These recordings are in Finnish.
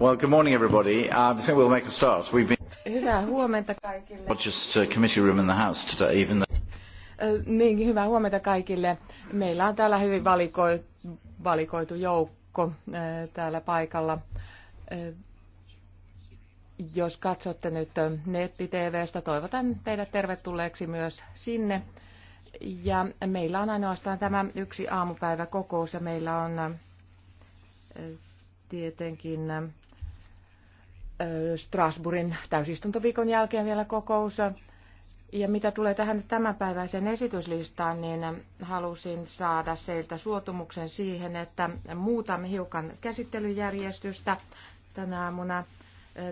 Well, good morning everybody. Um, I think we'll make a start. We've been... Hyvää huomenta kaikille. Just a uh, committee room in the house today, even though... Niin, hyvää huomenta kaikille. Meillä on täällä hyvin valikoi, valikoitu joukko täällä paikalla. Jos katsotte nyt netti-TVstä, toivotan teidät tervetulleeksi myös sinne. Ja meillä on ainoastaan tämä yksi aamupäiväkokous ja meillä on tietenkin Strasbourgin täysistuntoviikon jälkeen vielä kokous. Ja mitä tulee tähän tämänpäiväiseen esityslistaan, niin halusin saada seiltä suotumuksen siihen, että muutamme hiukan käsittelyjärjestystä tänä aamuna.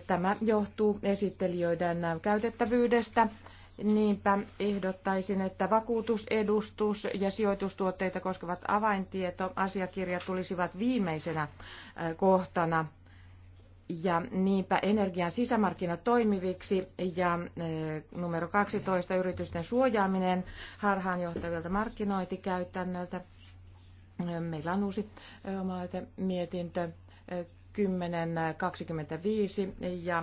Tämä johtuu esittelijöiden käytettävyydestä. Niinpä ehdottaisin, että vakuutusedustus ja sijoitustuotteita koskevat avaintietoasiakirjat tulisivat viimeisenä kohtana ja niinpä energian sisämarkkinat toimiviksi ja eh, numero 12 yritysten suojaaminen harhaanjohtavilta markkinointikäytännöltä. Eh, meillä on uusi eh, oma mietintö 10.25 ja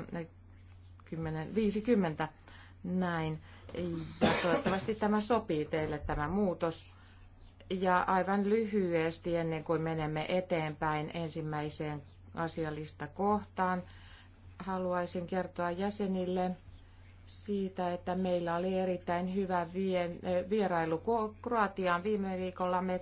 10.50 näin. Ja toivottavasti tämä sopii teille tämä muutos. Ja aivan lyhyesti ennen kuin menemme eteenpäin ensimmäiseen Asiallista kohtaan. Haluaisin kertoa jäsenille siitä, että meillä oli erittäin hyvä eh, vierailu Kroatiaan. Viime viikolla me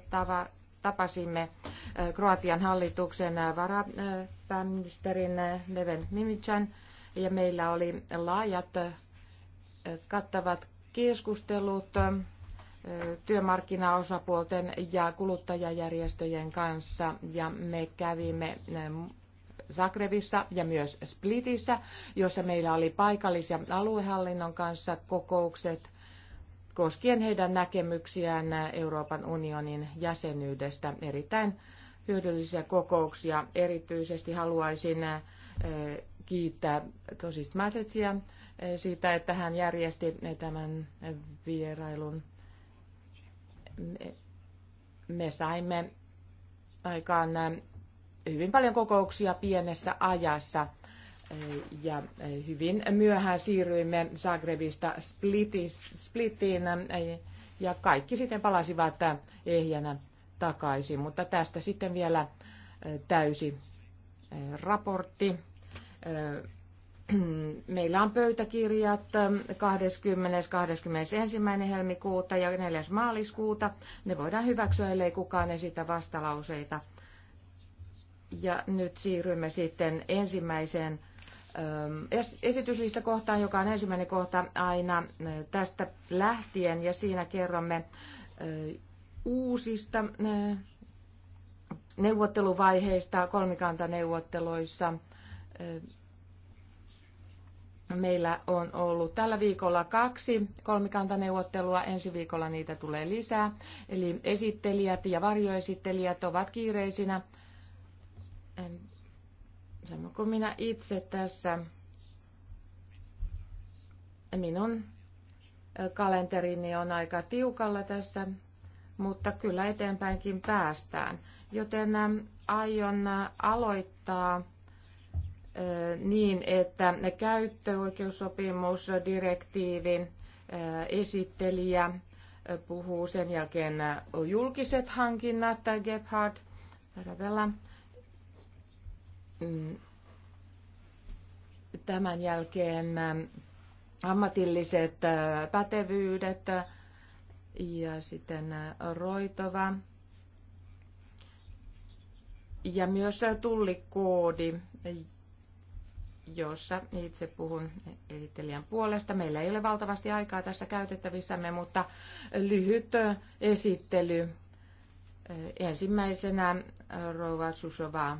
tapasimme eh, Kroatian hallituksen eh, varapääministerin Neven Mimicjan ja meillä oli laajat kattavat keskustelut työmarkkinaosapuolten ja kuluttajajärjestöjen kanssa ja me kävimme Zagrebissa ja myös Splitissä, jossa meillä oli paikallis- ja aluehallinnon kanssa kokoukset koskien heidän näkemyksiään Euroopan unionin jäsenyydestä. Erittäin hyödyllisiä kokouksia. Erityisesti haluaisin kiittää tosista Masetsia siitä, että hän järjesti tämän vierailun. Me saimme aikaan hyvin paljon kokouksia pienessä ajassa ja hyvin myöhään siirryimme Zagrebista Splitiin ja kaikki sitten palasivat ehjänä takaisin, mutta tästä sitten vielä täysi raportti. Meillä on pöytäkirjat 20. 21. helmikuuta ja 4. maaliskuuta. Ne voidaan hyväksyä, ellei kukaan esitä vastalauseita. Ja nyt siirrymme sitten ensimmäiseen ähm, esityslistakohtaan, joka on ensimmäinen kohta aina äh, tästä lähtien, ja siinä kerromme äh, uusista äh, neuvotteluvaiheista kolmikantaneuvotteluissa. Meillä on ollut tällä viikolla kaksi kolmikantaneuvottelua, ensi viikolla niitä tulee lisää. Eli esittelijät ja varjoesittelijät ovat kiireisinä samoin kuin minä itse tässä, minun kalenterini on aika tiukalla tässä, mutta kyllä eteenpäinkin päästään. Joten ähm, aion äh, aloittaa niin, että ne direktiivi, esittelijä puhuu sen jälkeen julkiset hankinnat, Gebhard Ravella Mm. Tämän jälkeen äh, ammatilliset äh, pätevyydet äh, ja sitten roitova ja myös tullikoodi, jossa itse puhun esittelijän puolesta. Meillä ei ole valtavasti aikaa tässä käytettävissämme, mutta lyhyt esittely. Ensimmäisenä Rova Susovaa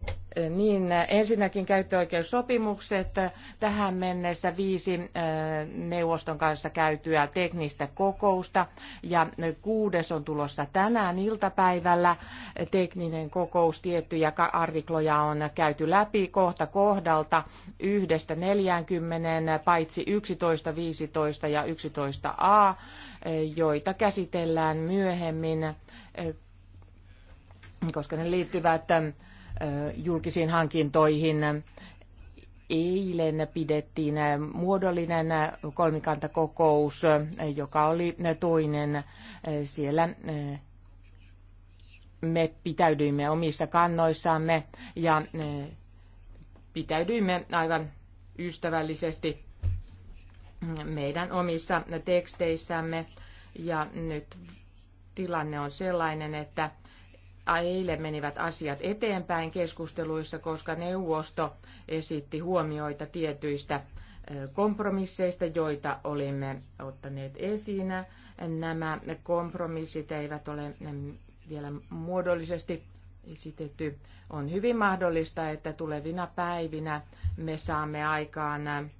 Niin, ensinnäkin käyttöoikeussopimukset. Tähän mennessä viisi neuvoston kanssa käytyä teknistä kokousta ja kuudes on tulossa tänään iltapäivällä tekninen kokous. Tiettyjä artikloja on käyty läpi kohta kohdalta yhdestä 40, paitsi 11, 15 ja 11a, joita käsitellään myöhemmin, koska ne liittyvät julkisiin hankintoihin. Eilen pidettiin muodollinen kolmikantakokous, joka oli toinen. Siellä me pitäydyimme omissa kannoissamme ja pitäydyimme aivan ystävällisesti meidän omissa teksteissämme. Ja nyt tilanne on sellainen, että eilen menivät asiat eteenpäin keskusteluissa, koska neuvosto esitti huomioita tietyistä kompromisseista, joita olimme ottaneet esiin. Nämä kompromissit eivät ole vielä muodollisesti esitetty. On hyvin mahdollista, että tulevina päivinä me saamme aikaan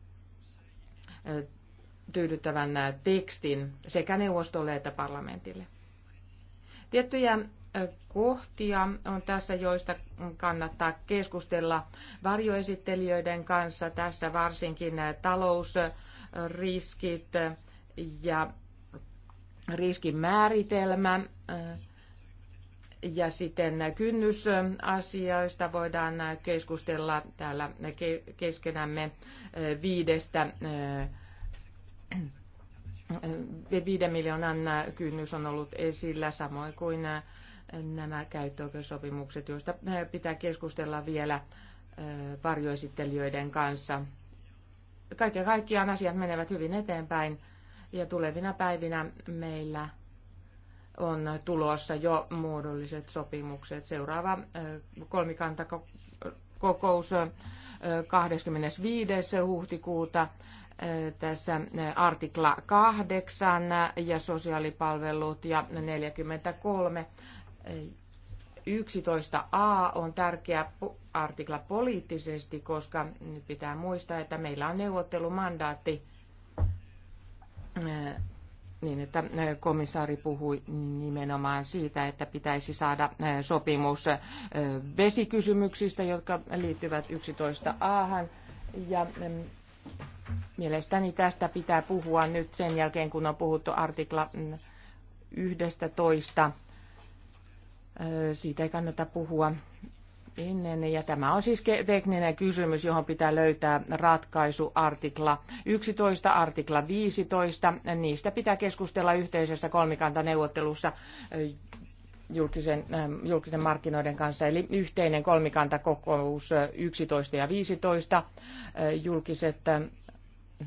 tyydyttävän tekstin sekä neuvostolle että parlamentille. Tiettyjä kohtia on tässä, joista kannattaa keskustella varjoesittelijöiden kanssa. Tässä varsinkin talousriskit ja riskimääritelmä ja sitten kynnysasioista voidaan keskustella täällä keskenämme viidestä 5 miljoonan kynnys on ollut esillä, samoin kuin nämä käyttöoikeussopimukset, joista pitää keskustella vielä varjoesittelijöiden kanssa. Kaiken kaikkiaan asiat menevät hyvin eteenpäin ja tulevina päivinä meillä on tulossa jo muodolliset sopimukset. Seuraava kolmikantakokous 25. huhtikuuta tässä artikla 8 ja sosiaalipalvelut ja 43 11a on tärkeä artikla poliittisesti, koska nyt pitää muistaa, että meillä on neuvottelumandaatti niin, että komissaari puhui nimenomaan siitä, että pitäisi saada sopimus vesikysymyksistä, jotka liittyvät 11a. -han. Ja Mielestäni tästä pitää puhua nyt sen jälkeen, kun on puhuttu artikla 11. Mm, siitä ei kannata puhua ennen. Ja tämä on siis tekninen kysymys, johon pitää löytää ratkaisu artikla 11, artikla 15. Niistä pitää keskustella yhteisessä kolmikantaneuvottelussa julkisen, julkisen markkinoiden kanssa, eli yhteinen kolmikantakokous 11 ja 15, julkiset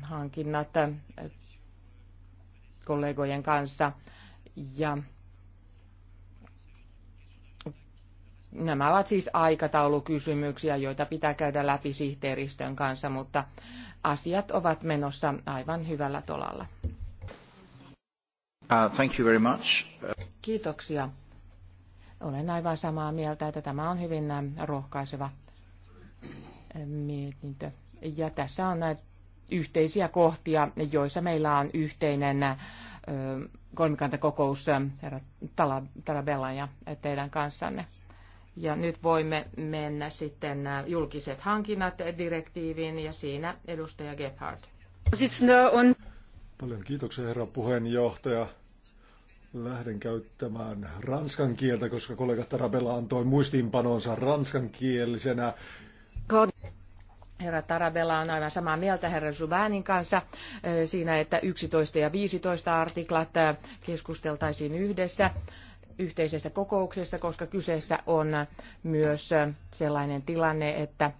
hankinnat äh, kollegojen kanssa. Ja nämä ovat siis aikataulukysymyksiä, joita pitää käydä läpi sihteeristön kanssa, mutta asiat ovat menossa aivan hyvällä tolalla. Uh, thank you very much. Kiitoksia. Olen aivan samaa mieltä, että tämä on hyvin rohkaiseva mietintö. Ja tässä on näitä yhteisiä kohtia, joissa meillä on yhteinen kolmikantakokous herra Talabella ja teidän kanssanne. Ja nyt voimme mennä sitten julkiset hankinnat direktiiviin ja siinä edustaja Gebhardt. Paljon kiitoksia herra puheenjohtaja. Lähden käyttämään ranskan kieltä, koska kollega Tarabella antoi muistiinpanonsa ranskan God. Herra Tarabella on aivan samaa mieltä herra Zubanin kanssa eh, siinä, että 11 ja 15 artiklat eh, keskusteltaisiin yhdessä yhteisessä kokouksessa, koska kyseessä on myös eh, sellainen tilanne, että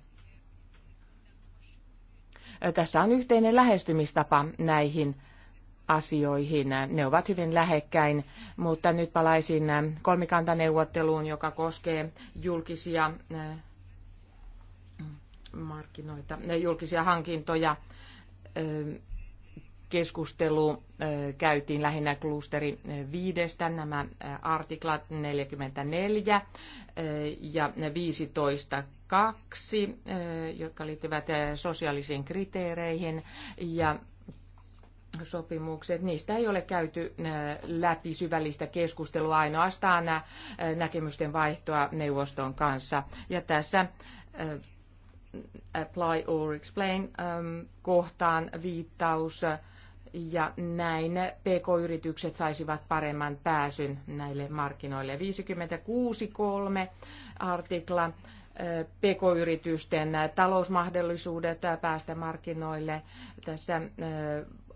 tässä on yhteinen lähestymistapa näihin asioihin. Ne ovat hyvin lähekkäin, mutta nyt palaisin kolmikantaneuvotteluun, joka koskee julkisia markkinoita, julkisia hankintoja. Keskustelu käytiin lähinnä klusteri viidestä, nämä artiklat 44 ja 15 kaksi, jotka liittyvät sosiaalisiin kriteereihin ja sopimukset. Niistä ei ole käyty läpi syvällistä keskustelua, ainoastaan näkemysten vaihtoa neuvoston kanssa. Ja tässä apply or explain ähm, kohtaan viittaus ja näin PK-yritykset saisivat paremman pääsyn näille markkinoille. 56.3 artikla äh, PK-yritysten talousmahdollisuudet päästä markkinoille. Tässä äh,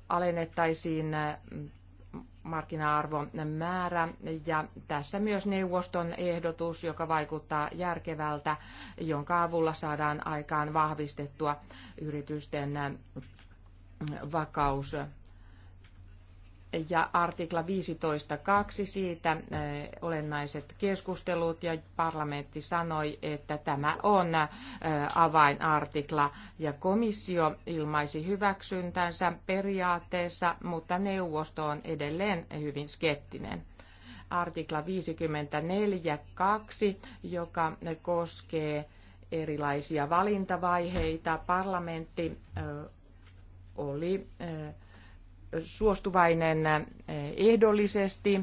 alennettaisiin äh, markkina-arvon määrä ja tässä myös neuvoston ehdotus, joka vaikuttaa järkevältä, jonka avulla saadaan aikaan vahvistettua yritysten vakaus ja artikla 15.2 siitä äh, olennaiset keskustelut ja parlamentti sanoi, että tämä on äh, avainartikla ja komissio ilmaisi hyväksyntänsä periaatteessa, mutta neuvosto on edelleen hyvin skeptinen. Artikla 54.2, joka koskee erilaisia valintavaiheita, parlamentti äh, oli suostuvainen eh, ehdollisesti,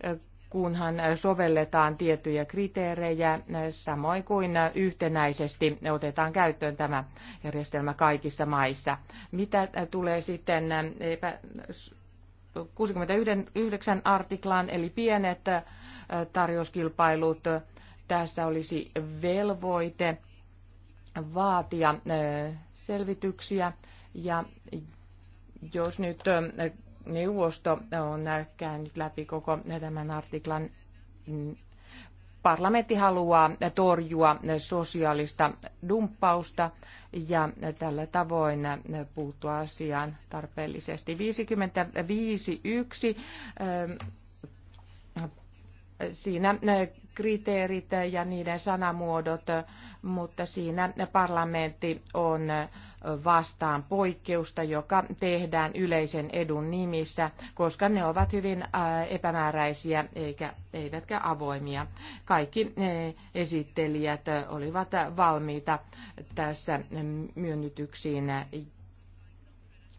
eh, kunhan sovelletaan tiettyjä kriteerejä, eh, samoin kuin yhtenäisesti otetaan käyttöön tämä järjestelmä kaikissa maissa. Mitä tulee sitten 69 artiklaan, eli pienet tarjouskilpailut, tässä olisi velvoite vaatia selvityksiä ja jos nyt neuvosto on käynyt läpi koko tämän artiklan, niin parlamentti haluaa torjua sosiaalista dumppausta ja tällä tavoin puuttua asiaan tarpeellisesti. 55.1. Siinä kriteerit ja niiden sanamuodot, mutta siinä parlamentti on vastaan poikkeusta, joka tehdään yleisen edun nimissä, koska ne ovat hyvin äh, epämääräisiä eikä, eivätkä avoimia. Kaikki äh, esittelijät olivat valmiita tässä myönnytyksiin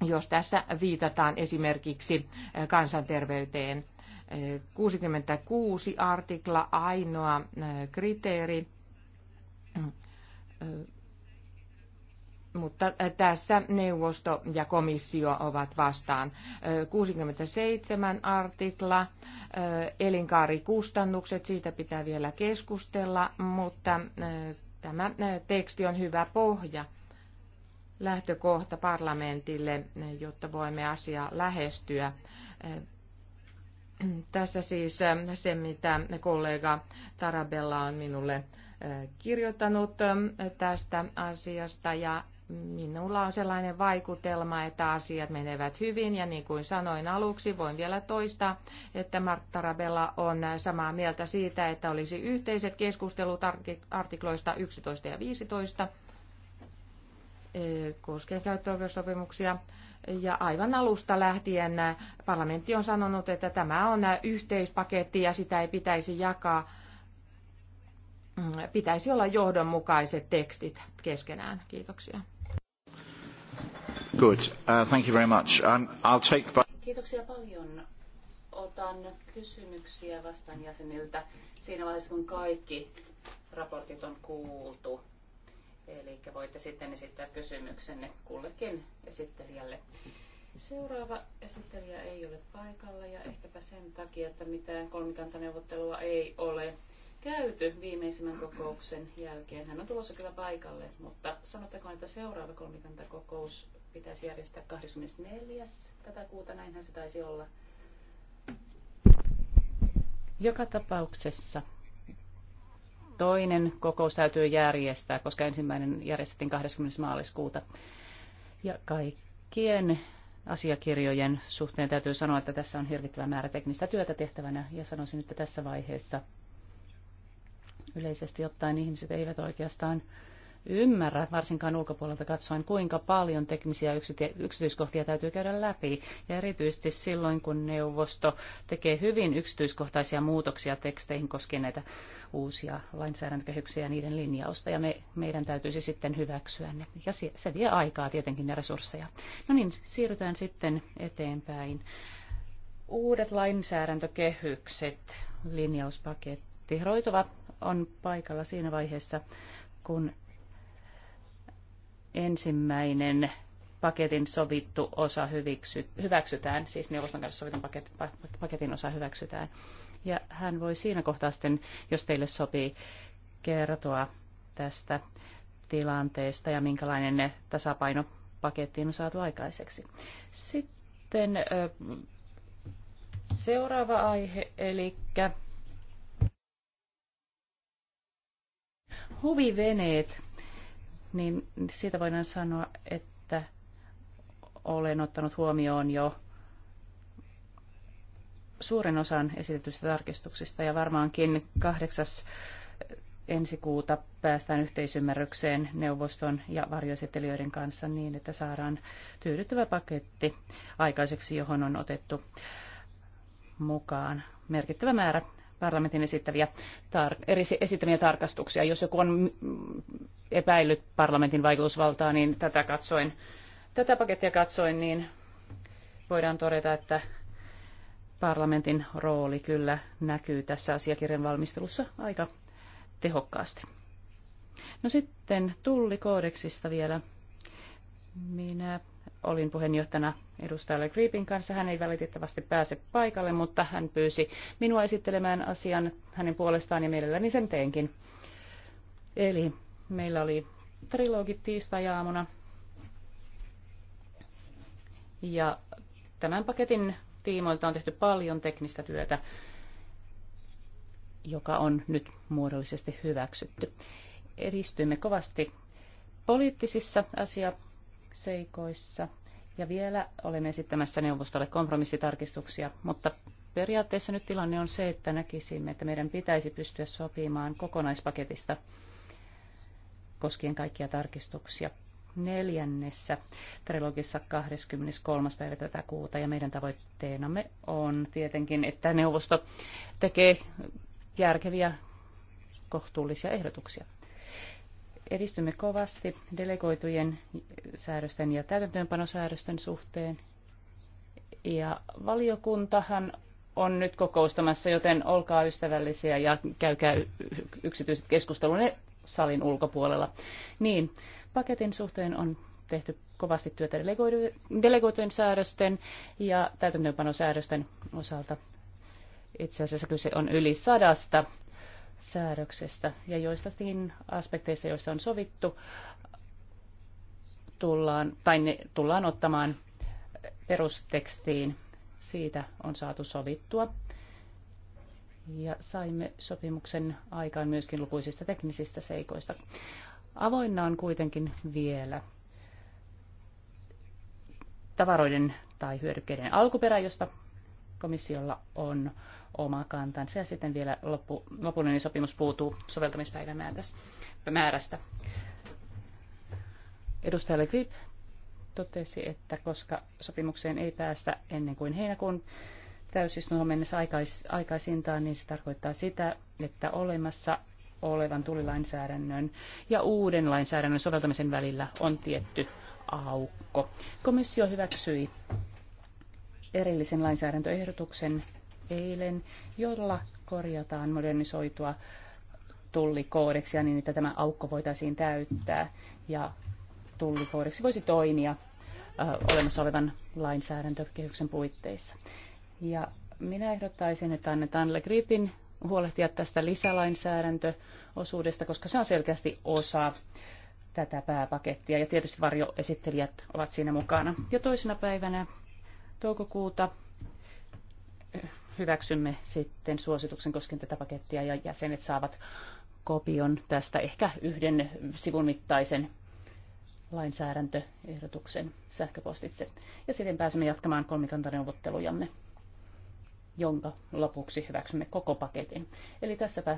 jos tässä viitataan esimerkiksi äh, kansanterveyteen. 66 artikla ainoa kriteeri mutta tässä neuvosto ja komissio ovat vastaan. 67 artikla, elinkaarikustannukset, siitä pitää vielä keskustella, mutta tämä teksti on hyvä pohja lähtökohta parlamentille, jotta voimme asiaa lähestyä. Tässä siis se, mitä kollega Tarabella on minulle kirjoittanut tästä asiasta ja minulla on sellainen vaikutelma, että asiat menevät hyvin ja niin kuin sanoin aluksi, voin vielä toistaa, että Martta Rabella on samaa mieltä siitä, että olisi yhteiset keskustelut artikloista 11 ja 15 e, koskien käyttöoikeussopimuksia. Ja aivan alusta lähtien parlamentti on sanonut, että tämä on yhteispaketti ja sitä ei pitäisi jakaa mm, pitäisi olla johdonmukaiset tekstit keskenään. Kiitoksia. Good. Uh, thank you very much. Um, I'll take... Kiitoksia paljon. Otan kysymyksiä vastaan jäseniltä siinä vaiheessa, kun kaikki raportit on kuultu. Eli voitte sitten esittää kysymyksenne kullekin esittelijälle. Seuraava esittelijä ei ole paikalla ja ehkäpä sen takia, että mitään kolmikantaneuvottelua ei ole käyty viimeisimmän kokouksen jälkeen. Hän on tulossa kyllä paikalle, mutta sanottakoon, että seuraava kolmikantakokous pitäisi järjestää 24. tätä kuuta, näinhän se taisi olla. Joka tapauksessa toinen kokous täytyy järjestää, koska ensimmäinen järjestettiin 20. maaliskuuta. Ja kaikkien asiakirjojen suhteen täytyy sanoa, että tässä on hirvittävä määrä teknistä työtä tehtävänä ja sanoisin, että tässä vaiheessa yleisesti ottaen ihmiset eivät oikeastaan ymmärrä, varsinkaan ulkopuolelta katsoen, kuinka paljon teknisiä yksityiskohtia täytyy käydä läpi. Ja erityisesti silloin, kun neuvosto tekee hyvin yksityiskohtaisia muutoksia teksteihin koskien näitä uusia lainsäädäntökehyksiä ja niiden linjausta. Ja me, meidän täytyisi sitten hyväksyä ne. Ja se, se vie aikaa tietenkin ne resursseja. No niin, siirrytään sitten eteenpäin. Uudet lainsäädäntökehykset, linjauspaketti. Roitova on paikalla siinä vaiheessa, kun ensimmäinen paketin sovittu osa hyväksy, hyväksytään, siis neuvoston kanssa sovitun paket, paketin osa hyväksytään. Ja hän voi siinä kohtaa sitten, jos teille sopii, kertoa tästä tilanteesta ja minkälainen ne tasapaino pakettiin on saatu aikaiseksi. Sitten seuraava aihe, eli huviveneet niin siitä voidaan sanoa, että olen ottanut huomioon jo suuren osan esitetyistä tarkistuksista ja varmaankin kahdeksas ensi kuuta päästään yhteisymmärrykseen neuvoston ja varjoesittelijöiden kanssa niin, että saadaan tyydyttävä paketti aikaiseksi, johon on otettu mukaan merkittävä määrä parlamentin esittäviä tar- eri esittämiä tarkastuksia. Jos joku on epäillyt parlamentin vaikutusvaltaa, niin tätä, katsoin, tätä pakettia katsoin, niin voidaan todeta, että parlamentin rooli kyllä näkyy tässä asiakirjan valmistelussa aika tehokkaasti. No sitten tullikoodeksista vielä minä olin puheenjohtajana edustajalle Creepin kanssa. Hän ei välitettävästi pääse paikalle, mutta hän pyysi minua esittelemään asian hänen puolestaan ja mielelläni sen teenkin. Eli meillä oli trilogi tiistai-aamuna. Ja tämän paketin tiimoilta on tehty paljon teknistä työtä, joka on nyt muodollisesti hyväksytty. Edistyimme kovasti poliittisissa asioissa seikoissa. Ja vielä olemme esittämässä neuvostolle kompromissitarkistuksia, mutta periaatteessa nyt tilanne on se, että näkisimme, että meidän pitäisi pystyä sopimaan kokonaispaketista koskien kaikkia tarkistuksia neljännessä trilogissa 23. päivä tätä kuuta ja meidän tavoitteenamme on tietenkin, että neuvosto tekee järkeviä kohtuullisia ehdotuksia edistymme kovasti delegoitujen säädösten ja täytäntöönpanosäädösten suhteen. Ja valiokuntahan on nyt kokoustamassa, joten olkaa ystävällisiä ja käykää yksityiset keskustelunne salin ulkopuolella. Niin, paketin suhteen on tehty kovasti työtä delegoitujen säädösten ja täytäntöönpanosäädösten osalta. Itse asiassa kyse on yli sadasta säädöksestä ja joistakin aspekteista, joista on sovittu, tullaan, tai ne tullaan ottamaan perustekstiin. Siitä on saatu sovittua. Ja saimme sopimuksen aikaan myöskin lukuisista teknisistä seikoista. Avoinna on kuitenkin vielä tavaroiden tai hyödykkeiden alkuperä, josta komissiolla on oma kantansa. Ja sitten vielä loppu, lopullinen sopimus puutuu soveltamispäivän määrästä. Edustaja Le Grip totesi, että koska sopimukseen ei päästä ennen kuin heinäkuun täysistunnon mennessä aikais, aikaisintaan, niin se tarkoittaa sitä, että olemassa olevan tulilainsäädännön ja uuden lainsäädännön soveltamisen välillä on tietty aukko. Komissio hyväksyi erillisen lainsäädäntöehdotuksen eilen, jolla korjataan modernisoitua tullikoodeksia niin, että tämä aukko voitaisiin täyttää ja tullikoodeksi voisi toimia ö, olemassa olevan lainsäädäntökehyksen puitteissa. Ja minä ehdottaisin, että annetaan Le Gripin huolehtia tästä lisälainsäädäntöosuudesta, koska se on selkeästi osa tätä pääpakettia ja tietysti varjoesittelijät ovat siinä mukana. Ja toisena päivänä toukokuuta hyväksymme sitten suosituksen koskien tätä pakettia ja jäsenet saavat kopion tästä ehkä yhden sivun mittaisen lainsäädäntöehdotuksen sähköpostitse. Ja sitten pääsemme jatkamaan kolmikantaneuvottelujamme, jonka lopuksi hyväksymme koko paketin. Eli tässäpä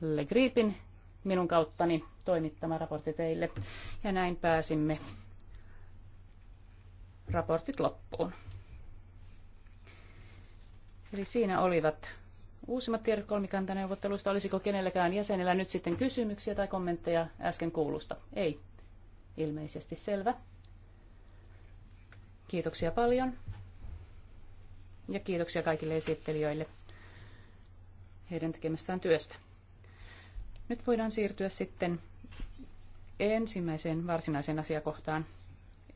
Le Gripin minun kauttani toimittama raportti teille. Ja näin pääsimme raportit loppuun. Eli siinä olivat uusimmat tiedot kolmikantaneuvotteluista. Olisiko kenelläkään jäsenellä nyt sitten kysymyksiä tai kommentteja äsken kuulusta? Ei. Ilmeisesti selvä. Kiitoksia paljon. Ja kiitoksia kaikille esittelijöille heidän tekemästään työstä. Nyt voidaan siirtyä sitten ensimmäiseen varsinaiseen asiakohtaan.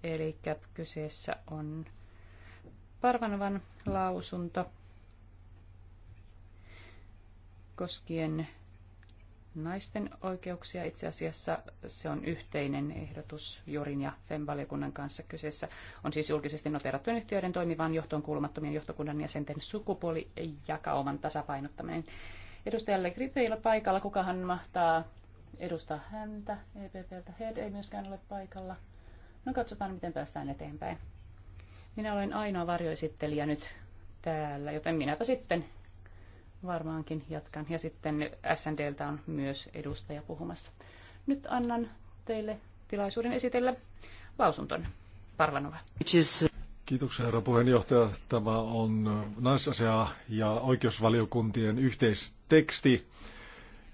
Eli kyseessä on Parvanovan lausunto koskien naisten oikeuksia. Itse asiassa se on yhteinen ehdotus Jorin ja FEM-valiokunnan kanssa. Kyseessä on siis julkisesti noterattujen yhtiöiden toimivan johtoon kuulumattomien johtokunnan jäsenten sukupuolijakauman tasapainottaminen. Edustaja Legripe ei ole paikalla. Kukahan mahtaa edustaa häntä? EPPltä Head ei myöskään ole paikalla. No katsotaan, miten päästään eteenpäin. Minä olen ainoa varjoesittelijä nyt täällä, joten minäpä sitten varmaankin jatkan. Ja sitten SNDltä on myös edustaja puhumassa. Nyt annan teille tilaisuuden esitellä lausunton. Parvanova. Kiitoksia herra puheenjohtaja. Tämä on naisasia- ja oikeusvaliokuntien yhteisteksti.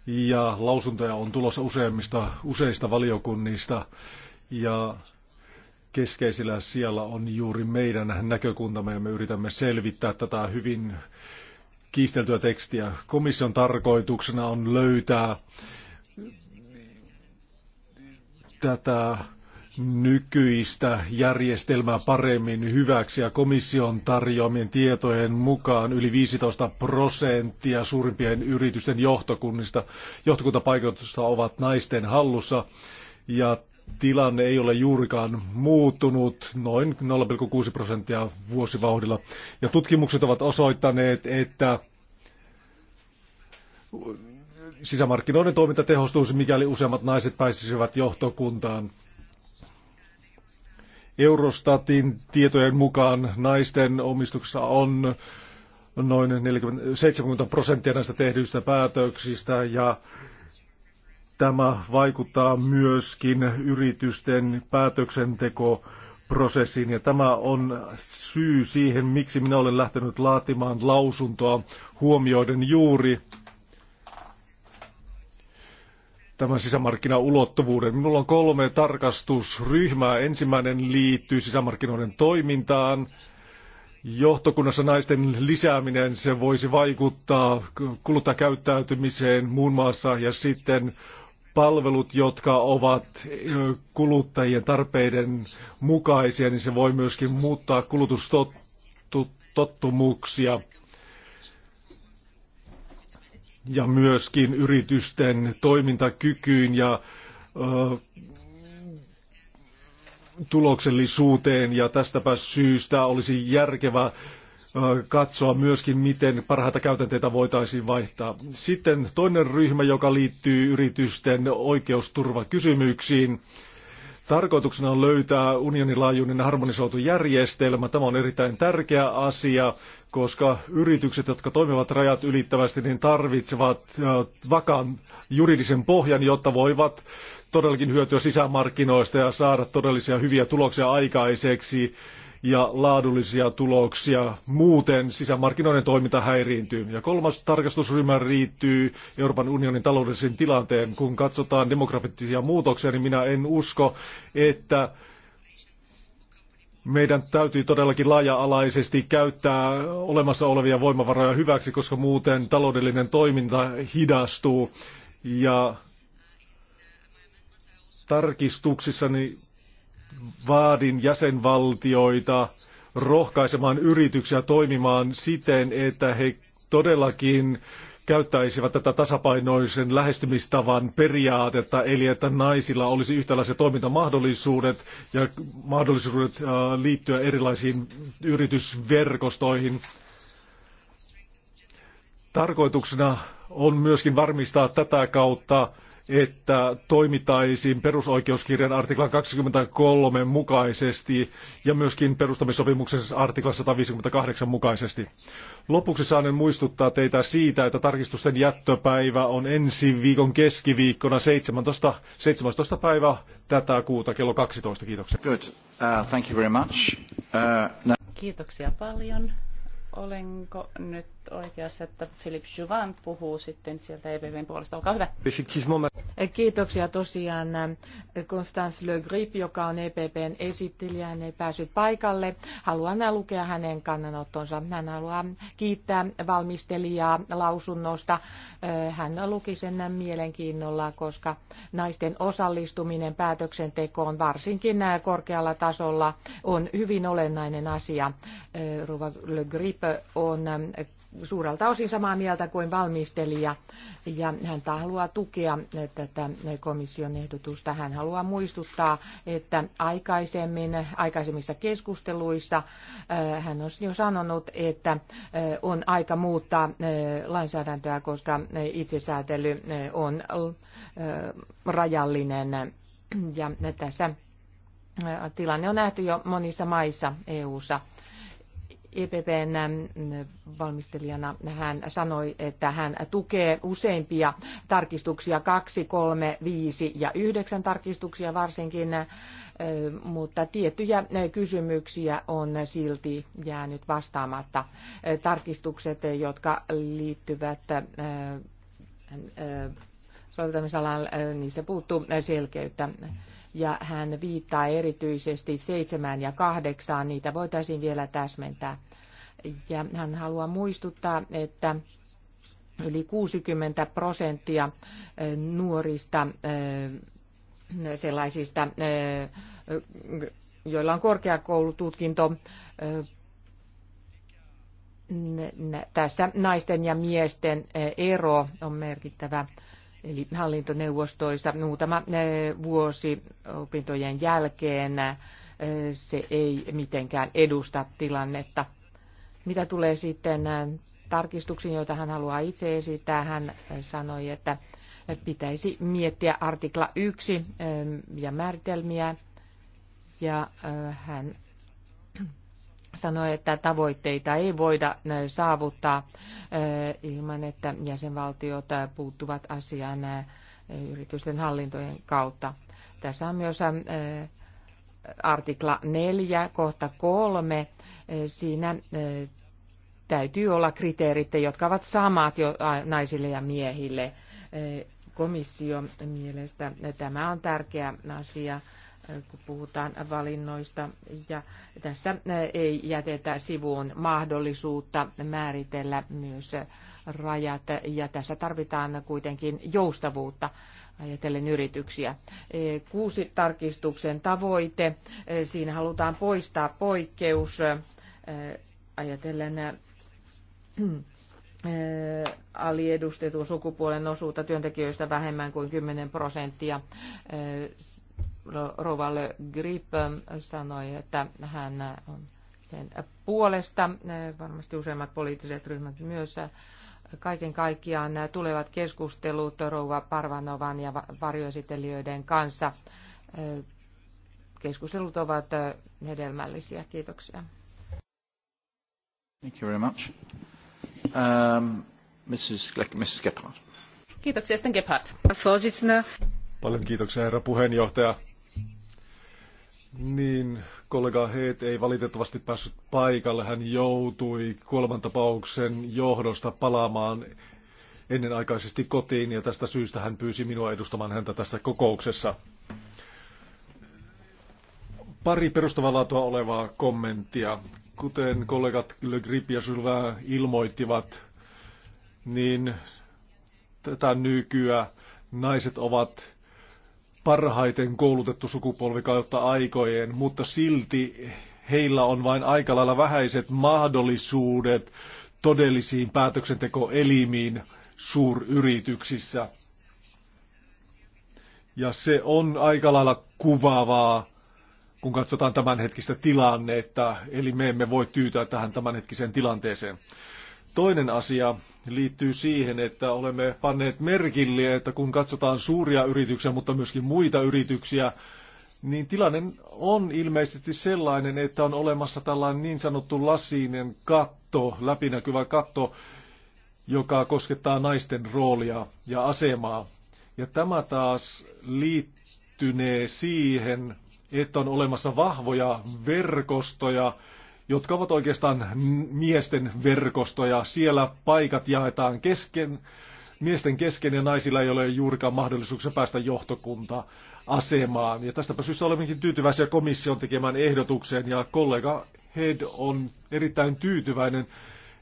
Ja lausuntoja on tulossa useimmista, useista valiokunnista. Ja keskeisillä siellä on juuri meidän näkökuntamme. Me yritämme selvittää tätä hyvin kiisteltyä tekstiä. Komission tarkoituksena on löytää tätä nykyistä järjestelmää paremmin hyväksi ja komission tarjoamien tietojen mukaan yli 15 prosenttia suurimpien yritysten johtokunnista, johtokuntapaikoista ovat naisten hallussa ja tilanne ei ole juurikaan muuttunut, noin 0,6 prosenttia vuosivauhdilla. Ja tutkimukset ovat osoittaneet, että sisämarkkinoiden toiminta tehostuisi, mikäli useammat naiset pääsisivät johtokuntaan. Eurostatin tietojen mukaan naisten omistuksessa on noin 40, 70 prosenttia näistä tehdyistä päätöksistä ja Tämä vaikuttaa myöskin yritysten päätöksenteko prosessiin ja tämä on syy siihen, miksi minä olen lähtenyt laatimaan lausuntoa huomioiden juuri tämän sisämarkkinaulottuvuuden. Minulla on kolme tarkastusryhmää. Ensimmäinen liittyy sisämarkkinoiden toimintaan. Johtokunnassa naisten lisääminen, se voisi vaikuttaa kuluttajakäyttäytymiseen muun muassa ja sitten palvelut, jotka ovat kuluttajien tarpeiden mukaisia, niin se voi myöskin muuttaa kulutustottumuksia ja myöskin yritysten toimintakykyyn ja ö, tuloksellisuuteen ja tästäpä syystä olisi järkevää Äh, katsoa myöskin, miten parhaita käytänteitä voitaisiin vaihtaa. Sitten toinen ryhmä, joka liittyy yritysten oikeusturvakysymyksiin. Tarkoituksena on löytää unionin laajuinen harmonisoitu järjestelmä. Tämä on erittäin tärkeä asia, koska yritykset, jotka toimivat rajat ylittävästi, niin tarvitsevat äh, vakaan juridisen pohjan, jotta voivat todellakin hyötyä sisämarkkinoista ja saada todellisia hyviä tuloksia aikaiseksi ja laadullisia tuloksia. Muuten sisämarkkinoiden toiminta häiriintyy. Ja kolmas tarkastusryhmä riittyy Euroopan unionin taloudellisen tilanteen. Kun katsotaan demografisia muutoksia, niin minä en usko, että meidän täytyy todellakin laaja-alaisesti käyttää olemassa olevia voimavaroja hyväksi, koska muuten taloudellinen toiminta hidastuu. Ja tarkistuksissani vaadin jäsenvaltioita rohkaisemaan yrityksiä toimimaan siten, että he todellakin käyttäisivät tätä tasapainoisen lähestymistavan periaatetta, eli että naisilla olisi yhtäläiset toimintamahdollisuudet ja mahdollisuudet äh, liittyä erilaisiin yritysverkostoihin. Tarkoituksena on myöskin varmistaa tätä kautta että toimitaisiin perusoikeuskirjan artiklan 23 mukaisesti ja myöskin perustamissopimuksen artiklan 158 mukaisesti. Lopuksi saanen muistuttaa teitä siitä, että tarkistusten jättöpäivä on ensi viikon keskiviikkona 17, 17 päivä tätä kuuta kello 12. Kiitoksia. Good. Uh, thank you very much. Uh, Kiitoksia paljon. Olenko nyt oikeassa, että Philip Juvan puhuu sitten sieltä EPVn puolesta? Olkaa hyvä. Kiitoksia tosiaan eh, Constance Le Grip, joka on EPPn esittelijä. Hän ei päässyt paikalle. Haluan lukea hänen kannanottonsa. Hän haluaa kiittää valmistelijaa lausunnosta. Eh, hän luki sen mielenkiinnolla, koska naisten osallistuminen päätöksentekoon varsinkin eh, korkealla tasolla on hyvin olennainen asia. Ruva Le Grip on suurelta osin samaa mieltä kuin valmistelija ja hän haluaa tukea tätä komission ehdotusta. Hän haluaa muistuttaa, että aikaisemmin, aikaisemmissa keskusteluissa äh, hän on jo sanonut, että äh, on aika muuttaa äh, lainsäädäntöä, koska itsesäätely on rajallinen ja tässä tilanne on nähty jo monissa maissa EU-ssa EPPn valmistelijana hän sanoi, että hän tukee useimpia tarkistuksia, kaksi, kolme, viisi ja yhdeksän tarkistuksia varsinkin, mutta tiettyjä kysymyksiä on silti jäänyt vastaamatta. Tarkistukset, jotka liittyvät soveltamisalaan, niissä puuttuu selkeyttä ja hän viittaa erityisesti seitsemään ja kahdeksaan, niitä voitaisiin vielä täsmentää. Ja hän haluaa muistuttaa, että yli 60 prosenttia eh, nuorista eh, sellaisista, eh, joilla on korkeakoulututkinto, tässä naisten ja miesten ero on merkittävä eli hallintoneuvostoissa muutama eh, vuosi opintojen jälkeen. Eh, se ei mitenkään edusta tilannetta. Mitä tulee sitten eh, tarkistuksiin, joita hän haluaa itse esittää, hän sanoi, että pitäisi miettiä artikla 1 ja määritelmiä. Ja hän sanoi, että tavoitteita ei voida saavuttaa ilman, että jäsenvaltiot puuttuvat asiaan yritysten hallintojen kautta. Tässä on myös artikla 4, kohta 3. Siinä täytyy olla kriteerit, jotka ovat samat jo naisille ja miehille. Komissio mielestä tämä on tärkeä asia kun puhutaan valinnoista. Ja tässä ei jätetä sivuun mahdollisuutta määritellä myös rajat, ja tässä tarvitaan kuitenkin joustavuutta ajatellen yrityksiä. E, kuusi tarkistuksen tavoite. E, siinä halutaan poistaa poikkeus ajatellen aliedustetun sukupuolen osuutta työntekijöistä vähemmän kuin 10 prosenttia. E, Rovalle Grip sanoi, että hän on sen puolesta, varmasti useimmat poliittiset ryhmät myös, kaiken kaikkiaan tulevat keskustelut Rouva Parvanovan ja varjoesittelijöiden kanssa. Keskustelut ovat hedelmällisiä. Kiitoksia. Thank you very much. Um, Mrs. Gle- Mrs. Kiitoksia, Sten Gebhardt. Paljon kiitoksia, herra puheenjohtaja. Niin, kollega Heet ei valitettavasti päässyt paikalle. Hän joutui kuolemantapauksen johdosta palaamaan ennenaikaisesti kotiin ja tästä syystä hän pyysi minua edustamaan häntä tässä kokouksessa. Pari laatua olevaa kommenttia. Kuten kollegat Le Grip ja Sylvain ilmoittivat, niin tätä nykyä naiset ovat parhaiten koulutettu sukupolvi kautta aikojen, mutta silti heillä on vain aika lailla vähäiset mahdollisuudet todellisiin päätöksentekoelimiin suuryrityksissä. Ja se on aika lailla kuvaavaa, kun katsotaan tämänhetkistä tilannetta, eli me emme voi tyytyä tähän tämänhetkiseen tilanteeseen. Toinen asia liittyy siihen, että olemme panneet merkille, että kun katsotaan suuria yrityksiä, mutta myöskin muita yrityksiä, niin tilanne on ilmeisesti sellainen, että on olemassa tällainen niin sanottu lasinen katto, läpinäkyvä katto, joka koskettaa naisten roolia ja asemaa. Ja tämä taas liittynee siihen, että on olemassa vahvoja verkostoja, jotka ovat oikeastaan miesten verkostoja. Siellä paikat jaetaan kesken, miesten kesken ja naisilla ei ole juurikaan mahdollisuuksia päästä johtokuntaan asemaan. Ja tästäpä syystä olemmekin tyytyväisiä komission tekemään ehdotukseen ja kollega Head on erittäin tyytyväinen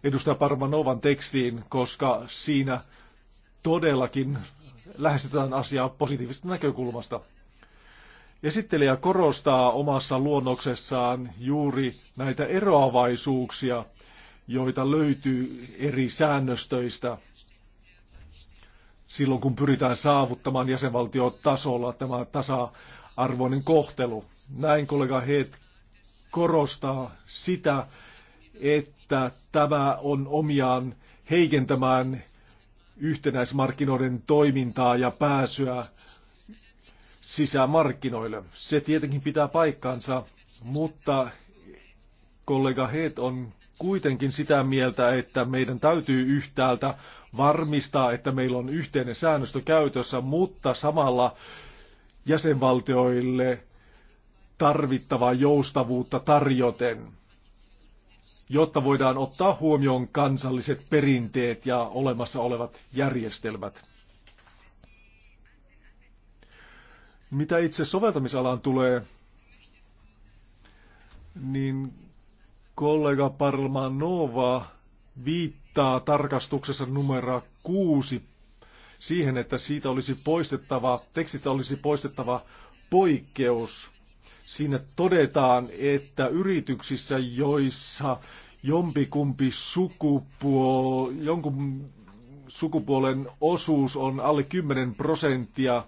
edustaja Parmanovan tekstiin, koska siinä todellakin lähestytään asiaa positiivisesta näkökulmasta. Esittelijä korostaa omassa luonnoksessaan juuri näitä eroavaisuuksia, joita löytyy eri säännöstöistä silloin, kun pyritään saavuttamaan jäsenvaltiotasolla tämä tasa-arvoinen kohtelu. Näin kollega Heet korostaa sitä, että tämä on omiaan heikentämään yhtenäismarkkinoiden toimintaa ja pääsyä sisämarkkinoille. Se tietenkin pitää paikkansa, mutta kollega Heet on kuitenkin sitä mieltä, että meidän täytyy yhtäältä varmistaa, että meillä on yhteinen säännöstö käytössä, mutta samalla jäsenvaltioille tarvittavaa joustavuutta tarjoten, jotta voidaan ottaa huomioon kansalliset perinteet ja olemassa olevat järjestelmät. Mitä itse soveltamisalaan tulee, niin kollega Parmanova viittaa tarkastuksessa numero kuusi siihen, että siitä olisi poistettava, tekstistä olisi poistettava poikkeus. Siinä todetaan, että yrityksissä, joissa jompikumpi sukupuol, jonkun sukupuolen osuus on alle 10 prosenttia,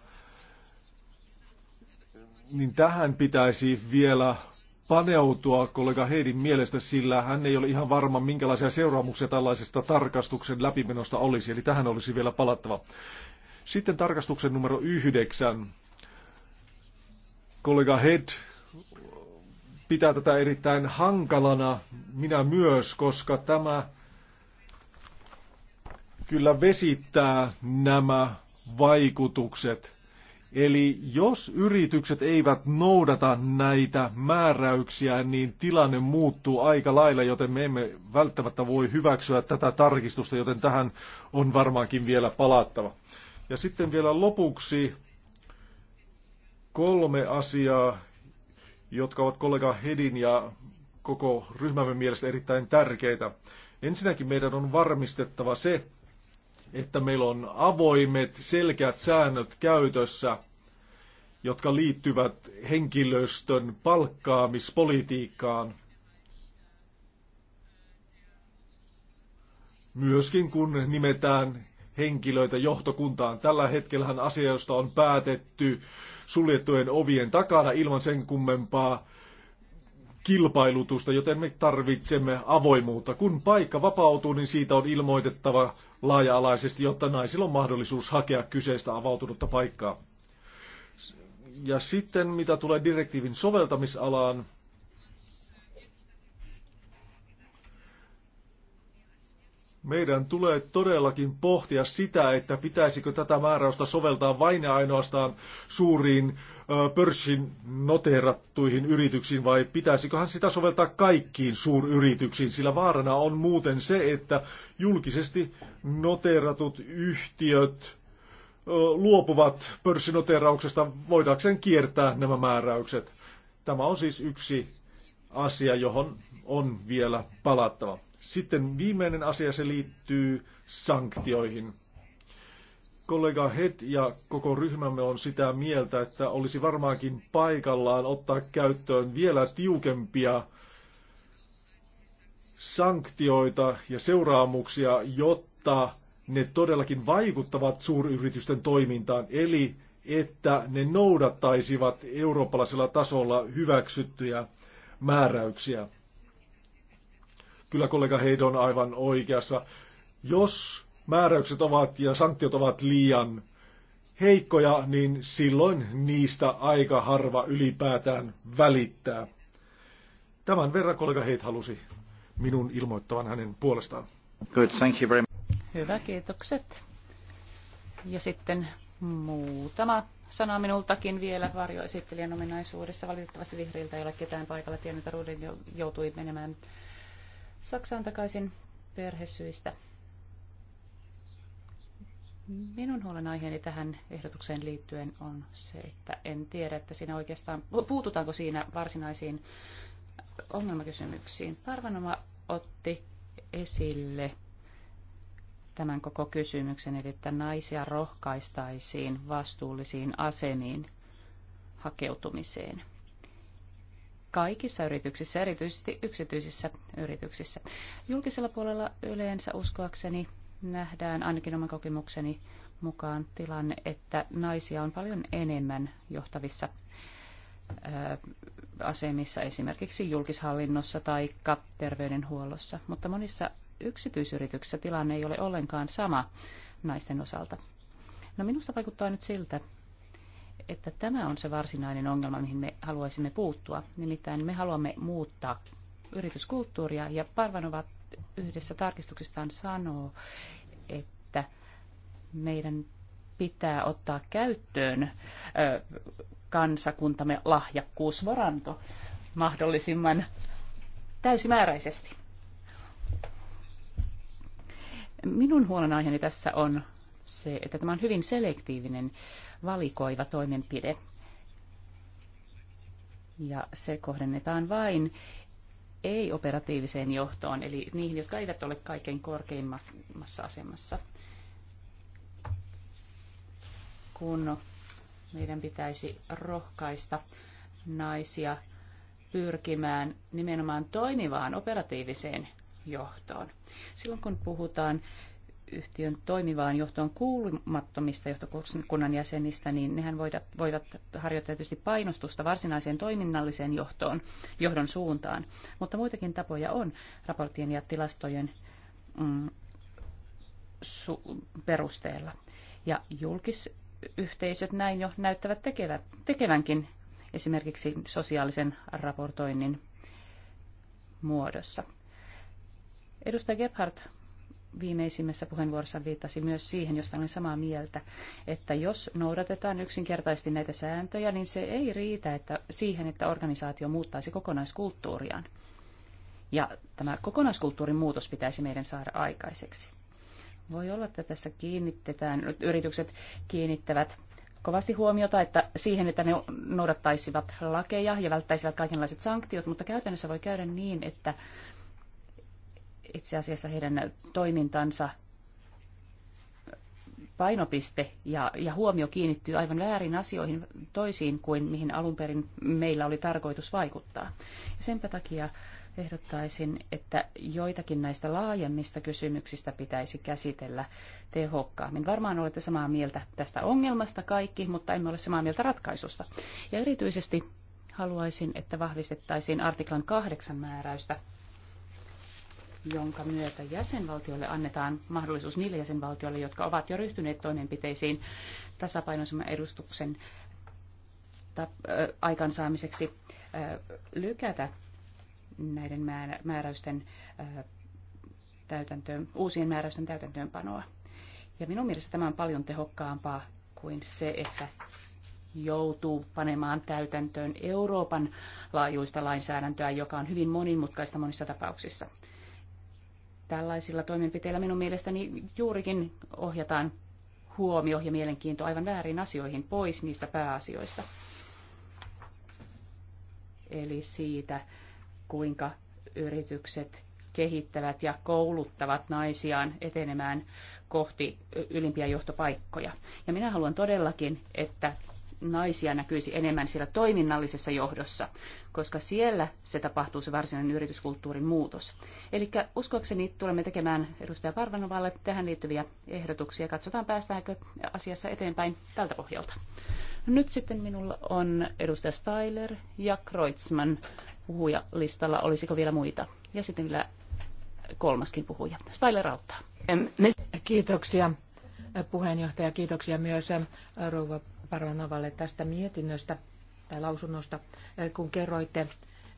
niin tähän pitäisi vielä paneutua kollega Heidin mielestä, sillä hän ei ole ihan varma, minkälaisia seuraamuksia tällaisesta tarkastuksen läpimenosta olisi, eli tähän olisi vielä palattava. Sitten tarkastuksen numero yhdeksän. Kollega Head pitää tätä erittäin hankalana, minä myös, koska tämä kyllä vesittää nämä vaikutukset. Eli jos yritykset eivät noudata näitä määräyksiä, niin tilanne muuttuu aika lailla, joten me emme välttämättä voi hyväksyä tätä tarkistusta, joten tähän on varmaankin vielä palattava. Ja sitten vielä lopuksi kolme asiaa, jotka ovat kollega Hedin ja koko ryhmämme mielestä erittäin tärkeitä. Ensinnäkin meidän on varmistettava se, että meillä on avoimet, selkeät säännöt käytössä, jotka liittyvät henkilöstön palkkaamispolitiikkaan. Myöskin kun nimetään henkilöitä johtokuntaan. Tällä hetkellähän asioista on päätetty suljettujen ovien takana ilman sen kummempaa kilpailutusta, joten me tarvitsemme avoimuutta. Kun paikka vapautuu, niin siitä on ilmoitettava laaja-alaisesti, jotta naisilla on mahdollisuus hakea kyseistä avautunutta paikkaa. Ja sitten mitä tulee direktiivin soveltamisalaan, meidän tulee todellakin pohtia sitä, että pitäisikö tätä määräystä soveltaa vain ja ainoastaan suuriin pörssin noteerattuihin yrityksiin vai pitäisiköhän sitä soveltaa kaikkiin suuryrityksiin, sillä vaarana on muuten se, että julkisesti noteeratut yhtiöt luopuvat pörssinoteerauksesta voidakseen kiertää nämä määräykset. Tämä on siis yksi asia, johon on vielä palattava. Sitten viimeinen asia, se liittyy sanktioihin kollega Het ja koko ryhmämme on sitä mieltä, että olisi varmaankin paikallaan ottaa käyttöön vielä tiukempia sanktioita ja seuraamuksia, jotta ne todellakin vaikuttavat suuryritysten toimintaan, eli että ne noudattaisivat eurooppalaisella tasolla hyväksyttyjä määräyksiä. Kyllä kollega Heidon aivan oikeassa. Jos määräykset ovat ja sanktiot ovat liian heikkoja, niin silloin niistä aika harva ylipäätään välittää. Tämän verran kollega Heit halusi minun ilmoittavan hänen puolestaan. Good, thank you very much. Hyvä, kiitokset. Ja sitten muutama sana minultakin vielä varjoesittelijän ominaisuudessa. Valitettavasti vihreiltä ei ole ketään paikalla. Tiennyt, että Ruuden joutui menemään Saksaan takaisin perhesyistä. Minun huolenaiheeni tähän ehdotukseen liittyen on se, että en tiedä, että siinä oikeastaan, puututaanko siinä varsinaisiin ongelmakysymyksiin. Parvanoma otti esille tämän koko kysymyksen, eli että naisia rohkaistaisiin vastuullisiin asemiin hakeutumiseen. Kaikissa yrityksissä, erityisesti yksityisissä yrityksissä. Julkisella puolella yleensä uskoakseni nähdään ainakin oman kokemukseni mukaan tilanne, että naisia on paljon enemmän johtavissa asemissa, esimerkiksi julkishallinnossa tai terveydenhuollossa, mutta monissa yksityisyrityksissä tilanne ei ole ollenkaan sama naisten osalta. No minusta vaikuttaa nyt siltä, että tämä on se varsinainen ongelma, mihin me haluaisimme puuttua. Nimittäin me haluamme muuttaa yrityskulttuuria ja Parvanova yhdessä tarkistuksistaan sanoo, että meidän pitää ottaa käyttöön kansakuntamme lahjakkuusvaranto mahdollisimman täysimääräisesti. Minun huolenaiheeni tässä on se, että tämä on hyvin selektiivinen valikoiva toimenpide. Ja se kohdennetaan vain ei-operatiiviseen johtoon, eli niihin, jotka eivät ole kaiken korkeimmassa asemassa. Kun meidän pitäisi rohkaista naisia pyrkimään nimenomaan toimivaan operatiiviseen johtoon. Silloin kun puhutaan yhtiön toimivaan johtoon kuulumattomista johtokunnan jäsenistä, niin nehän voivat, voivat harjoittaa tietysti painostusta varsinaiseen toiminnalliseen johtoon, johdon suuntaan. Mutta muitakin tapoja on raporttien ja tilastojen mm, perusteella. Ja julkisyhteisöt näin jo näyttävät tekevät, tekevänkin esimerkiksi sosiaalisen raportoinnin muodossa. Edustaja Gebhardt viimeisimmässä puheenvuorossa viittasi myös siihen, josta olen samaa mieltä, että jos noudatetaan yksinkertaisesti näitä sääntöjä, niin se ei riitä että siihen, että organisaatio muuttaisi kokonaiskulttuuriaan. Ja tämä kokonaiskulttuurin muutos pitäisi meidän saada aikaiseksi. Voi olla, että tässä kiinnitetään, yritykset kiinnittävät kovasti huomiota että siihen, että ne noudattaisivat lakeja ja välttäisivät kaikenlaiset sanktiot, mutta käytännössä voi käydä niin, että itse asiassa heidän toimintansa painopiste ja, ja huomio kiinnittyy aivan väärin asioihin toisiin kuin mihin alun perin meillä oli tarkoitus vaikuttaa. Ja senpä takia ehdottaisin, että joitakin näistä laajemmista kysymyksistä pitäisi käsitellä tehokkaammin. Varmaan olette samaa mieltä tästä ongelmasta kaikki, mutta emme ole samaa mieltä ratkaisusta. Ja erityisesti haluaisin, että vahvistettaisiin artiklan kahdeksan määräystä jonka myötä jäsenvaltioille annetaan mahdollisuus niille jäsenvaltioille, jotka ovat jo ryhtyneet toimenpiteisiin tasapainoisemman edustuksen aikansaamiseksi lykätä näiden määräysten täytäntöön, uusien määräysten täytäntöönpanoa. Ja minun mielestä tämä on paljon tehokkaampaa kuin se, että joutuu panemaan täytäntöön Euroopan laajuista lainsäädäntöä, joka on hyvin monimutkaista monissa tapauksissa. Tällaisilla toimenpiteillä minun mielestäni juurikin ohjataan huomio ja mielenkiinto aivan väärin asioihin pois niistä pääasioista. Eli siitä, kuinka yritykset kehittävät ja kouluttavat naisiaan etenemään kohti ylimpiä johtopaikkoja. Ja minä haluan todellakin, että naisia näkyisi enemmän siellä toiminnallisessa johdossa, koska siellä se tapahtuu se varsinainen yrityskulttuurin muutos. Eli uskoakseni tulemme tekemään edustaja Parvanovalle tähän liittyviä ehdotuksia. Katsotaan, päästäänkö asiassa eteenpäin tältä pohjalta. Nyt sitten minulla on edustaja Styler ja Kreutzmann puhujalistalla. Olisiko vielä muita? Ja sitten vielä kolmaskin puhuja. Styler auttaa. Kiitoksia puheenjohtaja, kiitoksia myös rouva Paranovalle tästä mietinnöstä tai lausunnosta, eh, kun kerroitte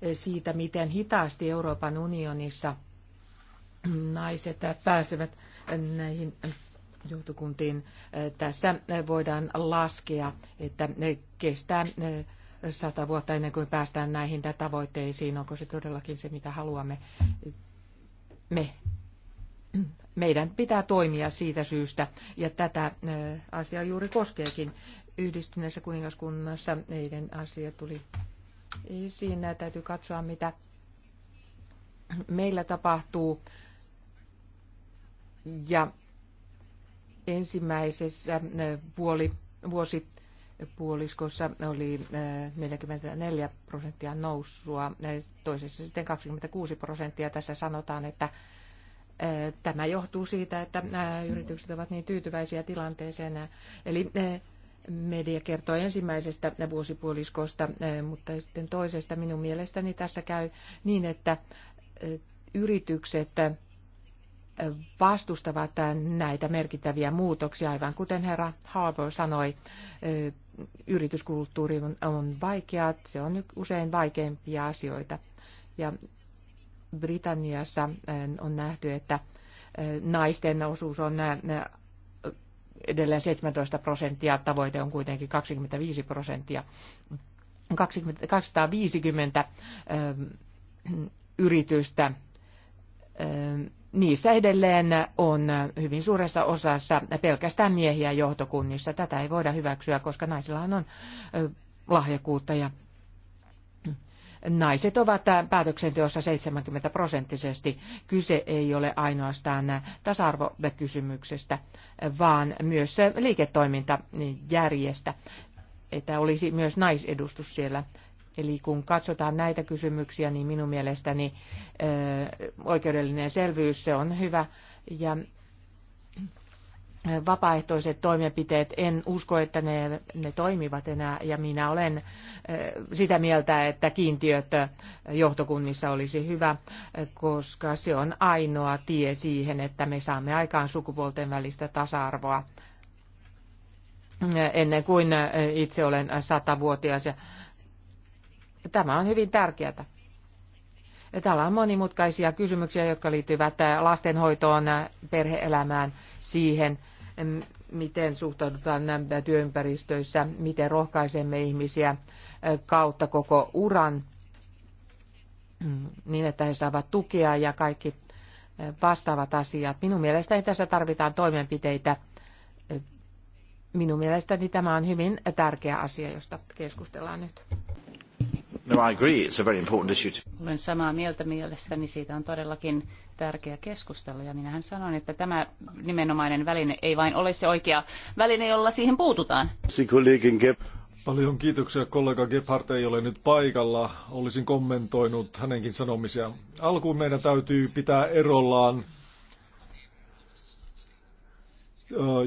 eh, siitä, miten hitaasti Euroopan unionissa naiset pääsevät näihin johtokuntiin. Eh, tässä voidaan laskea, että ne kestää sata vuotta ennen kuin päästään näihin tavoitteisiin. Onko se todellakin se, mitä haluamme? Me. Meidän pitää toimia siitä syystä, ja tätä asiaa juuri koskeekin yhdistyneessä kuningaskunnassa eilen asia tuli esiin. Täytyy katsoa, mitä meillä tapahtuu. Ja ensimmäisessä puoli, vuosipuoliskossa oli 44 prosenttia noussua, toisessa sitten 26 prosenttia. Tässä sanotaan, että tämä johtuu siitä, että nämä yritykset ovat niin tyytyväisiä tilanteeseen. Eli Media kertoo ensimmäisestä vuosipuoliskosta, eh, mutta sitten toisesta. Minun mielestäni tässä käy niin, että eh, yritykset eh, vastustavat näitä merkittäviä muutoksia, aivan kuten herra Harbour sanoi, yrityskulttuuri on, vaikea se on usein vaikeimpia asioita. Ja Britanniassa on nähty, että naisten osuus on edelleen 17 prosenttia, tavoite on kuitenkin 25 prosenttia. 20, 250 yritystä. Niissä edelleen on hyvin suuressa osassa pelkästään miehiä johtokunnissa. Tätä ei voida hyväksyä, koska naisillahan on lahjakuutta ja naiset ovat päätöksenteossa 70 prosenttisesti. Kyse ei ole ainoastaan tasa-arvokysymyksestä, vaan myös liiketoimintajärjestä, että olisi myös naisedustus siellä Eli kun katsotaan näitä kysymyksiä, niin minun mielestäni oikeudellinen selvyys se on hyvä. Ja vapaaehtoiset toimenpiteet, en usko, että ne, ne toimivat enää, ja minä olen äh, sitä mieltä, että kiintiöt äh, johtokunnissa olisi hyvä, äh, koska se on ainoa tie siihen, että me saamme aikaan sukupuolten välistä tasa-arvoa ennen kuin itse olen satavuotias. Tämä on hyvin tärkeää. Täällä on monimutkaisia kysymyksiä, jotka liittyvät lastenhoitoon, perheelämään, siihen, miten suhtaudutaan nämä työympäristöissä, miten rohkaisemme ihmisiä kautta koko uran mm, niin, että he saavat tukea ja kaikki vastaavat asiat. Minun mielestäni tässä tarvitaan toimenpiteitä. Minun mielestäni tämä on hyvin tärkeä asia, josta keskustellaan nyt. No, I agree. It's a very important issue. Olen samaa mieltä mielestäni. Siitä on todellakin tärkeä keskustella. Ja minähän sanoin, että tämä nimenomainen väline ei vain ole se oikea väline, jolla siihen puututaan. Paljon kiitoksia. Kollega Gebhardt ei ole nyt paikalla. Olisin kommentoinut hänenkin sanomisia. Alkuun meidän täytyy pitää erollaan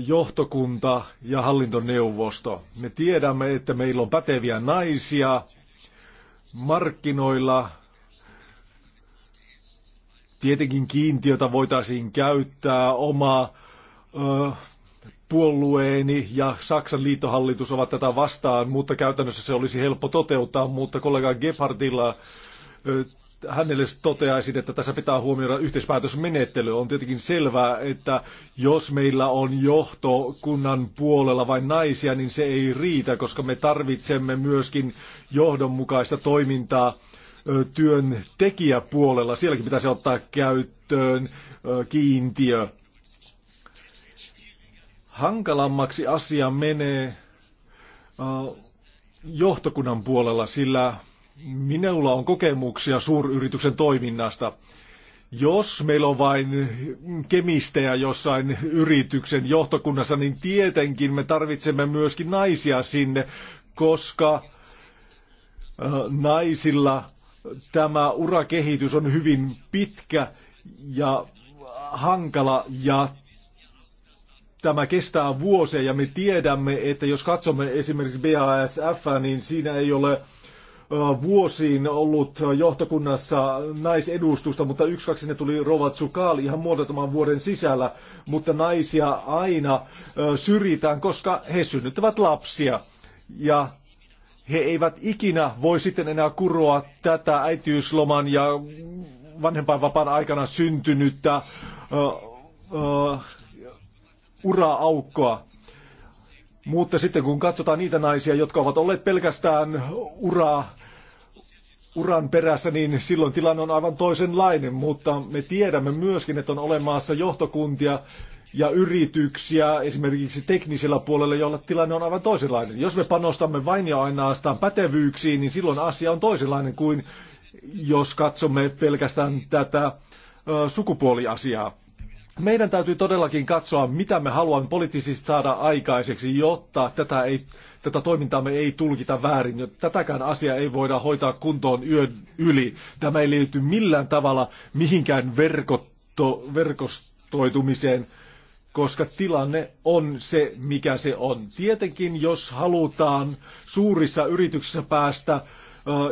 johtokunta ja hallintoneuvosto. Me tiedämme, että meillä on päteviä naisia markkinoilla Tietenkin kiintiötä voitaisiin käyttää oma ö, puolueeni ja Saksan liittohallitus ovat tätä vastaan, mutta käytännössä se olisi helppo toteuttaa, mutta kollega Gebhardilla ö, hänelle toteaisin, että tässä pitää huomioida yhteispäätösmenettely. On tietenkin selvää, että jos meillä on johtokunnan puolella vain naisia, niin se ei riitä, koska me tarvitsemme myöskin johdonmukaista toimintaa työn tekijäpuolella. Sielläkin pitäisi ottaa käyttöön kiintiö. Hankalammaksi asia menee johtokunnan puolella, sillä minulla on kokemuksia suuryrityksen toiminnasta. Jos meillä on vain kemistejä jossain yrityksen johtokunnassa, niin tietenkin me tarvitsemme myöskin naisia sinne, koska naisilla tämä urakehitys on hyvin pitkä ja hankala ja tämä kestää vuosia ja me tiedämme, että jos katsomme esimerkiksi BASF, niin siinä ei ole vuosiin ollut johtokunnassa naisedustusta, mutta yksi kaksi tuli Rovat Sukaali ihan muodottoman vuoden sisällä, mutta naisia aina syrjitään, koska he synnyttävät lapsia. Ja he eivät ikinä voi sitten enää kuroa tätä äitiysloman ja vanhempainvapaan aikana syntynyttä uh, uh, ura-aukkoa. Mutta sitten kun katsotaan niitä naisia, jotka ovat olleet pelkästään uraa uran perässä, niin silloin tilanne on aivan toisenlainen, mutta me tiedämme myöskin, että on olemassa johtokuntia ja yrityksiä esimerkiksi teknisellä puolella, jolla tilanne on aivan toisenlainen. Jos me panostamme vain ja ainaastaan pätevyyksiin, niin silloin asia on toisenlainen kuin jos katsomme pelkästään tätä sukupuoliasiaa. Meidän täytyy todellakin katsoa, mitä me haluamme poliittisesti saada aikaiseksi, jotta tätä ei tätä toimintaa me ei tulkita väärin. Tätäkään asiaa ei voida hoitaa kuntoon yön yli. Tämä ei liity millään tavalla mihinkään verkotto, verkostoitumiseen, koska tilanne on se, mikä se on. Tietenkin, jos halutaan suurissa yrityksissä päästä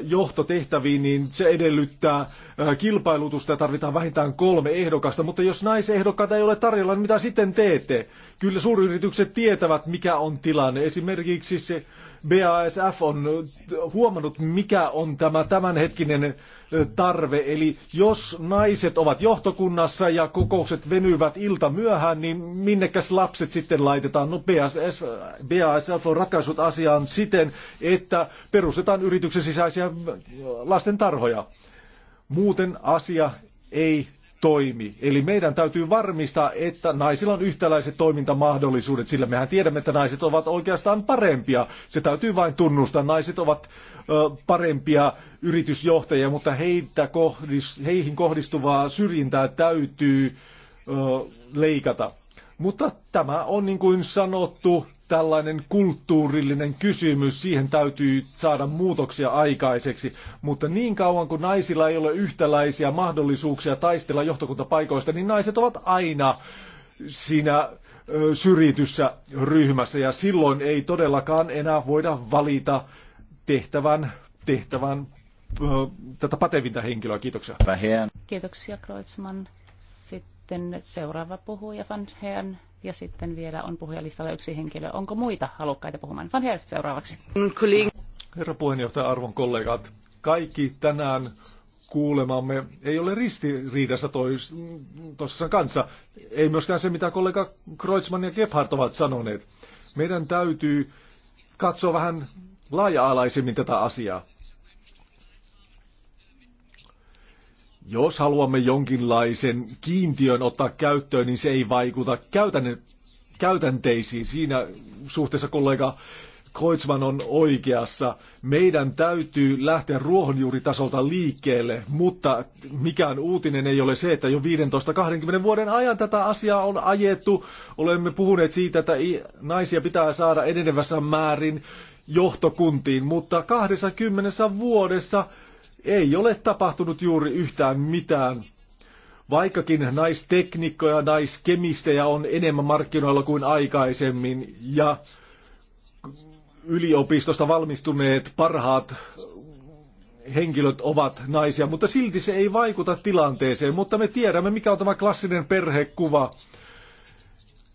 johtotehtäviin, niin se edellyttää kilpailutusta ja tarvitaan vähintään kolme ehdokasta. Mutta jos naisehdokkaita ei ole tarjolla, niin mitä sitten teette? Kyllä suuryritykset tietävät, mikä on tilanne. Esimerkiksi se BASF on huomannut, mikä on tämä tämänhetkinen tarve. Eli jos naiset ovat johtokunnassa ja kokoukset venyvät ilta myöhään, niin minnekäs lapset sitten laitetaan? No BASF, BASF on ratkaissut asiaan siten, että perustetaan yrityksen sisäisiä lasten tarhoja. Muuten asia ei toimi. Eli meidän täytyy varmistaa, että naisilla on yhtäläiset toimintamahdollisuudet, sillä mehän tiedämme, että naiset ovat oikeastaan parempia. Se täytyy vain tunnustaa. Naiset ovat parempia yritysjohtajia, mutta heitä heihin kohdistuvaa syrjintää täytyy leikata. Mutta tämä on niin kuin sanottu tällainen kulttuurillinen kysymys, siihen täytyy saada muutoksia aikaiseksi, mutta niin kauan kuin naisilla ei ole yhtäläisiä mahdollisuuksia taistella johtokuntapaikoista, niin naiset ovat aina siinä syrjityssä ryhmässä ja silloin ei todellakaan enää voida valita tehtävän, tehtävän tätä pätevintä henkilöä. Kiitoksia. Vähän. Kiitoksia Kreutzmann. Sitten seuraava puhuja Van Heen. Ja sitten vielä on puhujalistalla yksi henkilö. Onko muita halukkaita puhumaan? Van Her, seuraavaksi. Herra puheenjohtaja, arvon kollegat. Kaikki tänään kuulemamme ei ole ristiriidassa tuossa kanssa. Ei myöskään se, mitä kollega Kreutzmann ja Gebhardt ovat sanoneet. Meidän täytyy katsoa vähän laaja-alaisemmin tätä asiaa. Jos haluamme jonkinlaisen kiintiön ottaa käyttöön, niin se ei vaikuta käytänteisiin. Siinä suhteessa kollega Koitsman on oikeassa. Meidän täytyy lähteä ruohonjuuritasolta liikkeelle, mutta mikään uutinen ei ole se, että jo 15-20 vuoden ajan tätä asiaa on ajettu. Olemme puhuneet siitä, että naisia pitää saada enenevässä määrin johtokuntiin, mutta 20 vuodessa – ei ole tapahtunut juuri yhtään mitään. Vaikkakin naisteknikkoja, naiskemistejä on enemmän markkinoilla kuin aikaisemmin ja yliopistosta valmistuneet parhaat henkilöt ovat naisia, mutta silti se ei vaikuta tilanteeseen. Mutta me tiedämme, mikä on tämä klassinen perhekuva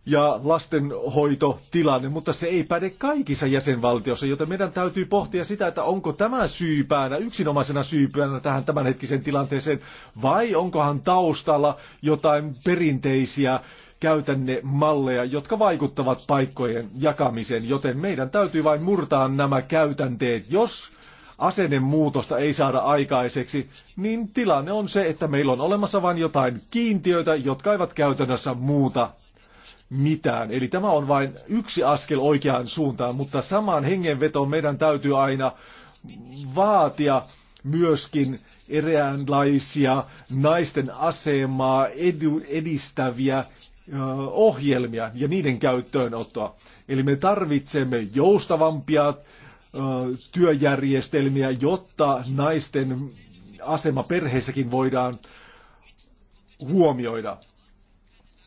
ja lastenhoitotilanne, mutta se ei päde kaikissa jäsenvaltioissa, joten meidän täytyy pohtia sitä, että onko tämä syypäänä, yksinomaisena syypäänä tähän tämänhetkiseen tilanteeseen, vai onkohan taustalla jotain perinteisiä käytännemalleja, jotka vaikuttavat paikkojen jakamiseen, joten meidän täytyy vain murtaa nämä käytänteet. Jos asennemuutosta ei saada aikaiseksi, niin tilanne on se, että meillä on olemassa vain jotain kiintiöitä, jotka eivät käytännössä muuta mitään. Eli tämä on vain yksi askel oikeaan suuntaan, mutta samaan hengenvetoon meidän täytyy aina vaatia myöskin eräänlaisia naisten asemaa edu, edistäviä ohjelmia ja niiden käyttöönottoa. Eli me tarvitsemme joustavampia työjärjestelmiä, jotta naisten asema perheessäkin voidaan huomioida.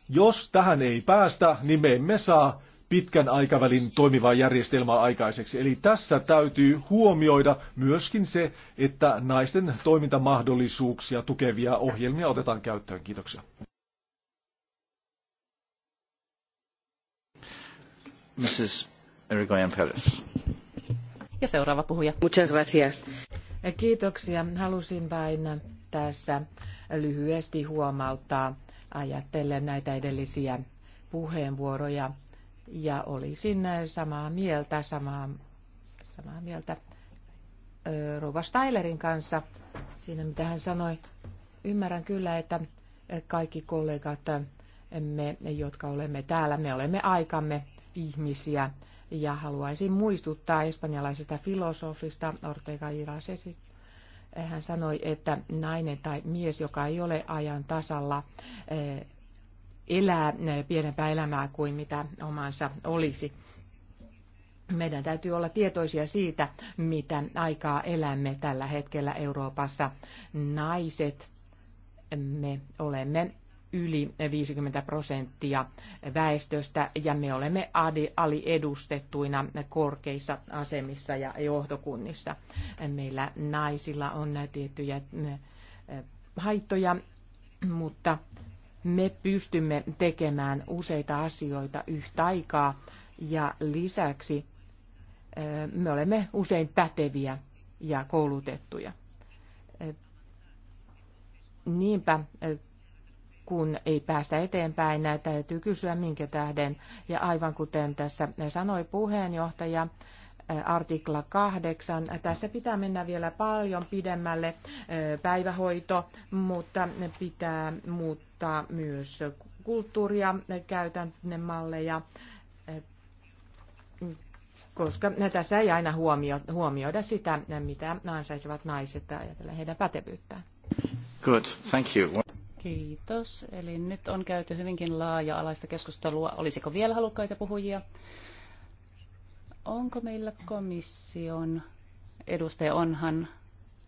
Jos tähän ei päästä, niin me emme saa pitkän aikavälin toimivaa järjestelmää aikaiseksi. Eli tässä täytyy huomioida myöskin se, että naisten toimintamahdollisuuksia tukevia ohjelmia otetaan käyttöön. Kiitoksia. Mrs. Erigoyen Perez. Ja seuraava puhuja. Muchas gracias. Kiitoksia. Halusin vain tässä lyhyesti huomauttaa ajatellen näitä edellisiä puheenvuoroja. Ja olisin samaa mieltä, samaa, samaa mieltä Rova Steilerin kanssa siinä, mitä hän sanoi. Ymmärrän kyllä, että kaikki kollegat, me, jotka olemme täällä, me olemme aikamme ihmisiä. Ja haluaisin muistuttaa espanjalaisesta filosofista Ortega Irasesista hän sanoi, että nainen tai mies, joka ei ole ajan tasalla, eh, elää eh, pienempää elämää kuin mitä omansa olisi. Meidän täytyy olla tietoisia siitä, mitä aikaa elämme tällä hetkellä Euroopassa. Naiset, me olemme yli 50 prosenttia väestöstä ja me olemme aliedustettuina korkeissa asemissa ja johtokunnissa. Meillä naisilla on tiettyjä haittoja, mutta me pystymme tekemään useita asioita yhtä aikaa ja lisäksi me olemme usein päteviä ja koulutettuja. Niinpä kun ei päästä eteenpäin, täytyy kysyä minkä tähden. Ja aivan kuten tässä sanoi puheenjohtaja, artikla 8. Tässä pitää mennä vielä paljon pidemmälle päivähoito, mutta pitää muuttaa myös kulttuuria, käytännemalleja, koska tässä ei aina huomioida sitä, mitä ansaisivat naiset ajatellen heidän pätevyyttään. Good, thank you. Kiitos. Eli nyt on käyty hyvinkin laaja-alaista keskustelua. Olisiko vielä halukkaita puhujia? Onko meillä komission edustaja? Onhan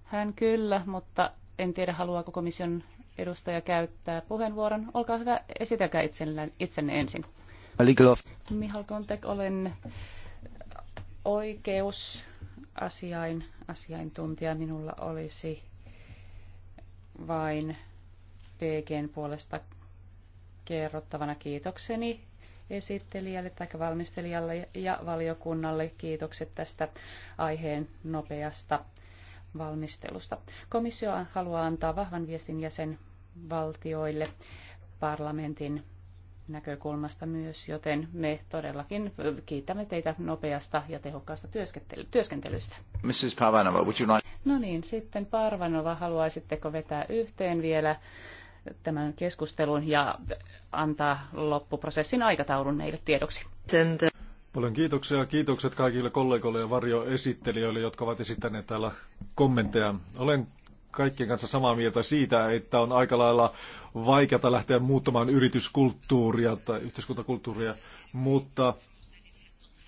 hän kyllä, mutta en tiedä haluaako komission edustaja käyttää puheenvuoron. Olkaa hyvä, esitelkää itsenne, itsenne ensin. Mihal Kontek, olen oikeusasiain asiantuntija. Minulla olisi vain DGn puolesta kerrottavana kiitokseni esittelijälle tai valmistelijalle ja valiokunnalle kiitokset tästä aiheen nopeasta valmistelusta. Komissio haluaa antaa vahvan viestin jäsenvaltioille parlamentin näkökulmasta myös, joten me todellakin kiitämme teitä nopeasta ja tehokkaasta työskentelystä. Mrs. Parvanova, would you like... No niin, sitten Parvanova, haluaisitteko vetää yhteen vielä tämän keskustelun ja antaa loppuprosessin aikataulun meille tiedoksi. Paljon kiitoksia. Kiitokset kaikille kollegoille ja varjoesittelijöille, jotka ovat esittäneet täällä kommentteja. Olen kaikkien kanssa samaa mieltä siitä, että on aika lailla vaikeata lähteä muuttamaan yrityskulttuuria tai yhteiskuntakulttuuria, mutta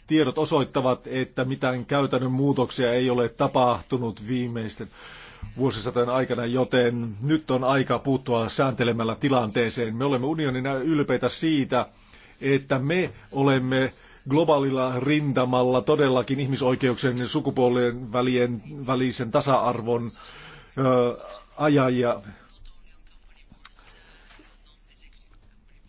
tiedot osoittavat, että mitään käytännön muutoksia ei ole tapahtunut viimeisten vuosisatojen aikana, joten nyt on aika puuttua sääntelemällä tilanteeseen. Me olemme unionina ylpeitä siitä, että me olemme globaalilla rintamalla todellakin ihmisoikeuksien ja sukupuolien välien, välisen tasa-arvon ö, ajajia.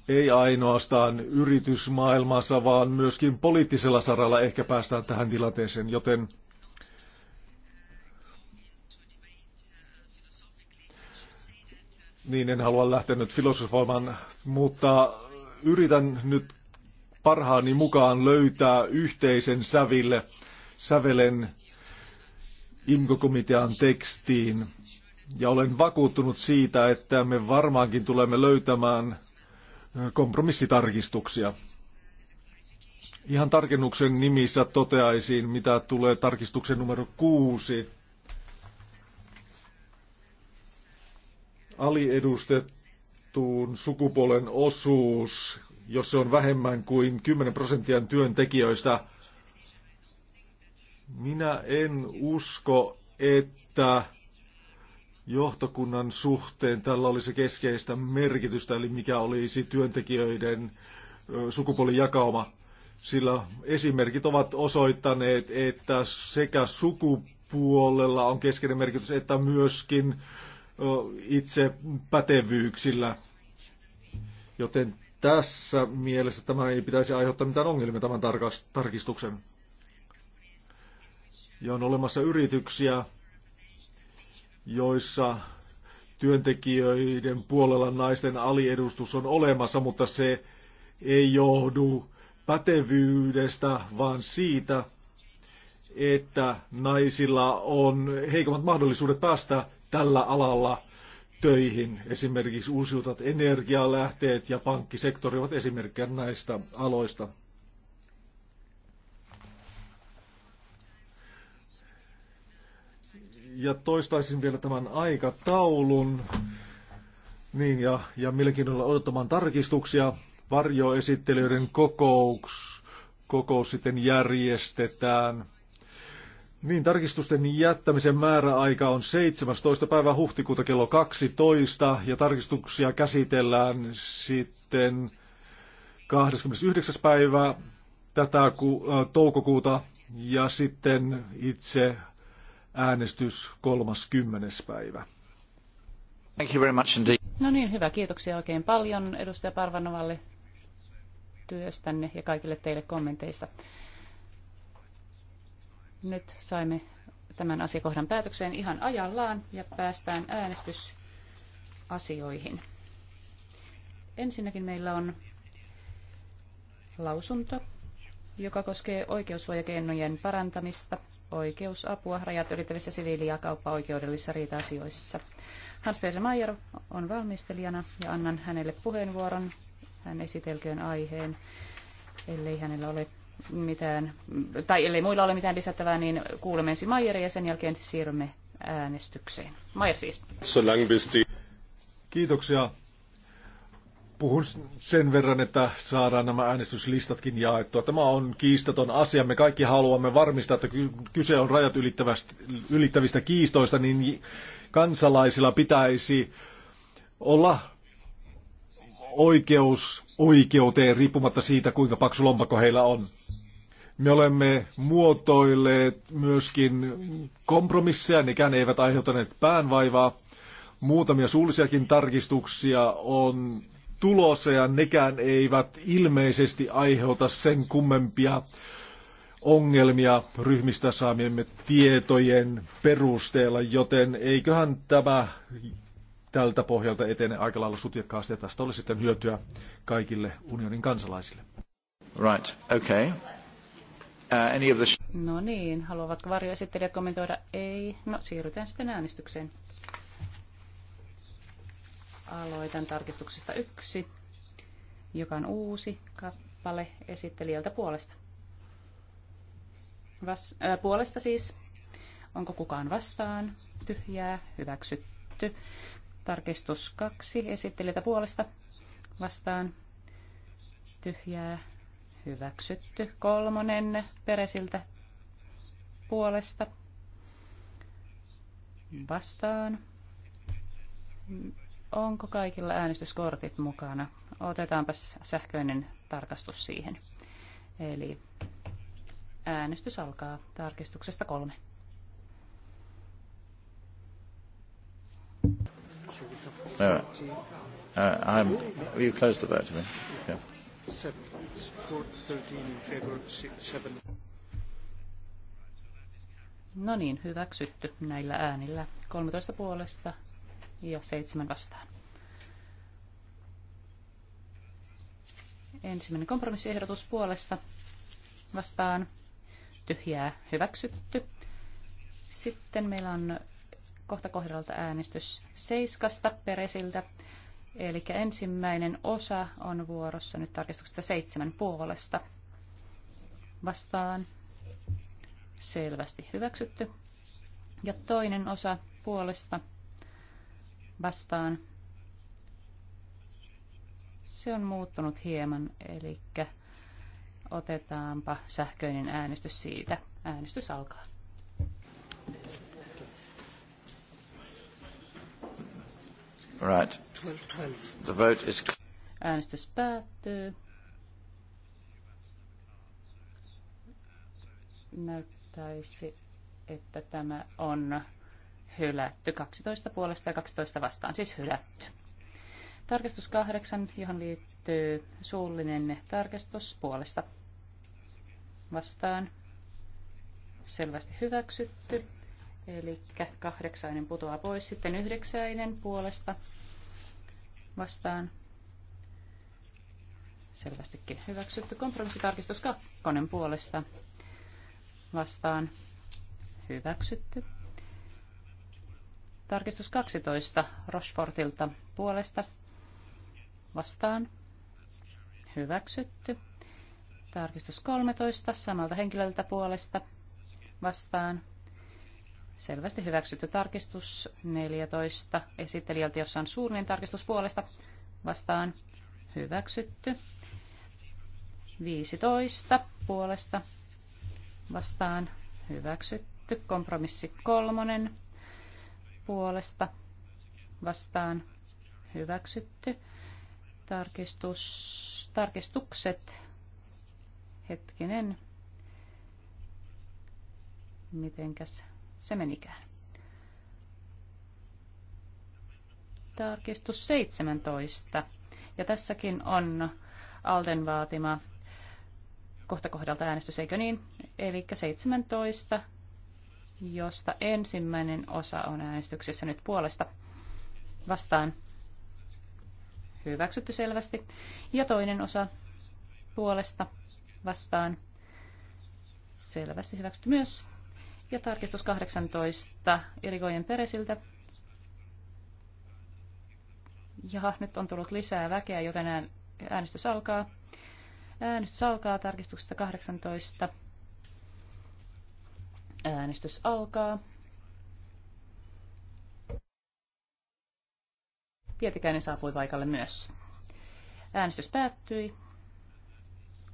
Ei ainoastaan yritysmaailmassa, vaan myöskin poliittisella saralla ehkä päästään tähän tilanteeseen, joten niin en halua lähteä nyt filosofoimaan, mutta yritän nyt parhaani mukaan löytää yhteisen säville, sävelen IMKO-komitean tekstiin. Ja olen vakuuttunut siitä, että me varmaankin tulemme löytämään kompromissitarkistuksia. Ihan tarkennuksen nimissä toteaisin, mitä tulee tarkistuksen numero kuusi aliedustettuun sukupuolen osuus, jos se on vähemmän kuin 10 prosenttia työntekijöistä. Minä en usko, että johtokunnan suhteen tällä olisi keskeistä merkitystä, eli mikä olisi työntekijöiden sukupuolijakauma. Sillä esimerkit ovat osoittaneet, että sekä sukupuolella on keskeinen merkitys, että myöskin itse pätevyyksillä. Joten tässä mielessä tämä ei pitäisi aiheuttaa mitään ongelmia tämän tarkistuksen. Ja on olemassa yrityksiä, joissa työntekijöiden puolella naisten aliedustus on olemassa, mutta se ei johdu pätevyydestä, vaan siitä, että naisilla on heikommat mahdollisuudet päästä tällä alalla töihin. Esimerkiksi uusiutat energialähteet ja pankkisektori ovat esimerkkejä näistä aloista. Ja toistaisin vielä tämän aikataulun. Niin, ja, ja mielenkiinnolla odottamaan tarkistuksia. Varjoesittelyiden kokous, kokous sitten järjestetään niin, tarkistusten jättämisen määräaika on 17. päivä huhtikuuta kello 12 ja tarkistuksia käsitellään sitten 29. päivä tätä ku, äh, toukokuuta ja sitten itse äänestys 30. päivä. Thank you very much indeed. No niin, hyvä. Kiitoksia oikein paljon edustaja Parvanovalle työstänne ja kaikille teille kommenteista. Nyt saimme tämän asiakohdan päätökseen ihan ajallaan ja päästään äänestysasioihin. Ensinnäkin meillä on lausunto, joka koskee oikeussuojakeinojen parantamista, oikeusapua rajat ylittävissä siviili- ja kauppaoikeudellisissa riita-asioissa. Hans-Peter Mayer on valmistelijana ja annan hänelle puheenvuoron. Hän esitelköön aiheen, ellei hänellä ole mitään, tai ellei muilla ole mitään lisättävää, niin kuulemme ensin Maierin ja sen jälkeen siirrymme äänestykseen. Maier siis. Kiitoksia. Puhun sen verran, että saadaan nämä äänestyslistatkin jaettua. Tämä on kiistaton asia. Me kaikki haluamme varmistaa, että kyse on rajat ylittävistä kiistoista, niin kansalaisilla pitäisi olla oikeus oikeuteen riippumatta siitä, kuinka paksu lompakko heillä on. Me olemme muotoilleet myöskin kompromisseja, nekään eivät aiheuttaneet päänvaivaa. Muutamia suullisiakin tarkistuksia on tulossa ja nekään eivät ilmeisesti aiheuta sen kummempia ongelmia ryhmistä saamiemme tietojen perusteella, joten eiköhän tämä tältä pohjalta etene aika lailla sutjakkaasti ja tästä olisi sitten hyötyä kaikille unionin kansalaisille. Right, okay. Uh, any of the... No niin, haluavatko varjoesittelijät kommentoida? Ei. No, siirrytään sitten äänestykseen. Aloitan tarkistuksesta yksi, joka on uusi kappale esittelijältä puolesta. Vas- äh, puolesta siis. Onko kukaan vastaan? Tyhjää. Hyväksytty. Tarkistus kaksi esittelijätä puolesta vastaan tyhjää hyväksytty. Kolmonen peresiltä puolesta vastaan. Onko kaikilla äänestyskortit mukana? Otetaanpa sähköinen tarkastus siihen. Eli äänestys alkaa tarkistuksesta kolme. All right. Uh, I'm, will you close the vote to me? Okay. Seven. Four, 13 in favour, six, seven. No niin, hyväksytty näillä äänillä. 13 puolesta ja 7 vastaan. Ensimmäinen kompromissiehdotus puolesta vastaan. Tyhjää hyväksytty. Sitten meillä on kohta kohdalta äänestys seiskasta peresiltä. Eli ensimmäinen osa on vuorossa nyt tarkistuksesta seitsemän puolesta. Vastaan. Selvästi hyväksytty. Ja toinen osa puolesta vastaan. Se on muuttunut hieman, eli otetaanpa sähköinen äänestys siitä. Äänestys alkaa. Right. 12, 12. The vote is... Äänestys päättyy. Näyttäisi, että tämä on hylätty. 12 puolesta ja 12 vastaan, siis hylätty. Tarkistus 8, johon liittyy suullinen tarkistus puolesta vastaan. Selvästi hyväksytty. Eli kahdeksainen putoaa pois. Sitten yhdeksäinen puolesta vastaan. Selvästikin hyväksytty. Kompromissitarkistus kakkonen puolesta vastaan. Hyväksytty. Tarkistus 12 Rochefortilta puolesta vastaan. Hyväksytty. Tarkistus 13 samalta henkilöltä puolesta vastaan Selvästi hyväksytty tarkistus 14 esittelijältä, jossa on suurin tarkistus puolesta vastaan hyväksytty. 15 puolesta vastaan hyväksytty. Kompromissi kolmonen puolesta vastaan hyväksytty. Tarkistus, tarkistukset. Hetkinen. Mitenkäs se menikään. Tarkistus 17. Ja tässäkin on Alden vaatima kohta kohdalta äänestys, eikö niin? Eli 17, josta ensimmäinen osa on äänestyksessä nyt puolesta vastaan. Hyväksytty selvästi. Ja toinen osa puolesta vastaan. Selvästi hyväksytty myös. Ja tarkistus 18 Irigojen peresiltä. Jaha, nyt on tullut lisää väkeä, joten äänestys alkaa. Äänestys alkaa tarkistuksesta 18. Äänestys alkaa. Pietikäinen saapui paikalle myös. Äänestys päättyi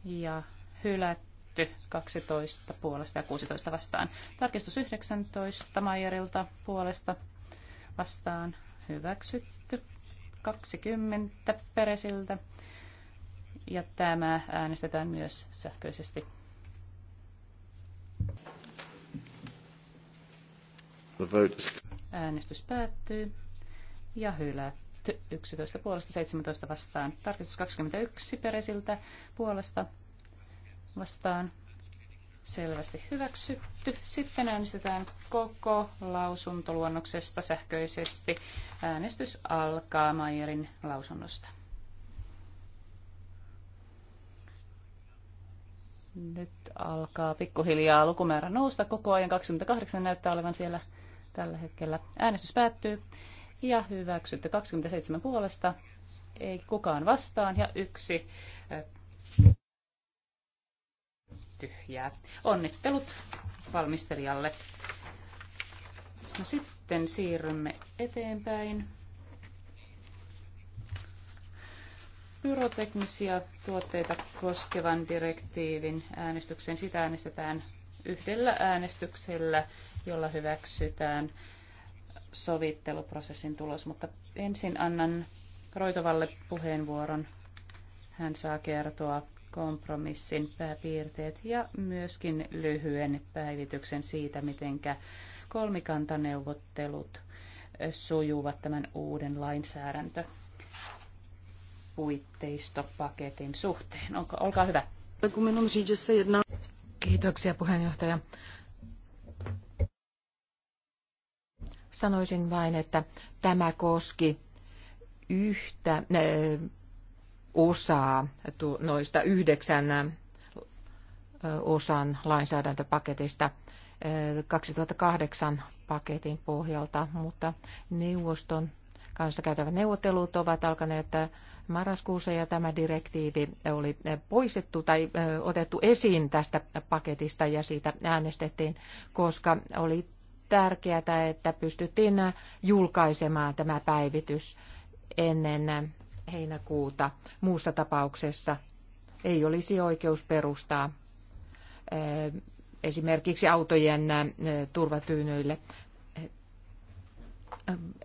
ja hylätty hylätty 12 puolesta ja 16 vastaan. Tarkistus 19 Maijerilta puolesta vastaan hyväksytty 20 Peresiltä. Ja tämä äänestetään myös sähköisesti. Äänestys päättyy ja hylätty 11 puolesta 17 vastaan. Tarkistus 21 Peresiltä puolesta vastaan selvästi hyväksytty. Sitten äänestetään koko lausuntoluonnoksesta sähköisesti. Äänestys alkaa maierin lausunnosta. Nyt alkaa pikkuhiljaa lukumäärä nousta koko ajan. 28 näyttää olevan siellä tällä hetkellä. Äänestys päättyy ja hyväksytty 27 puolesta, ei kukaan vastaan ja yksi tyhjää. Onnittelut valmistelijalle. No sitten siirrymme eteenpäin. Pyroteknisiä tuotteita koskevan direktiivin äänestykseen. Sitä äänestetään yhdellä äänestyksellä, jolla hyväksytään sovitteluprosessin tulos. Mutta ensin annan Roitovalle puheenvuoron. Hän saa kertoa kompromissin pääpiirteet ja myöskin lyhyen päivityksen siitä, miten kolmikantaneuvottelut sujuvat tämän uuden lainsäädäntö puitteistopaketin suhteen. Onko, olkaa hyvä. Kiitoksia puheenjohtaja. Sanoisin vain, että tämä koski yhtä osaa noista yhdeksän osan lainsäädäntöpaketista 2008 paketin pohjalta, mutta neuvoston kanssa käytävät neuvottelut ovat alkaneet marraskuussa ja tämä direktiivi oli poistettu tai otettu esiin tästä paketista ja siitä äänestettiin, koska oli tärkeää, että pystyttiin julkaisemaan tämä päivitys ennen heinäkuuta. Muussa tapauksessa ei olisi oikeus perustaa eh, esimerkiksi autojen eh, turvatyynyille eh,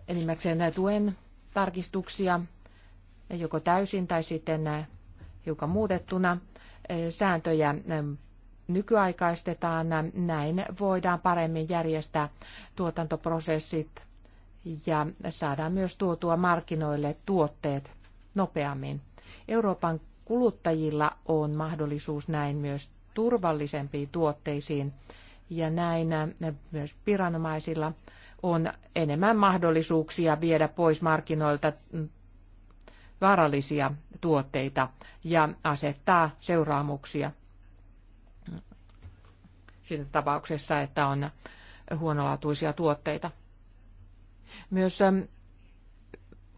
enimmäkseen tuen tarkistuksia joko täysin tai sitten hiukan muutettuna. Sääntöjä nykyaikaistetaan, näin voidaan paremmin järjestää tuotantoprosessit ja saadaan myös tuotua markkinoille tuotteet, nopeammin. Euroopan kuluttajilla on mahdollisuus näin myös turvallisempiin tuotteisiin ja näin myös viranomaisilla on enemmän mahdollisuuksia viedä pois markkinoilta vaarallisia tuotteita ja asettaa seuraamuksia siinä tapauksessa, että on huonolaatuisia tuotteita. Myös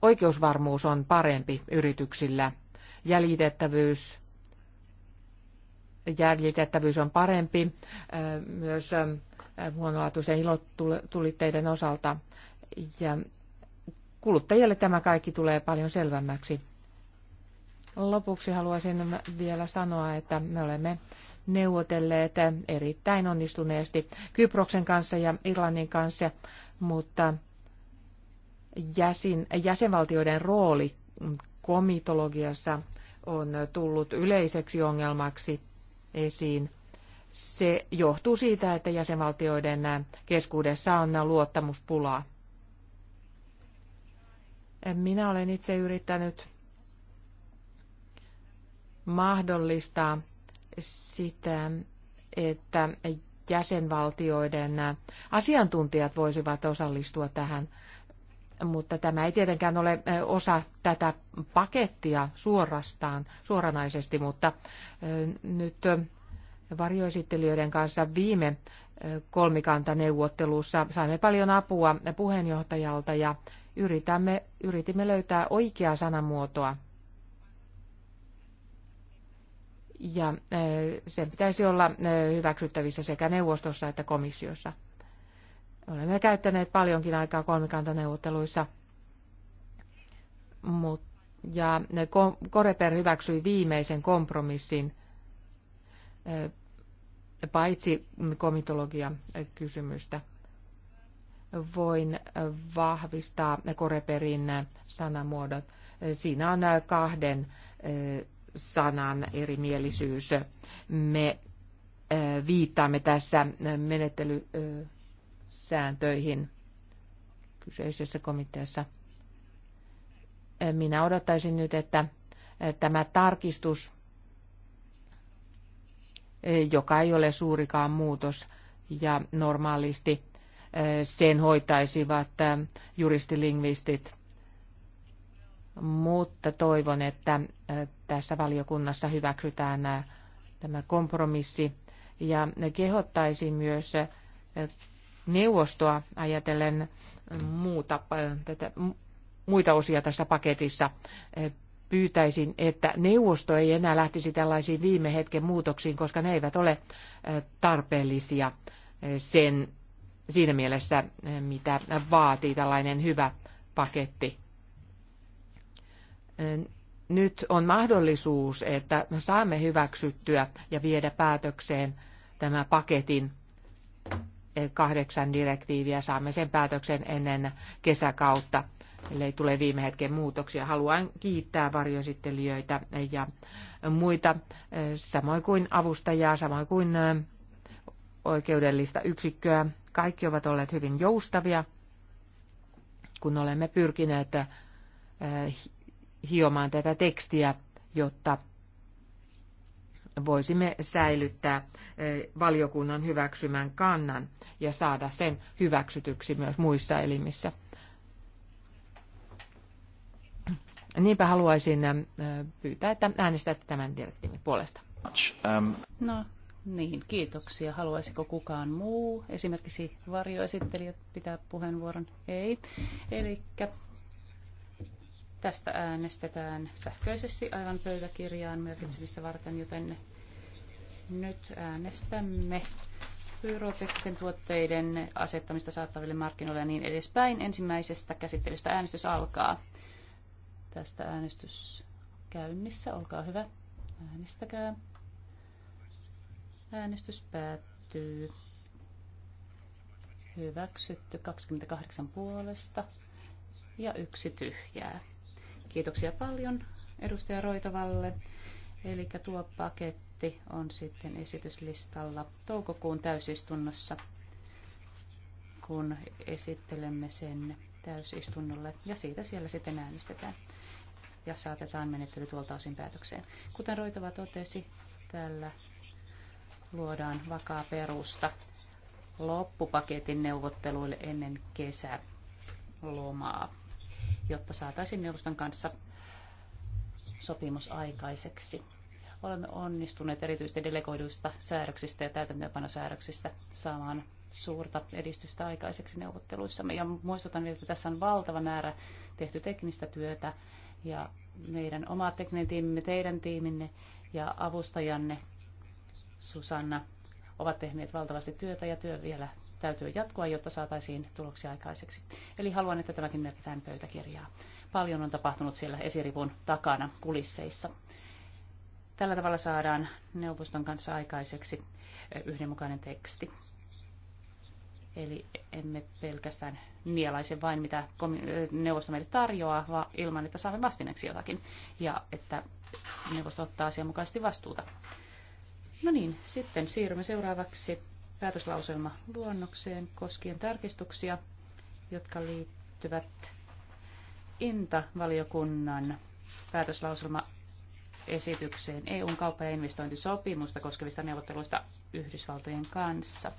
oikeusvarmuus on parempi yrityksillä. Jäljitettävyys, jäljitettävyys on parempi myös huonolaatuisen ilotulitteiden osalta. Ja kuluttajille tämä kaikki tulee paljon selvemmäksi. Lopuksi haluaisin vielä sanoa, että me olemme neuvotelleet erittäin onnistuneesti Kyproksen kanssa ja Irlannin kanssa, mutta jäsen, jäsenvaltioiden rooli komitologiassa on tullut yleiseksi ongelmaksi esiin. Se johtuu siitä, että jäsenvaltioiden keskuudessa on luottamuspulaa. Minä olen itse yrittänyt mahdollistaa sitä, että jäsenvaltioiden asiantuntijat voisivat osallistua tähän mutta tämä ei tietenkään ole osa tätä pakettia suorastaan, suoranaisesti, mutta nyt varjoesittelijöiden kanssa viime kolmikantaneuvottelussa saimme paljon apua puheenjohtajalta ja yritämme, yritimme löytää oikeaa sanamuotoa. Ja sen pitäisi olla hyväksyttävissä sekä neuvostossa että komissiossa. Olemme käyttäneet paljonkin aikaa kolmikantaneuvotteluissa, mutta ja Koreper hyväksyi viimeisen kompromissin, eh, paitsi komitologia-kysymystä. Eh, Voin eh, vahvistaa Koreperin sanamuodot. Siinä on kahden sanan erimielisyys. Me viittaamme tässä menettely sääntöihin kyseisessä komiteassa. Minä odottaisin nyt, että tämä tarkistus, joka ei ole suurikaan muutos ja normaalisti sen hoitaisivat juristilingvistit, mutta toivon, että tässä valiokunnassa hyväksytään tämä kompromissi ja kehottaisin myös neuvostoa ajatellen muuta, tätä, muita osia tässä paketissa pyytäisin, että neuvosto ei enää lähtisi tällaisiin viime hetken muutoksiin, koska ne eivät ole tarpeellisia sen, siinä mielessä, mitä vaatii tällainen hyvä paketti. Nyt on mahdollisuus, että saamme hyväksyttyä ja viedä päätökseen tämä paketin kahdeksan direktiiviä. Saamme sen päätöksen ennen kesäkautta, ellei tule viime hetken muutoksia. Haluan kiittää varjoesittelijöitä ja muita, samoin kuin avustajaa, samoin kuin oikeudellista yksikköä. Kaikki ovat olleet hyvin joustavia, kun olemme pyrkineet hiomaan tätä tekstiä, jotta voisimme säilyttää valiokunnan hyväksymän kannan ja saada sen hyväksytyksi myös muissa elimissä. Niinpä haluaisin pyytää, että äänestätte tämän direktiivin puolesta. Ähm. No niin, kiitoksia. Haluaisiko kukaan muu, esimerkiksi varjoesittelijät, pitää puheenvuoron? Ei. Eli Tästä äänestetään sähköisesti aivan pöytäkirjaan merkitsemistä varten, joten nyt äänestämme pyroteknisten tuotteiden asettamista saattaville markkinoille ja niin edespäin. Ensimmäisestä käsittelystä äänestys alkaa. Tästä äänestys käynnissä. Olkaa hyvä. Äänestäkää. Äänestys päättyy. Hyväksytty 28 puolesta ja yksi tyhjää. Kiitoksia paljon edustaja roitavalle, Eli tuo paketti on sitten esityslistalla toukokuun täysistunnossa, kun esittelemme sen täysistunnolle ja siitä siellä sitten äänestetään ja saatetaan menettely tuolta osin päätökseen. Kuten roitava totesi, tällä luodaan vakaa perusta loppupaketin neuvotteluille ennen kesälomaa jotta saataisiin neuvoston kanssa sopimus aikaiseksi. Olemme onnistuneet erityisesti delegoiduista säädöksistä ja täytäntöönpanosäädöksistä saamaan suurta edistystä aikaiseksi neuvotteluissamme. Ja muistutan, että tässä on valtava määrä tehty teknistä työtä ja meidän oma tekninen tiimimme, teidän tiiminne ja avustajanne Susanna ovat tehneet valtavasti työtä ja työ vielä täytyy jatkua, jotta saataisiin tuloksia aikaiseksi. Eli haluan, että tämäkin merkitään pöytäkirjaa. Paljon on tapahtunut siellä esirivun takana kulisseissa. Tällä tavalla saadaan neuvoston kanssa aikaiseksi yhdenmukainen teksti. Eli emme pelkästään nielaise vain, mitä neuvosto meille tarjoaa, vaan ilman, että saamme vastineeksi jotakin. Ja että neuvosto ottaa asianmukaisesti vastuuta. No niin, sitten siirrymme seuraavaksi päätöslauselma luonnokseen koskien tarkistuksia, jotka liittyvät INTA-valiokunnan päätöslauselma esitykseen EUn kauppa- ja investointisopimusta koskevista neuvotteluista Yhdysvaltojen kanssa.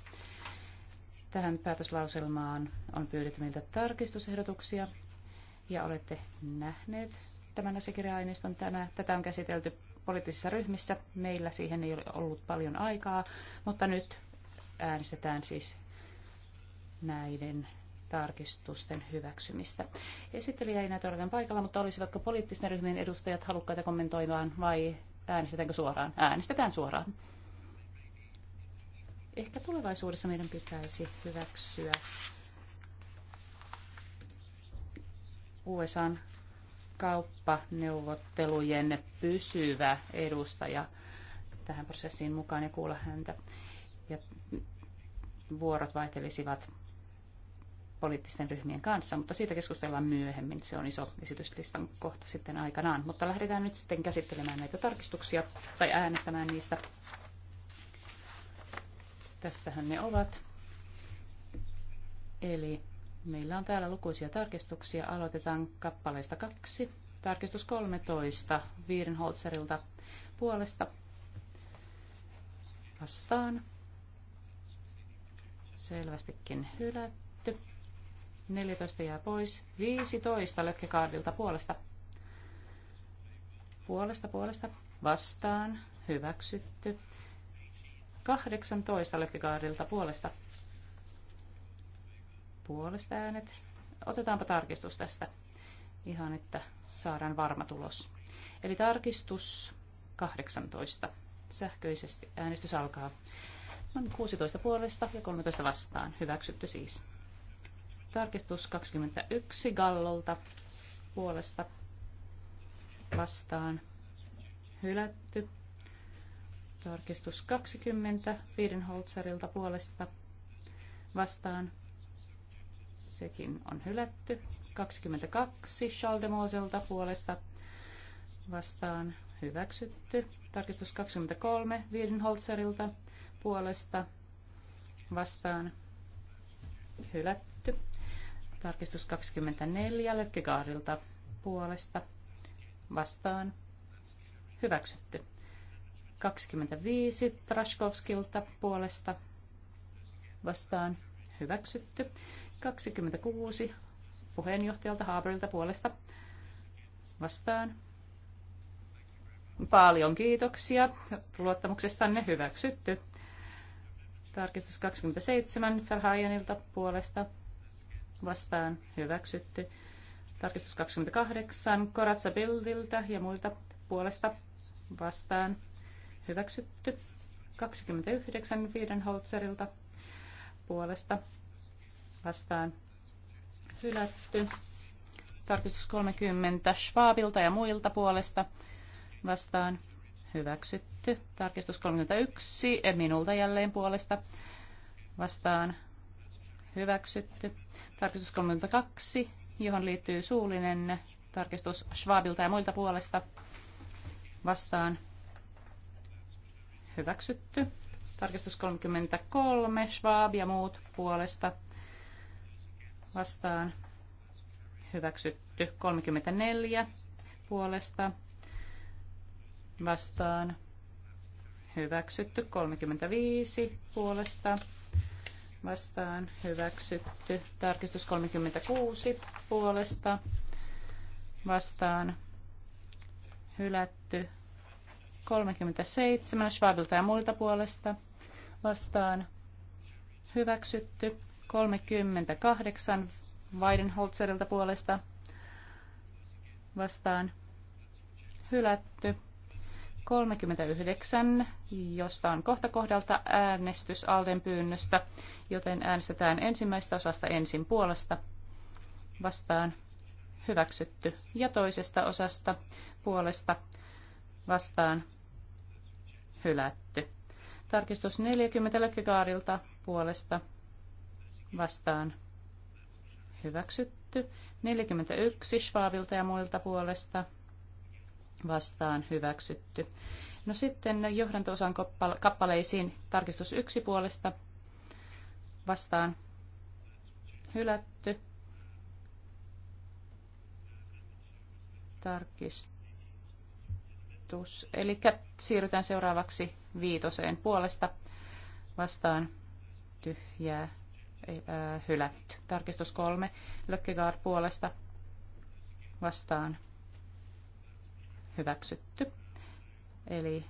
Tähän päätöslauselmaan on pyydetty meiltä tarkistusehdotuksia ja olette nähneet tämän asiakirja-aineiston. Tämä, tätä on käsitelty poliittisissa ryhmissä. Meillä siihen ei ole ollut paljon aikaa, mutta nyt äänestetään siis näiden tarkistusten hyväksymistä. Esittelijä ei näytä olevan paikalla, mutta olisivatko poliittisten ryhmien edustajat halukkaita kommentoimaan vai äänestetäänkö suoraan? Äänestetään suoraan. Ehkä tulevaisuudessa meidän pitäisi hyväksyä USAn kauppaneuvottelujen pysyvä edustaja tähän prosessiin mukaan ja kuulla häntä. Ja vuorot vaihtelisivat poliittisten ryhmien kanssa, mutta siitä keskustellaan myöhemmin. Se on iso esityslistan kohta sitten aikanaan. Mutta lähdetään nyt sitten käsittelemään näitä tarkistuksia tai äänestämään niistä. Tässähän ne ovat. Eli meillä on täällä lukuisia tarkistuksia. Aloitetaan kappaleista kaksi. Tarkistus 13 Viirenholzerilta puolesta vastaan Selvästikin hylätty. 14 jää pois. 15 lökkikaardilta puolesta. Puolesta, puolesta. Vastaan. Hyväksytty. 18 lökkikaardilta puolesta. Puolesta äänet. Otetaanpa tarkistus tästä. Ihan, että saadaan varma tulos. Eli tarkistus 18. Sähköisesti äänestys alkaa on 16 puolesta ja 13 vastaan. Hyväksytty siis. Tarkistus 21 Gallolta puolesta vastaan. Hylätty. Tarkistus 20 Fiedenholzerilta puolesta vastaan. Sekin on hylätty. 22 Schaldemoselta puolesta vastaan hyväksytty. Tarkistus 23 Wiedenholzerilta puolesta vastaan hylätty. Tarkistus 24 Lökkikaarilta puolesta vastaan hyväksytty. 25 Traskovskilta puolesta vastaan hyväksytty. 26 puheenjohtajalta Haaberilta puolesta vastaan. Paljon kiitoksia luottamuksestanne hyväksytty. Tarkistus 27 Verhaajanilta puolesta vastaan hyväksytty. Tarkistus 28 Koratsa Bildiltä ja muilta puolesta vastaan hyväksytty. 29 Wiedenholzerilta puolesta vastaan hylätty. Tarkistus 30 Schwabilta ja muilta puolesta vastaan hyväksytty. Tarkistus 31, eh, minulta jälleen puolesta vastaan hyväksytty. Tarkistus 32, johon liittyy suullinen tarkistus Schwabilta ja muilta puolesta vastaan hyväksytty. Tarkistus 33, Schwab ja muut puolesta vastaan hyväksytty. 34 puolesta vastaan hyväksytty 35 puolesta vastaan hyväksytty tarkistus 36 puolesta vastaan hylätty 37 Schwabilta ja muilta puolesta vastaan hyväksytty 38 Weidenholzerilta puolesta vastaan hylätty 39, josta on kohta kohdalta äänestys Alden pyynnöstä, joten äänestetään ensimmäistä osasta ensin puolesta vastaan hyväksytty ja toisesta osasta puolesta vastaan hylätty. Tarkistus 40 Lökkikaarilta puolesta vastaan hyväksytty. 41 Schwabilta ja muilta puolesta vastaan hyväksytty. No sitten johdanto-osan kappaleisiin tarkistus yksi puolesta vastaan hylätty. Tarkistus. Eli siirrytään seuraavaksi viitoseen puolesta vastaan tyhjää hylätty. Tarkistus kolme. Lökkegaard puolesta vastaan hyväksytty. Eli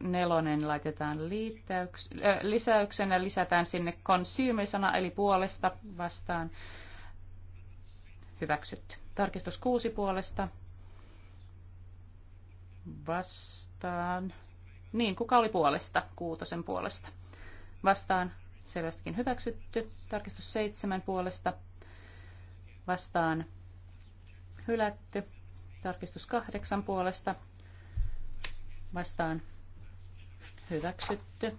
nelonen laitetaan liittäyks, äh, lisäyksenä, lisätään sinne consumer-sana, eli puolesta vastaan hyväksytty. Tarkistus kuusi puolesta vastaan. Niin, kuka oli puolesta? Kuutosen puolesta. Vastaan selvästikin hyväksytty. Tarkistus seitsemän puolesta vastaan hylätty. Tarkistus kahdeksan puolesta vastaan hyväksytty.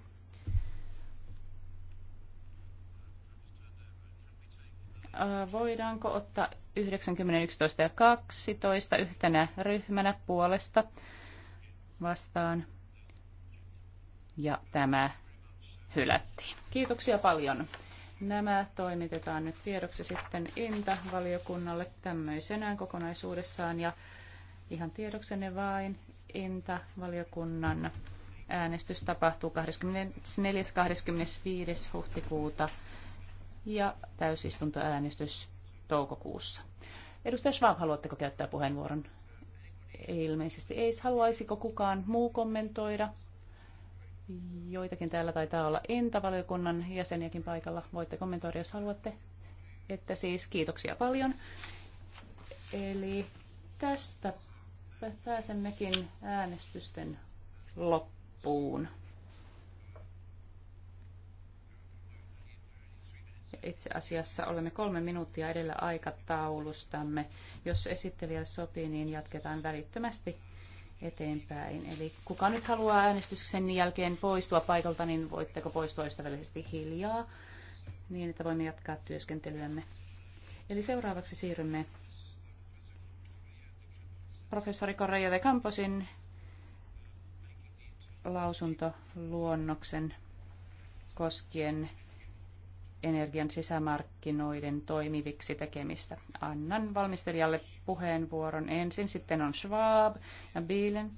Voidaanko ottaa 90, 11 ja 12 yhtenä ryhmänä puolesta vastaan? Ja tämä hylättiin. Kiitoksia paljon. Nämä toimitetaan nyt tiedoksi sitten INTA-valiokunnalle tämmöisenään kokonaisuudessaan ja ihan tiedoksenne vain INTA-valiokunnan äänestys tapahtuu 24.-25. huhtikuuta ja täysistuntoäänestys toukokuussa. Edustaja Schwab, haluatteko käyttää puheenvuoron? Ilmeisesti ei. Haluaisiko kukaan muu kommentoida? Joitakin täällä taitaa olla entavaliokunnan jäseniäkin paikalla. Voitte kommentoida, jos haluatte. Että siis kiitoksia paljon. Eli tästä pääsemmekin äänestysten loppuun. Itse asiassa olemme kolme minuuttia edellä aikataulustamme. Jos esittelijä sopii, niin jatketaan välittömästi eteenpäin. Eli kuka nyt haluaa äänestyksen jälkeen poistua paikalta, niin voitteko poistua ystävällisesti hiljaa, niin että voimme jatkaa työskentelyämme. Eli seuraavaksi siirrymme professori Correia de Camposin lausuntoluonnoksen koskien energian sisämarkkinoiden toimiviksi tekemistä. Annan valmistelijalle puheenvuoron ensin. Sitten on Schwab ja Bielen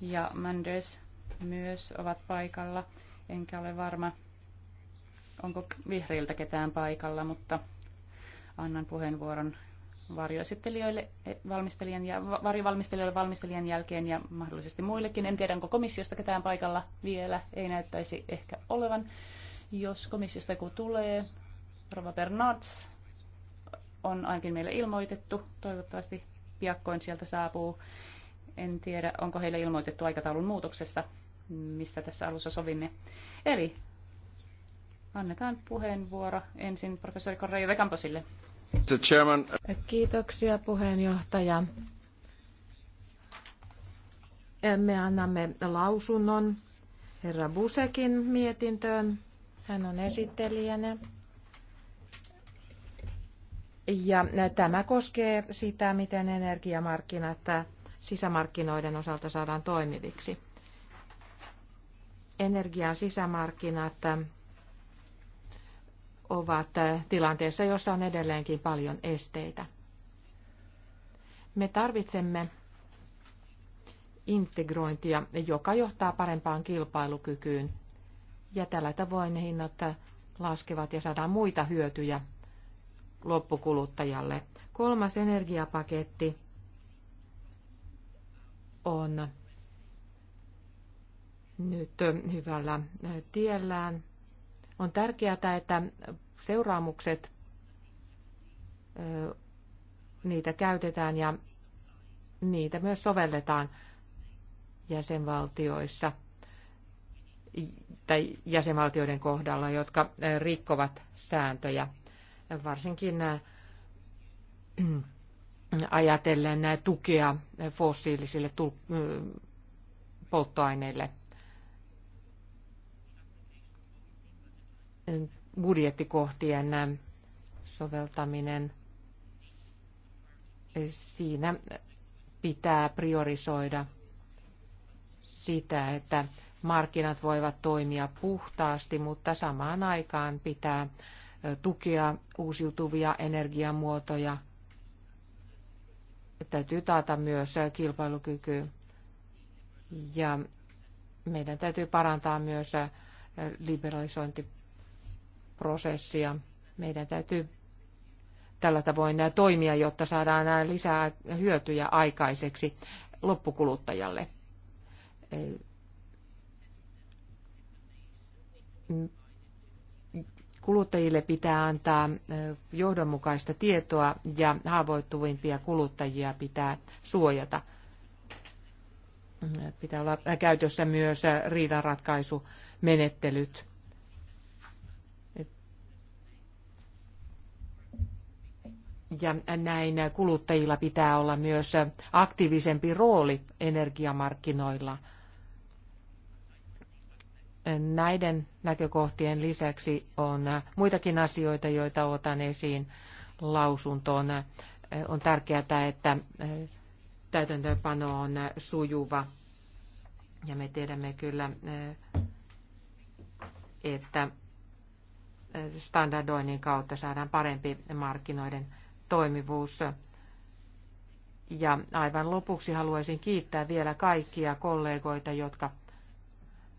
ja Mendes myös ovat paikalla. Enkä ole varma, onko vihreiltä ketään paikalla, mutta annan puheenvuoron varjoesittelijöille, e, valmistelijan ja varivalmistelijoille valmistelijan jälkeen ja mahdollisesti muillekin. En tiedä, onko komissiosta ketään paikalla vielä. Ei näyttäisi ehkä olevan. Jos komissiosta joku tulee, Rova Bernards on ainakin meille ilmoitettu, toivottavasti piakkoin sieltä saapuu. En tiedä, onko heille ilmoitettu aikataulun muutoksesta, mistä tässä alussa sovimme. Eli annetaan puheenvuoro ensin professori Correio Vekamposille. Kiitoksia puheenjohtaja. Me annamme lausunnon herra Busekin mietintöön hän on esittelijänä. Ja tämä koskee sitä, miten energiamarkkinat sisämarkkinoiden osalta saadaan toimiviksi. Energian sisämarkkinat ovat tilanteessa, jossa on edelleenkin paljon esteitä. Me tarvitsemme integrointia, joka johtaa parempaan kilpailukykyyn ja tällä tavoin ne hinnat laskevat ja saadaan muita hyötyjä loppukuluttajalle. Kolmas energiapaketti on nyt hyvällä tiellään. On tärkeää, että seuraamukset niitä käytetään ja niitä myös sovelletaan jäsenvaltioissa – tai jäsenvaltioiden kohdalla, jotka rikkovat sääntöjä, varsinkin ajatellen tukea fossiilisille polttoaineille. Budjettikohtien soveltaminen siinä pitää priorisoida sitä, että markkinat voivat toimia puhtaasti, mutta samaan aikaan pitää tukea uusiutuvia energiamuotoja. Täytyy taata myös kilpailukyky ja meidän täytyy parantaa myös liberalisointiprosessia. Meidän täytyy tällä tavoin toimia, jotta saadaan lisää hyötyjä aikaiseksi loppukuluttajalle. kuluttajille pitää antaa johdonmukaista tietoa ja haavoittuvimpia kuluttajia pitää suojata. Pitää olla käytössä myös riidanratkaisumenettelyt. Ja näin kuluttajilla pitää olla myös aktiivisempi rooli energiamarkkinoilla – näiden näkökohtien lisäksi on äh, muitakin asioita, joita otan esiin lausuntoon. Äh, on tärkeää, että äh, täytäntöönpano on sujuva. Ja me tiedämme kyllä, että standardoinnin kautta saadaan parempi markkinoiden toimivuus. Ja aivan lopuksi haluaisin kiittää vielä kaikkia kollegoita, jotka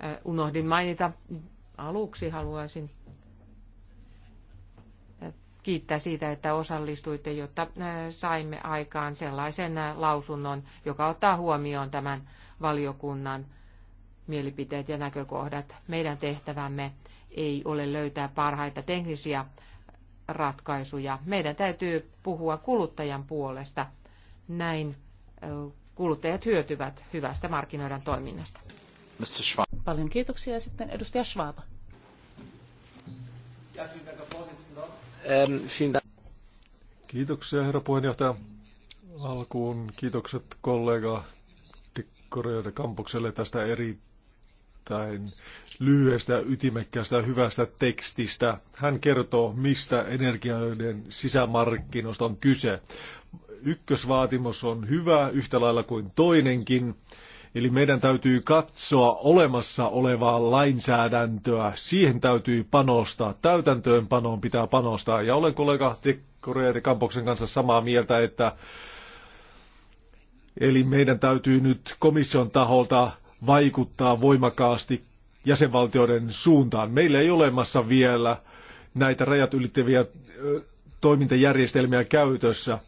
Äh, unohdin mainita aluksi, haluaisin äh, kiittää siitä, että osallistuitte, jotta äh, saimme aikaan sellaisen lausunnon, joka ottaa huomioon tämän valiokunnan mielipiteet ja näkökohdat. Meidän tehtävämme ei ole löytää parhaita teknisiä ratkaisuja. Meidän täytyy puhua kuluttajan puolesta. Näin kuluttajat hyötyvät hyvästä markkinoiden toiminnasta. Mr. Schwab. Paljon kiitoksia. Sitten edustaja Schwab. Ähm, kiitoksia, herra puheenjohtaja. Alkuun kiitokset kollega ja Kampokselle tästä erittäin lyhyestä, ytimekkäästä, hyvästä tekstistä. Hän kertoo, mistä energioiden sisämarkkinoista on kyse. Ykkösvaatimus on hyvä, yhtä lailla kuin toinenkin. Eli meidän täytyy katsoa olemassa olevaa lainsäädäntöä. Siihen täytyy panostaa. Täytäntöönpanoon pitää panostaa. Ja olen kollega Tikkureeri Kampoksen kanssa samaa mieltä, että eli meidän täytyy nyt komission taholta vaikuttaa voimakkaasti jäsenvaltioiden suuntaan. Meillä ei olemassa vielä näitä rajat ylittäviä toimintajärjestelmiä käytössä.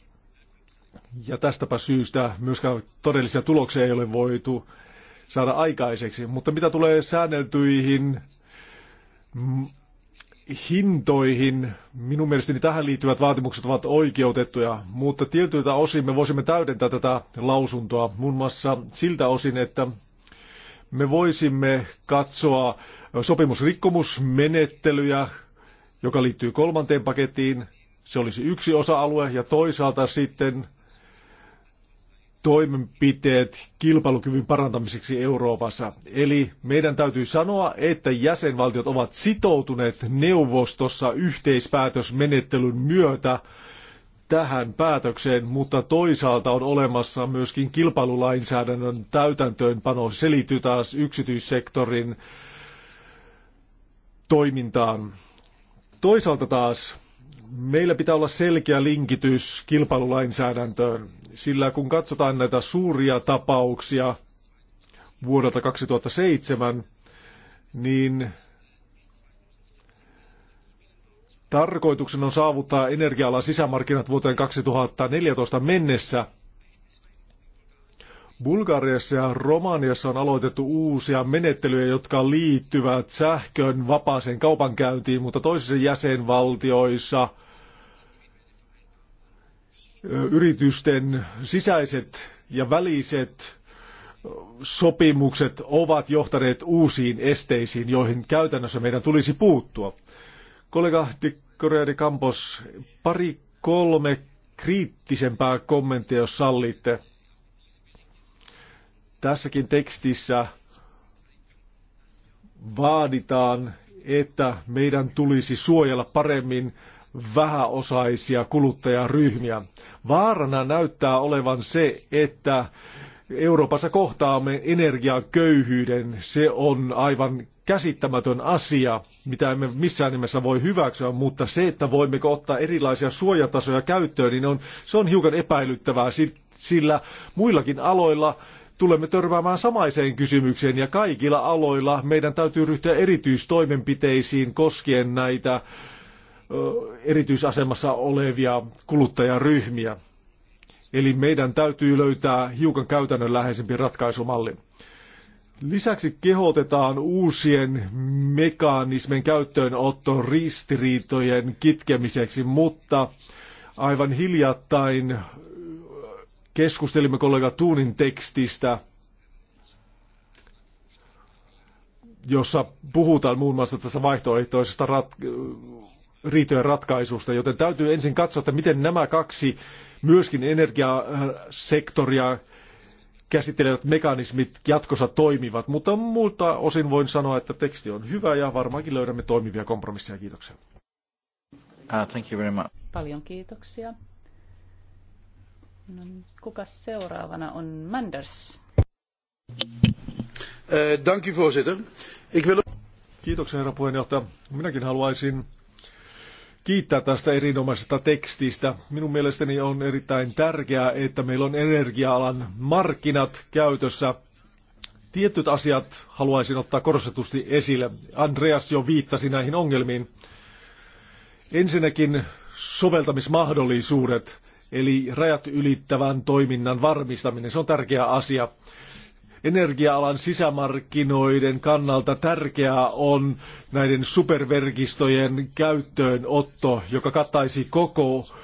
Ja tästäpä syystä myöskään todellisia tuloksia ei ole voitu saada aikaiseksi. Mutta mitä tulee säänneltyihin mm, hintoihin, minun mielestäni tähän liittyvät vaatimukset ovat oikeutettuja, mutta tietyiltä osin me voisimme täydentää tätä lausuntoa, muun muassa siltä osin, että me voisimme katsoa sopimusrikkomusmenettelyjä, joka liittyy kolmanteen pakettiin. Se olisi yksi osa-alue ja toisaalta sitten toimenpiteet kilpailukyvyn parantamiseksi Euroopassa. Eli meidän täytyy sanoa, että jäsenvaltiot ovat sitoutuneet neuvostossa yhteispäätösmenettelyn myötä tähän päätökseen, mutta toisaalta on olemassa myöskin kilpailulainsäädännön täytäntöönpano. Se liittyy taas yksityissektorin toimintaan. Toisaalta taas meillä pitää olla selkeä linkitys kilpailulainsäädäntöön, sillä kun katsotaan näitä suuria tapauksia vuodelta 2007, niin tarkoituksena on saavuttaa energia-alan sisämarkkinat vuoteen 2014 mennessä – Bulgariassa ja Romaniassa on aloitettu uusia menettelyjä, jotka liittyvät sähkön vapaaseen kaupankäyntiin, mutta toisissa jäsenvaltioissa yritysten sisäiset ja väliset sopimukset ovat johtaneet uusiin esteisiin, joihin käytännössä meidän tulisi puuttua. Kollega Di Correa de Campos, pari kolme kriittisempää kommenttia, jos sallitte. Tässäkin tekstissä vaaditaan, että meidän tulisi suojella paremmin vähäosaisia kuluttajaryhmiä. Vaarana näyttää olevan se, että Euroopassa kohtaamme energiaköyhyyden. Se on aivan käsittämätön asia, mitä emme missään nimessä voi hyväksyä, mutta se, että voimmeko ottaa erilaisia suojatasoja käyttöön, niin on, se on hiukan epäilyttävää, sillä muillakin aloilla – tulemme törmäämään samaiseen kysymykseen ja kaikilla aloilla meidän täytyy ryhtyä erityistoimenpiteisiin koskien näitä erityisasemassa olevia kuluttajaryhmiä. Eli meidän täytyy löytää hiukan käytännönläheisempi ratkaisumalli. Lisäksi kehotetaan uusien mekanismien käyttöönotto ristiriitojen kitkemiseksi, mutta aivan hiljattain Keskustelimme kollega Tuunin tekstistä, jossa puhutaan muun muassa tässä vaihtoehtoisesta rat- riitojen ratkaisusta, joten täytyy ensin katsoa, että miten nämä kaksi myöskin energiasektoria käsittelevät mekanismit jatkossa toimivat, mutta muilta osin voin sanoa, että teksti on hyvä ja varmaankin löydämme toimivia kompromisseja. Kiitoksia. Uh, thank you very much. Paljon kiitoksia. No, kuka seuraavana on Manders? Eh, dank u voorzitter. Ik wil... Kiitoksia herra puheenjohtaja. Minäkin haluaisin kiittää tästä erinomaisesta tekstistä. Minun mielestäni on erittäin tärkeää, että meillä on energia-alan markkinat käytössä. Tietyt asiat haluaisin ottaa korostetusti esille. Andreas jo viittasi näihin ongelmiin. Ensinnäkin soveltamismahdollisuudet eli rajat ylittävän toiminnan varmistaminen. Se on tärkeä asia. Energia-alan sisämarkkinoiden kannalta tärkeää on näiden superverkistojen käyttöönotto, joka kattaisi koko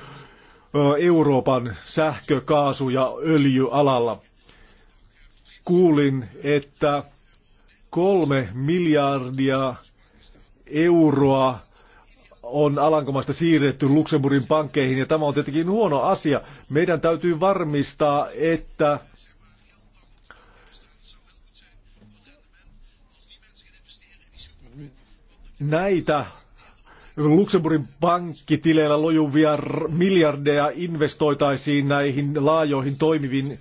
Euroopan sähkö-, kaasu- ja öljyalalla. Kuulin, että kolme miljardia euroa on Alankomaista siirretty Luxemburgin pankkeihin ja tämä on tietenkin huono asia. Meidän täytyy varmistaa, että näitä Luxemburgin pankkitileillä lojuvia miljardeja investoitaisiin näihin laajoihin toimiviin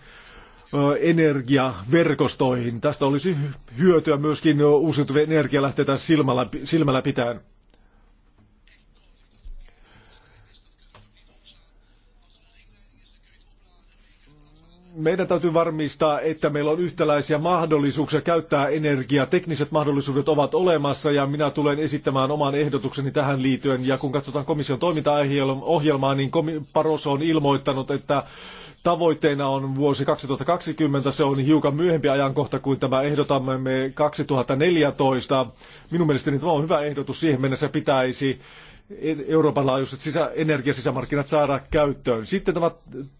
energiaverkostoihin. Tästä olisi hyötyä myöskin uusiutuvien energialähteitä silmällä, silmällä pitäen. meidän täytyy varmistaa, että meillä on yhtäläisiä mahdollisuuksia käyttää energiaa. Tekniset mahdollisuudet ovat olemassa ja minä tulen esittämään oman ehdotukseni tähän liittyen. Ja kun katsotaan komission toimintaohjelmaa, niin Paroso on ilmoittanut, että tavoitteena on vuosi 2020. Se on hiukan myöhempi ajankohta kuin tämä ehdotamme 2014. Minun mielestäni tämä on hyvä ehdotus. Siihen mennessä pitäisi Euroopan laajuiset sisä, energiasisämarkkinat saada käyttöön. Sitten tämä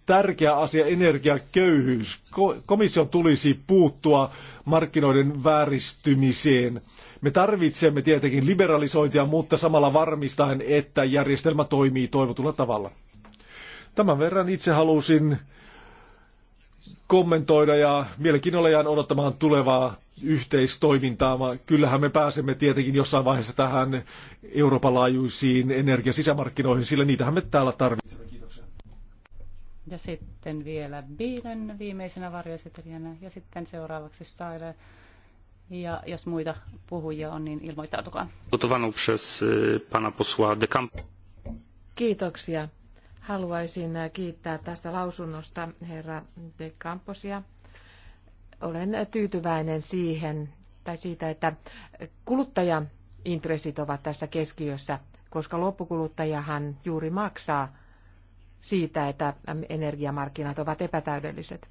tärkeä asia, energiaköyhyys. Komission tulisi puuttua markkinoiden vääristymiseen. Me tarvitsemme tietenkin liberalisointia, mutta samalla varmistaen, että järjestelmä toimii toivotulla tavalla. Tämän verran itse halusin kommentoida ja mielenkiinnolla jään odottamaan tulevaa yhteistoimintaa. Kyllähän me pääsemme tietenkin jossain vaiheessa tähän Euroopan laajuisiin energiasisämarkkinoihin, sillä niitähän me täällä tarvitsemme. Kiitoksia. Ja sitten vielä Biilen viimeisenä varjoesittelijänä ja sitten seuraavaksi Style. Ja jos muita puhujia on, niin ilmoittautukaa. Kiitoksia. Haluaisin kiittää tästä lausunnosta herra De Camposia. Olen tyytyväinen siihen, tai siitä, että kuluttajan intressit ovat tässä keskiössä, koska loppukuluttajahan juuri maksaa siitä, että energiamarkkinat ovat epätäydelliset.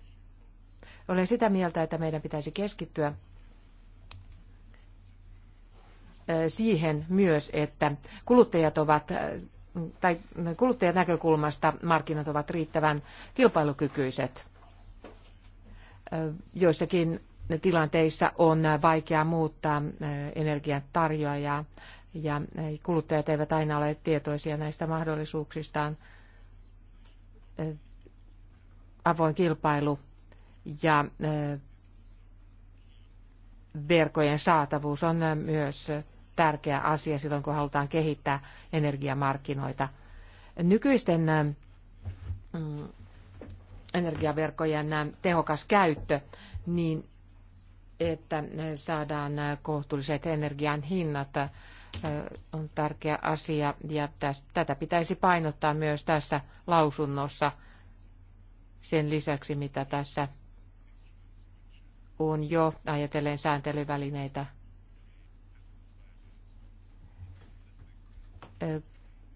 Olen sitä mieltä, että meidän pitäisi keskittyä eh, siihen myös, että kuluttajat ovat eh, tai kuluttajan näkökulmasta markkinat ovat riittävän kilpailukykyiset. Joissakin tilanteissa on vaikea muuttaa energian tarjoajaa ja kuluttajat eivät aina ole tietoisia näistä mahdollisuuksistaan. Avoin kilpailu ja verkojen saatavuus on myös tärkeä asia silloin, kun halutaan kehittää energiamarkkinoita. Nykyisten mm, energiaverkkojen tehokas käyttö, niin että saadaan kohtuulliset energian hinnat, on tärkeä asia ja tästä, tätä pitäisi painottaa myös tässä lausunnossa sen lisäksi, mitä tässä on jo ajatellen sääntelyvälineitä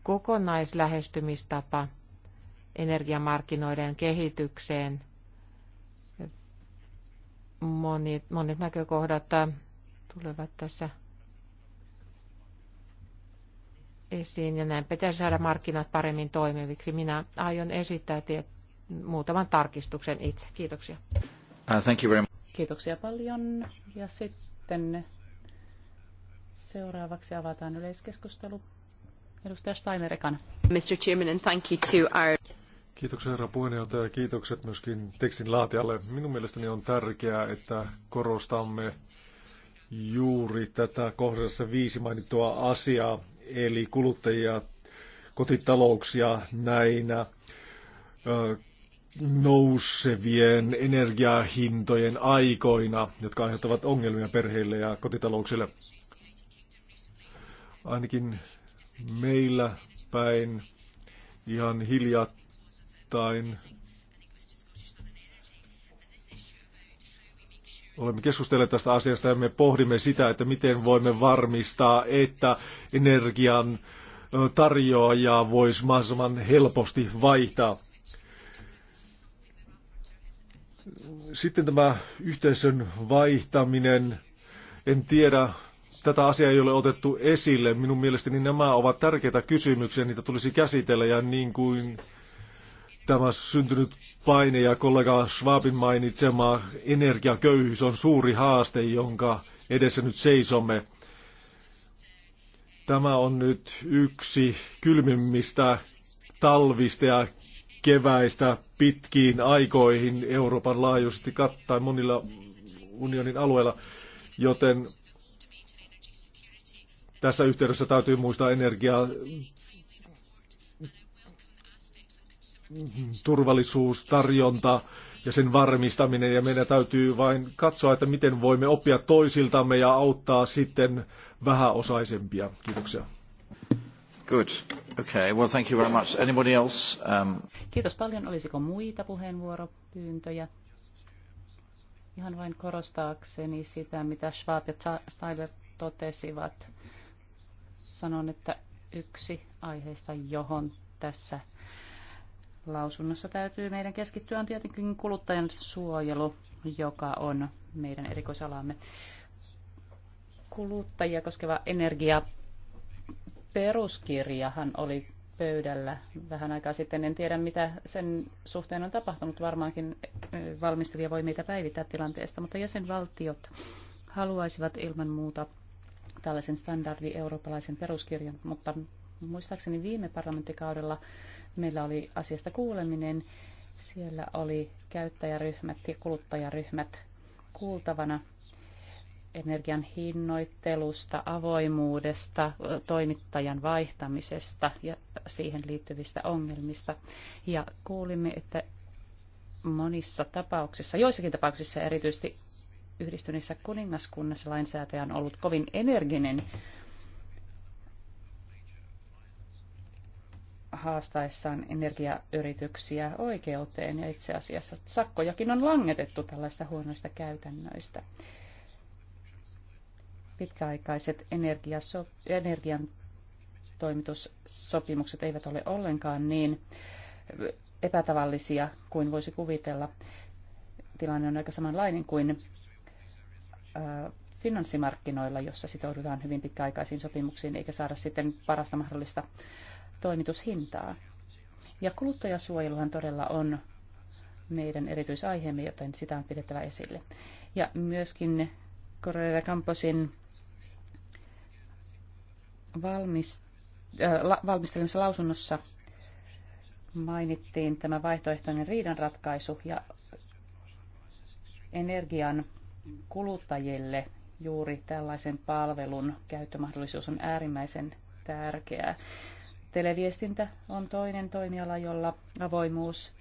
kokonaislähestymistapa energiamarkkinoiden kehitykseen. monit monet näkökohdat tulevat tässä esiin ja näin pitäisi saada markkinat paremmin toimiviksi. Minä aion esittää tiet, muutaman tarkistuksen itse. Kiitoksia. Uh, thank you very much. Kiitoksia paljon. Ja sitten seuraavaksi avataan yleiskeskustelu. Edustaja Steiner Mr. Chairman, and thank you to our... Kiitoksia herra puheenjohtaja ja kiitokset myöskin tekstin laatijalle. Minun mielestäni on tärkeää, että korostamme juuri tätä kohdassa viisi mainittua asiaa, eli kuluttajia, kotitalouksia näinä ö, nousevien energiahintojen aikoina, jotka aiheuttavat ongelmia perheille ja kotitalouksille. Ainakin meillä päin ihan hiljattain olemme keskustelleet tästä asiasta ja me pohdimme sitä, että miten voimme varmistaa, että energian tarjoajaa voisi mahdollisimman helposti vaihtaa. Sitten tämä yhteisön vaihtaminen. En tiedä, tätä asiaa ei ole otettu esille. Minun mielestäni nämä ovat tärkeitä kysymyksiä, niitä tulisi käsitellä ja niin kuin tämä syntynyt paine ja kollega Schwabin mainitsema energiaköyhyys on suuri haaste, jonka edessä nyt seisomme. Tämä on nyt yksi kylmimmistä talvista ja keväistä pitkiin aikoihin Euroopan laajuisesti kattaen monilla unionin alueilla, joten tässä yhteydessä täytyy muistaa energiaa turvallisuus, tarjonta ja sen varmistaminen. Ja meidän täytyy vain katsoa, että miten voimme oppia toisiltamme ja auttaa sitten vähäosaisempia. Kiitoksia. Good. Okay. Well, thank you very much. Anybody else? Um... Kiitos paljon. Olisiko muita puheenvuoropyyntöjä? Ihan vain korostaakseni sitä, mitä Schwab ja Steiner totesivat sanon, että yksi aiheista, johon tässä lausunnossa täytyy meidän keskittyä on tietenkin kuluttajan suojelu, joka on meidän erikoisalamme. Kuluttajia koskeva energia peruskirjahan oli pöydällä vähän aikaa sitten. En tiedä, mitä sen suhteen on tapahtunut. Varmaankin valmistelija voi meitä päivittää tilanteesta, mutta jäsenvaltiot haluaisivat ilman muuta tällaisen standardi eurooppalaisen peruskirjan, mutta muistaakseni viime parlamenttikaudella meillä oli asiasta kuuleminen. Siellä oli käyttäjäryhmät ja kuluttajaryhmät kuultavana energian hinnoittelusta, avoimuudesta, toimittajan vaihtamisesta ja siihen liittyvistä ongelmista. Ja kuulimme, että monissa tapauksissa, joissakin tapauksissa erityisesti yhdistyneessä kuningaskunnassa lainsäätäjä on ollut kovin energinen haastaessaan energiayrityksiä oikeuteen ja itse asiassa sakkojakin on langetettu tällaista huonoista käytännöistä. Pitkäaikaiset energian toimitussopimukset eivät ole ollenkaan niin epätavallisia kuin voisi kuvitella. Tilanne on aika samanlainen kuin finanssimarkkinoilla, jossa sitoudutaan hyvin pitkäaikaisiin sopimuksiin eikä saada sitten parasta mahdollista toimitushintaa. Ja kuluttajasuojeluhan todella on meidän erityisaiheemme, joten sitä on pidettävä esille. Ja myöskin Correa Camposin valmis, äh, la, valmistelemassa lausunnossa mainittiin tämä vaihtoehtoinen riidanratkaisu ja energian kuluttajille juuri tällaisen palvelun käyttömahdollisuus on äärimmäisen tärkeää. Televiestintä on toinen toimiala, jolla avoimuus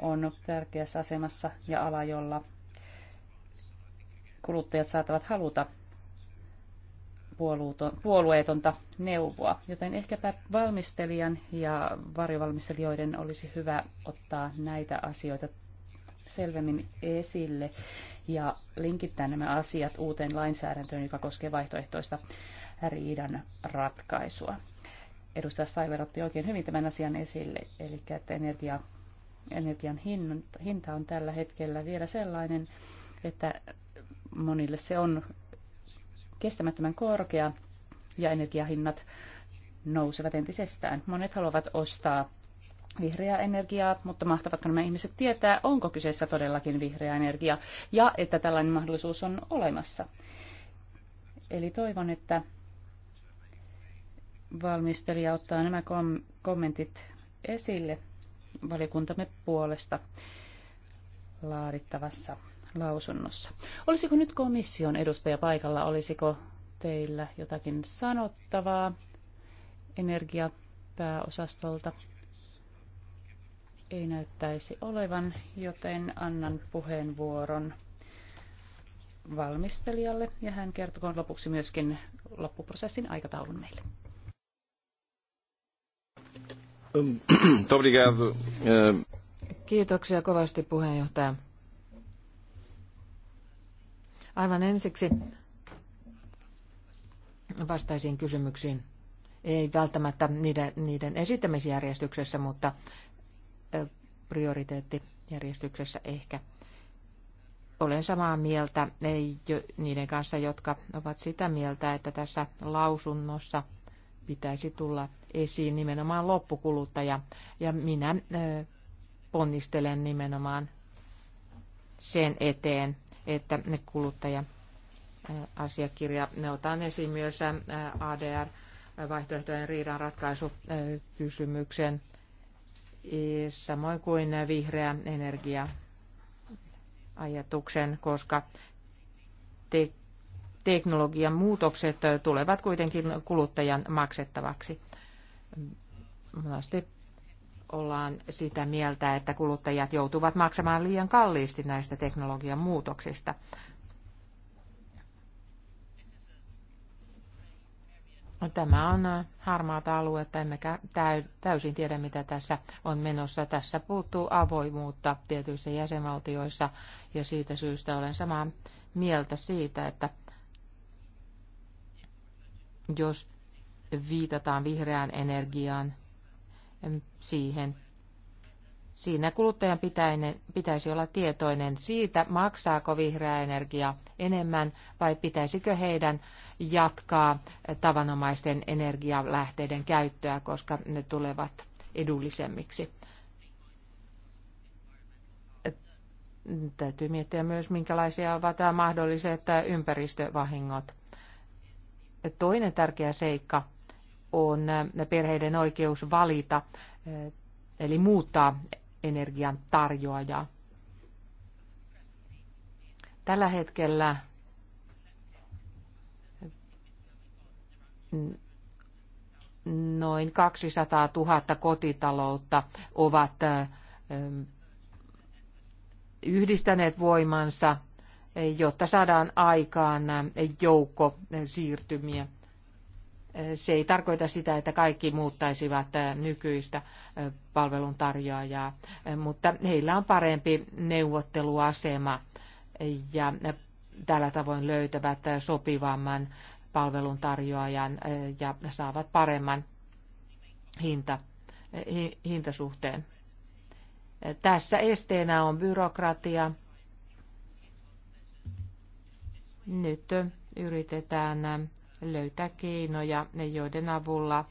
on tärkeässä asemassa ja ala, jolla kuluttajat saattavat haluta puolueetonta neuvoa. Joten ehkäpä valmistelijan ja varjovalmistelijoiden olisi hyvä ottaa näitä asioita selvemmin esille ja linkittää nämä asiat uuteen lainsäädäntöön, joka koskee vaihtoehtoista riidan ratkaisua. Edustaja Staiver otti oikein hyvin tämän asian esille, eli että energia, energian hinta on tällä hetkellä vielä sellainen, että monille se on kestämättömän korkea ja energiahinnat nousevat entisestään. Monet haluavat ostaa vihreää energiaa, mutta mahtavatko nämä ihmiset tietää, onko kyseessä todellakin vihreä energia ja että tällainen mahdollisuus on olemassa. Eli toivon, että valmistelija ottaa nämä kom- kommentit esille valiokuntamme puolesta laadittavassa lausunnossa. Olisiko nyt komission edustaja paikalla? Olisiko teillä jotakin sanottavaa energiapääosastolta? ei näyttäisi olevan, joten annan puheenvuoron valmistelijalle ja hän kertoo lopuksi myöskin loppuprosessin aikataulun meille. Um, eh, Kiitoksia kovasti puheenjohtaja. Aivan ensiksi vastaisiin kysymyksiin. Ei välttämättä niiden, niiden esittämisjärjestyksessä, mutta prioriteettijärjestyksessä ehkä. Olen samaa mieltä eh, niiden kanssa, jotka ovat sitä mieltä, että tässä lausunnossa pitäisi tulla esiin nimenomaan loppukuluttaja. Ja minä eh, ponnistelen nimenomaan sen eteen, että ne kuluttaja eh, asiakirja. Ne otan esiin myös ADR vaihtoehtojen riidan ratkaisukysymyksen samoin kuin vihreä energia ajatuksen, koska te- teknologian muutokset tulevat kuitenkin kuluttajan maksettavaksi. Monesti ollaan sitä mieltä, että kuluttajat joutuvat maksamaan liian kalliisti näistä teknologian muutoksista. No, tämä on äh, harmaata aluetta, emmekä täysin tiedä, mitä tässä on menossa. Tässä puuttuu avoimuutta tietyissä jäsenvaltioissa, ja siitä syystä olen samaa mieltä siitä, että jos viitataan vihreään energiaan, siihen Siinä kuluttajan pitäisi olla tietoinen siitä, maksaako vihreä energia enemmän vai pitäisikö heidän jatkaa tavanomaisten energialähteiden käyttöä, koska ne tulevat edullisemmiksi. Täytyy miettiä myös, minkälaisia ovat mahdolliset ympäristövahingot. Toinen tärkeä seikka on perheiden oikeus valita, eli muuttaa energian tarjoaja. Tällä hetkellä noin 200 000 kotitaloutta ovat ähm, yhdistäneet voimansa, jotta saadaan aikaan joukko siirtymiä se ei tarkoita sitä, että kaikki muuttaisivat nykyistä palveluntarjoajaa, mutta heillä on parempi neuvotteluasema ja tällä tavoin löytävät sopivamman palveluntarjoajan ja saavat paremman hinta, hintasuhteen. Tässä esteenä on byrokratia. Nyt yritetään löytää keinoja, joiden avulla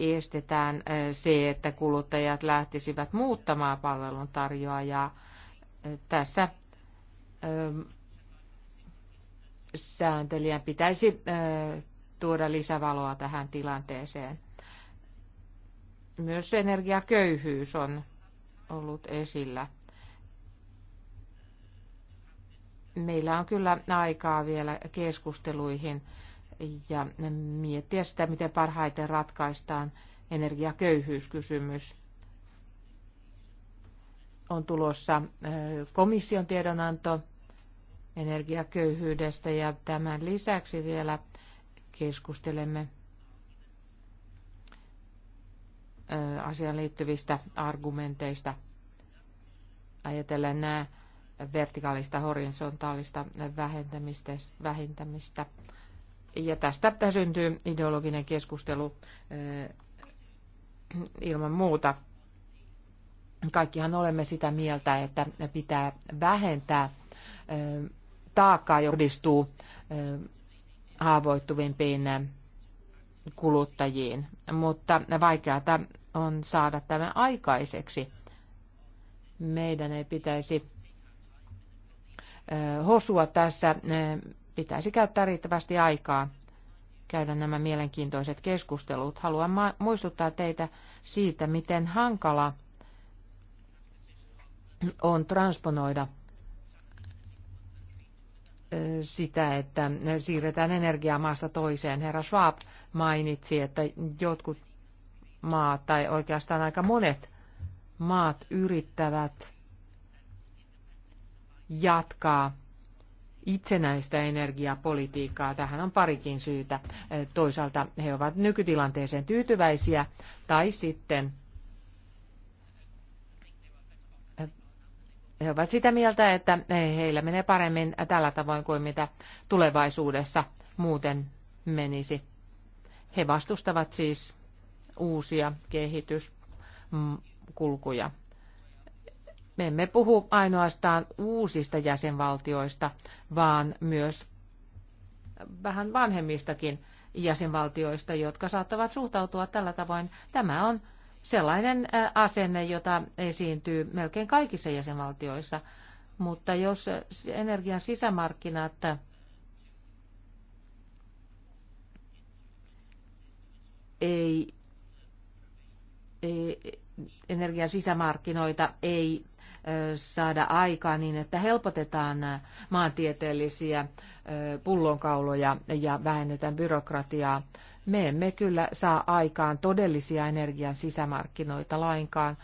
estetään se, että kuluttajat lähtisivät muuttamaan palvelun tarjoajaa. Tässä sääntelijän pitäisi tuoda lisävaloa tähän tilanteeseen. Myös energiaköyhyys on ollut esillä. meillä on kyllä aikaa vielä keskusteluihin ja miettiä sitä, miten parhaiten ratkaistaan energiaköyhyyskysymys. On tulossa komission tiedonanto energiaköyhyydestä ja tämän lisäksi vielä keskustelemme asiaan liittyvistä argumenteista. Ajatellen nämä vertikaalista horisontaalista vähentämistä, vähentämistä. Ja tästä syntyy ideologinen keskustelu eh, ilman muuta. Kaikkihan olemme sitä mieltä, että pitää vähentää eh, taakkaa, joka kohdistuu eh, haavoittuvimpiin kuluttajiin, mutta vaikeaa on saada tämä aikaiseksi. Meidän ei pitäisi hosua tässä. Pitäisi käyttää riittävästi aikaa käydä nämä mielenkiintoiset keskustelut. Haluan muistuttaa teitä siitä, miten hankala on transponoida sitä, että siirretään energiaa maasta toiseen. Herra Schwab mainitsi, että jotkut maat, tai oikeastaan aika monet maat yrittävät jatkaa itsenäistä energiapolitiikkaa. Tähän on parikin syytä. Toisaalta he ovat nykytilanteeseen tyytyväisiä tai sitten he ovat sitä mieltä, että heillä menee paremmin tällä tavoin kuin mitä tulevaisuudessa muuten menisi. He vastustavat siis uusia kehityskulkuja. Me emme puhu ainoastaan uusista jäsenvaltioista, vaan myös vähän vanhemmistakin jäsenvaltioista, jotka saattavat suhtautua tällä tavoin. Tämä on sellainen asenne, jota esiintyy melkein kaikissa jäsenvaltioissa. Mutta jos energian sisämarkkinat ei, ei energian sisämarkkinoita ei saada aikaan, niin, että helpotetaan maantieteellisiä pullonkauloja ja vähennetään byrokratiaa. Me emme kyllä saa aikaan todellisia energian sisämarkkinoita lainkaan.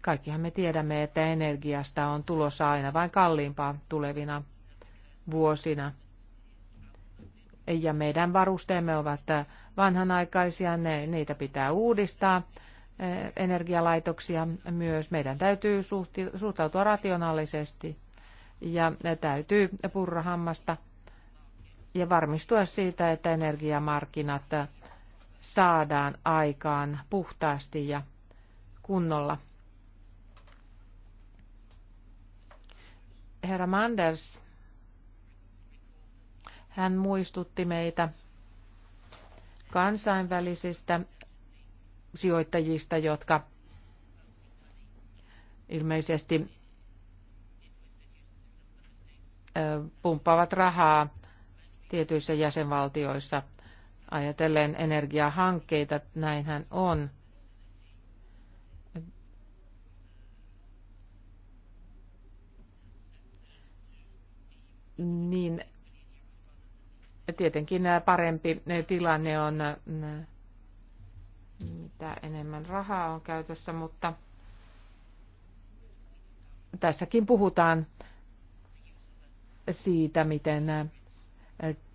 Kaikkihan me tiedämme, että energiasta on tulossa aina vain kalliimpaa tulevina vuosina. Ja meidän varusteemme ovat vanhanaikaisia, ne, niitä pitää uudistaa Eh, energialaitoksia myös. Meidän täytyy suhtautua rationaalisesti ja täytyy purra hammasta ja varmistua siitä, että energiamarkkinat saadaan aikaan puhtaasti ja kunnolla. Herra Manders, hän muistutti meitä kansainvälisistä sijoittajista, jotka ilmeisesti pumppaavat rahaa tietyissä jäsenvaltioissa ajatellen energiahankkeita, näinhän on. Niin tietenkin parempi tilanne on mitä enemmän rahaa on käytössä, mutta tässäkin puhutaan siitä, miten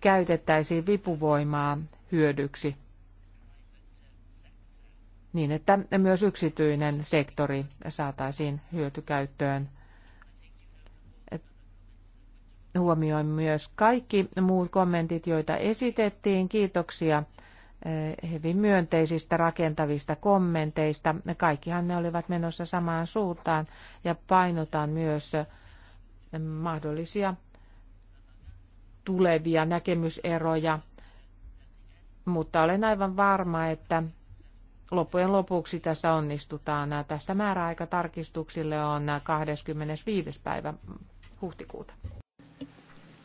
käytettäisiin vipuvoimaa hyödyksi niin, että myös yksityinen sektori saataisiin hyötykäyttöön. Huomioin myös kaikki muut kommentit, joita esitettiin. Kiitoksia Eh, hyvin myönteisistä rakentavista kommenteista. Kaikkihan ne olivat menossa samaan suuntaan ja painotan myös eh, mahdollisia tulevia näkemyseroja, mutta olen aivan varma, että loppujen lopuksi tässä onnistutaan. Tässä määräaika tarkistuksille on 25. päivä huhtikuuta.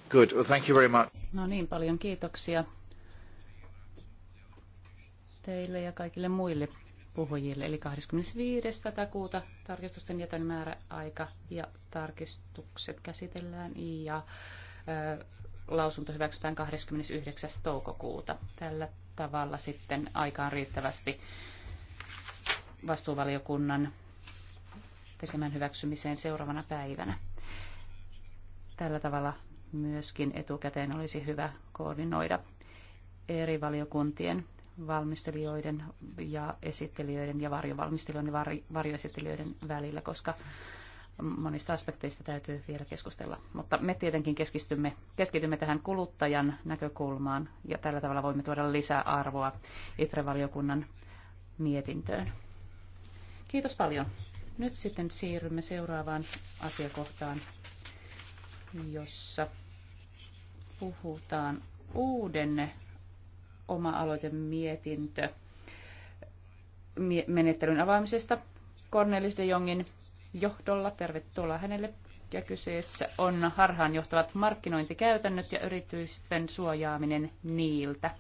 Good. Well, thank you very much. No niin, paljon kiitoksia teille ja kaikille muille puhujille. Eli 25. takuuta tarkistusten jätön määräaika ja tarkistukset käsitellään ja ö, lausunto hyväksytään 29. toukokuuta. Tällä tavalla sitten aikaan riittävästi vastuuvaliokunnan tekemään hyväksymiseen seuraavana päivänä. Tällä tavalla myöskin etukäteen olisi hyvä koordinoida eri valiokuntien valmistelijoiden ja esittelijöiden ja varjovalmistelijoiden ja varjoesittelijöiden välillä, koska monista aspekteista täytyy vielä keskustella. Mutta me tietenkin keskitymme, keskitymme tähän kuluttajan näkökulmaan ja tällä tavalla voimme tuoda lisää arvoa ITRE-valiokunnan mietintöön. Kiitos paljon. Nyt sitten siirrymme seuraavaan asiakohtaan, jossa puhutaan uuden oma-aloitemietintö menettelyn avaamisesta Cornelis de Jongin johdolla. Tervetuloa hänelle. Ja kyseessä on harhaanjohtavat markkinointikäytännöt ja yritysten suojaaminen niiltä.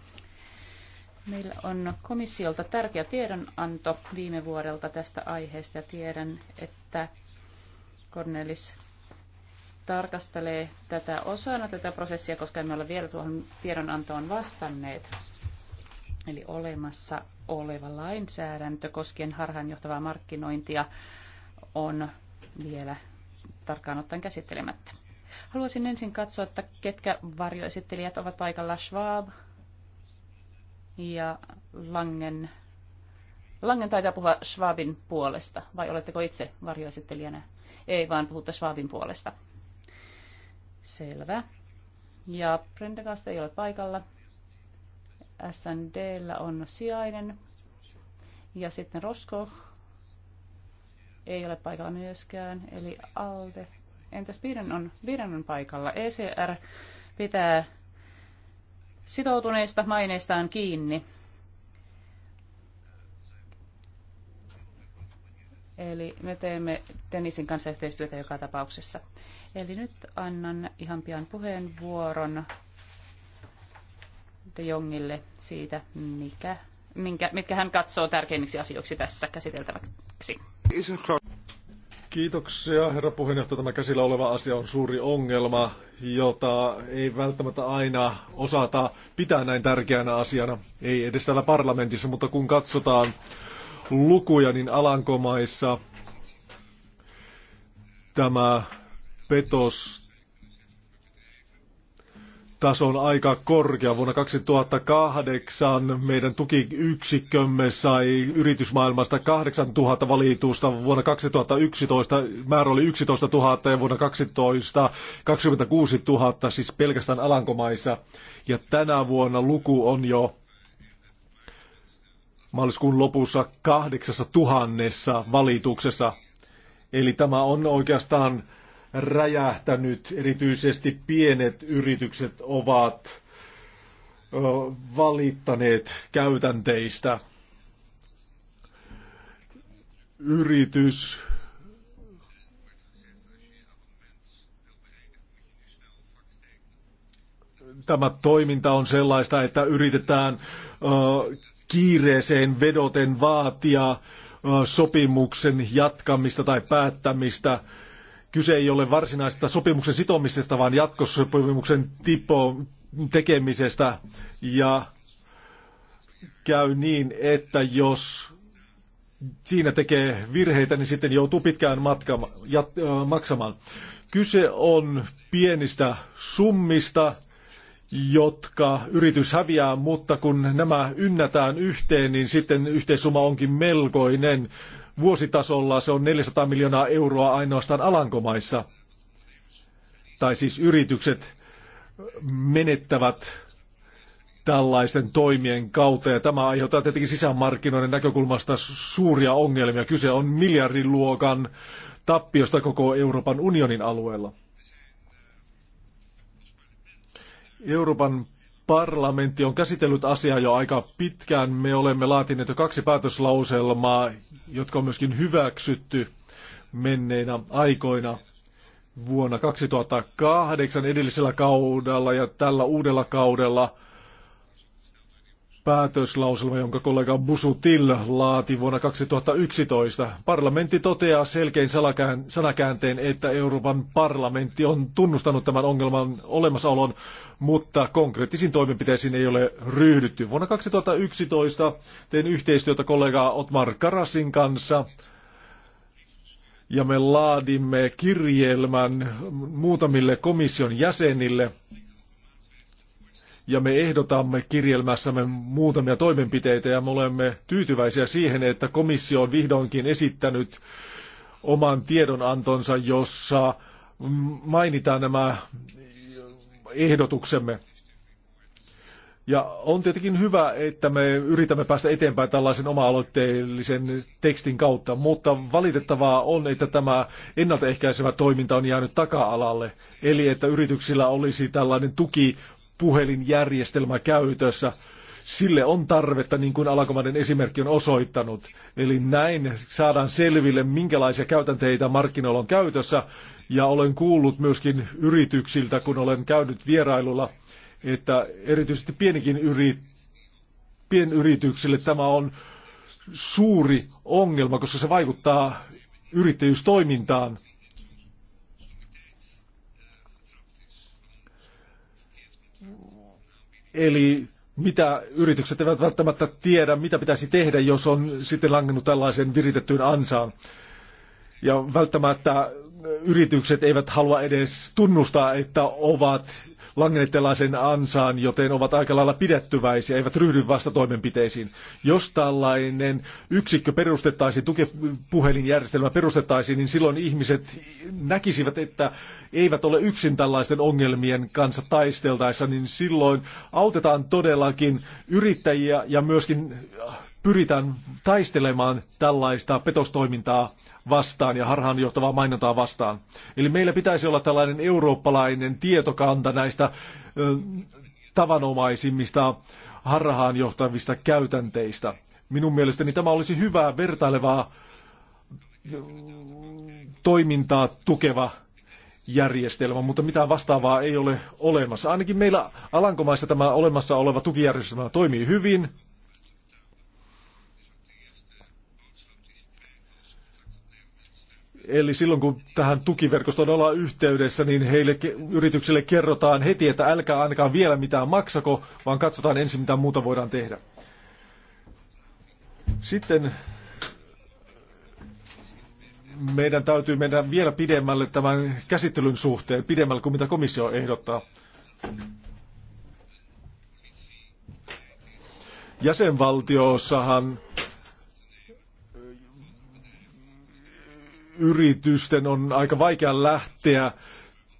Meillä on komissiolta tärkeä tiedonanto viime vuodelta tästä aiheesta ja tiedän, että Cornelis tarkastelee tätä osana tätä prosessia, koska emme ole vielä tuohon tiedonantoon vastanneet. Eli olemassa oleva lainsäädäntö koskien harhaanjohtavaa markkinointia on vielä tarkkaan ottaen käsittelemättä. Haluaisin ensin katsoa, että ketkä varjoesittelijät ovat paikalla. Schwab ja Langen. Langen taitaa puhua Schwabin puolesta, vai oletteko itse varjoesittelijänä? Ei, vaan puhutte Schwabin puolesta. Selvä. Ja Prendegast ei ole paikalla. SNDllä on sijainen. Ja sitten Roskoh ei ole paikalla myöskään, eli ALDE. Entäs Viren on, Viren on paikalla? ECR pitää sitoutuneista maineistaan kiinni. Eli me teemme tennisin kanssa yhteistyötä joka tapauksessa. Eli nyt annan ihan pian puheenvuoron sitten Jongille siitä, mikä, minkä, mitkä hän katsoo tärkeimmiksi asioiksi tässä käsiteltäväksi. Kiitoksia, herra puheenjohtaja. Tämä käsillä oleva asia on suuri ongelma, jota ei välttämättä aina osata pitää näin tärkeänä asiana. Ei edes täällä parlamentissa, mutta kun katsotaan lukuja, niin Alankomaissa tämä petos taso on aika korkea. Vuonna 2008 meidän tukiyksikkömme sai yritysmaailmasta 8000 valitusta. Vuonna 2011 määrä oli 11 000 ja vuonna 2012 26 000, siis pelkästään Alankomaissa. Ja tänä vuonna luku on jo maaliskuun lopussa kahdeksassa tuhannessa valituksessa. Eli tämä on oikeastaan räjähtänyt. Erityisesti pienet yritykset ovat valittaneet käytänteistä. Yritys tämä toiminta on sellaista, että yritetään kiireeseen vedoten vaatia sopimuksen jatkamista tai päättämistä Kyse ei ole varsinaisesta sopimuksen sitomisesta, vaan jatkosopimuksen tipo tekemisestä. Ja käy niin, että jos siinä tekee virheitä, niin sitten joutuu pitkään matka, jat, maksamaan. Kyse on pienistä summista, jotka yritys häviää, mutta kun nämä ynnätään yhteen, niin sitten yhteissumma onkin melkoinen. Vuositasolla se on 400 miljoonaa euroa ainoastaan Alankomaissa. Tai siis yritykset menettävät tällaisten toimien kautta. Ja tämä aiheuttaa tietenkin sisämarkkinoiden näkökulmasta suuria ongelmia. Kyse on miljardiluokan tappiosta koko Euroopan unionin alueella. Euroopan parlamentti on käsitellyt asiaa jo aika pitkään. Me olemme laatineet jo kaksi päätöslauselmaa, jotka on myöskin hyväksytty menneinä aikoina vuonna 2008 edellisellä kaudella ja tällä uudella kaudella – päätöslauselma, jonka kollega Busutil laati vuonna 2011. Parlamentti toteaa selkein sanakäänteen, että Euroopan parlamentti on tunnustanut tämän ongelman olemassaolon, mutta konkreettisiin toimenpiteisiin ei ole ryhdytty. Vuonna 2011 tein yhteistyötä kollega Otmar Karasin kanssa ja me laadimme kirjelmän muutamille komission jäsenille – ja me ehdotamme kirjelmässämme muutamia toimenpiteitä ja me olemme tyytyväisiä siihen, että komissio on vihdoinkin esittänyt oman tiedonantonsa, jossa mainitaan nämä ehdotuksemme. Ja on tietenkin hyvä, että me yritämme päästä eteenpäin tällaisen oma-aloitteellisen tekstin kautta, mutta valitettavaa on, että tämä ennaltaehkäisevä toiminta on jäänyt taka-alalle. Eli että yrityksillä olisi tällainen tuki puhelinjärjestelmä käytössä. Sille on tarvetta, niin kuin Alankomaiden esimerkki on osoittanut. Eli näin saadaan selville, minkälaisia käytänteitä markkinoilla on käytössä. Ja olen kuullut myöskin yrityksiltä, kun olen käynyt vierailulla, että erityisesti pienikin yri, pienyrityksille tämä on suuri ongelma, koska se vaikuttaa yrittäjyystoimintaan. Eli mitä yritykset eivät välttämättä tiedä, mitä pitäisi tehdä, jos on sitten langennut tällaisen viritettyyn ansaan. Ja välttämättä yritykset eivät halua edes tunnustaa, että ovat langenneet ansaan, joten ovat aika lailla pidettyväisiä, eivät ryhdy vastatoimenpiteisiin. Jos tällainen yksikkö perustettaisiin, tukipuhelinjärjestelmä perustettaisiin, niin silloin ihmiset näkisivät, että eivät ole yksin tällaisten ongelmien kanssa taisteltaessa, niin silloin autetaan todellakin yrittäjiä ja myöskin pyritään taistelemaan tällaista petostoimintaa vastaan ja harhaanjohtavaa mainontaa vastaan. Eli meillä pitäisi olla tällainen eurooppalainen tietokanta näistä tavanomaisimmista harhaanjohtavista käytänteistä. Minun mielestäni tämä olisi hyvää vertailevaa toimintaa tukeva järjestelmä, mutta mitään vastaavaa ei ole olemassa. Ainakin meillä Alankomaissa tämä olemassa oleva tukijärjestelmä toimii hyvin, Eli silloin kun tähän tukiverkostoon ollaan yhteydessä, niin heille yrityksille kerrotaan heti, että älkää ainakaan vielä mitään maksako, vaan katsotaan ensin mitä muuta voidaan tehdä. Sitten meidän täytyy mennä vielä pidemmälle tämän käsittelyn suhteen, pidemmälle kuin mitä komissio ehdottaa. Jäsenvaltiossahan yritysten on aika vaikea lähteä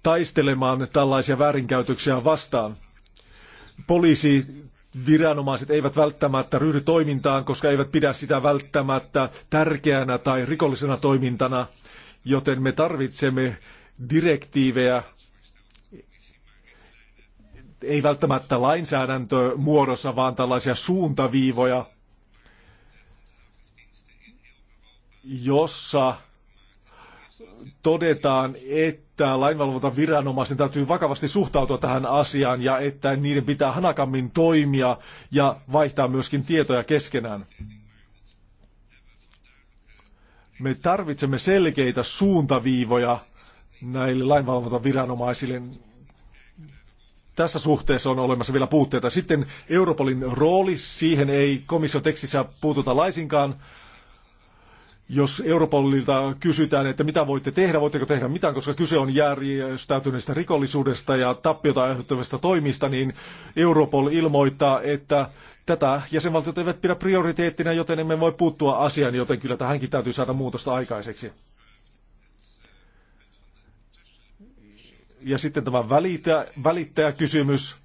taistelemaan tällaisia väärinkäytöksiä vastaan. Poliisi viranomaiset eivät välttämättä ryhdy toimintaan, koska eivät pidä sitä välttämättä tärkeänä tai rikollisena toimintana, joten me tarvitsemme direktiivejä, ei välttämättä lainsäädäntömuodossa, vaan tällaisia suuntaviivoja, jossa todetaan, että viranomaisen täytyy vakavasti suhtautua tähän asiaan ja että niiden pitää hanakammin toimia ja vaihtaa myöskin tietoja keskenään. Me tarvitsemme selkeitä suuntaviivoja näille lainvalvontaviranomaisille. Tässä suhteessa on olemassa vielä puutteita. Sitten Europolin rooli, siihen ei komissiotekstissä puututa laisinkaan jos Europolilta kysytään, että mitä voitte tehdä, voitteko tehdä mitään, koska kyse on järjestäytyneestä rikollisuudesta ja tappiota aiheuttavista toimista, niin Europol ilmoittaa, että tätä jäsenvaltiot eivät pidä prioriteettina, joten emme voi puuttua asiaan, joten kyllä tähänkin täytyy saada muutosta aikaiseksi. Ja sitten tämä välittäjäkysymys. Välittäjä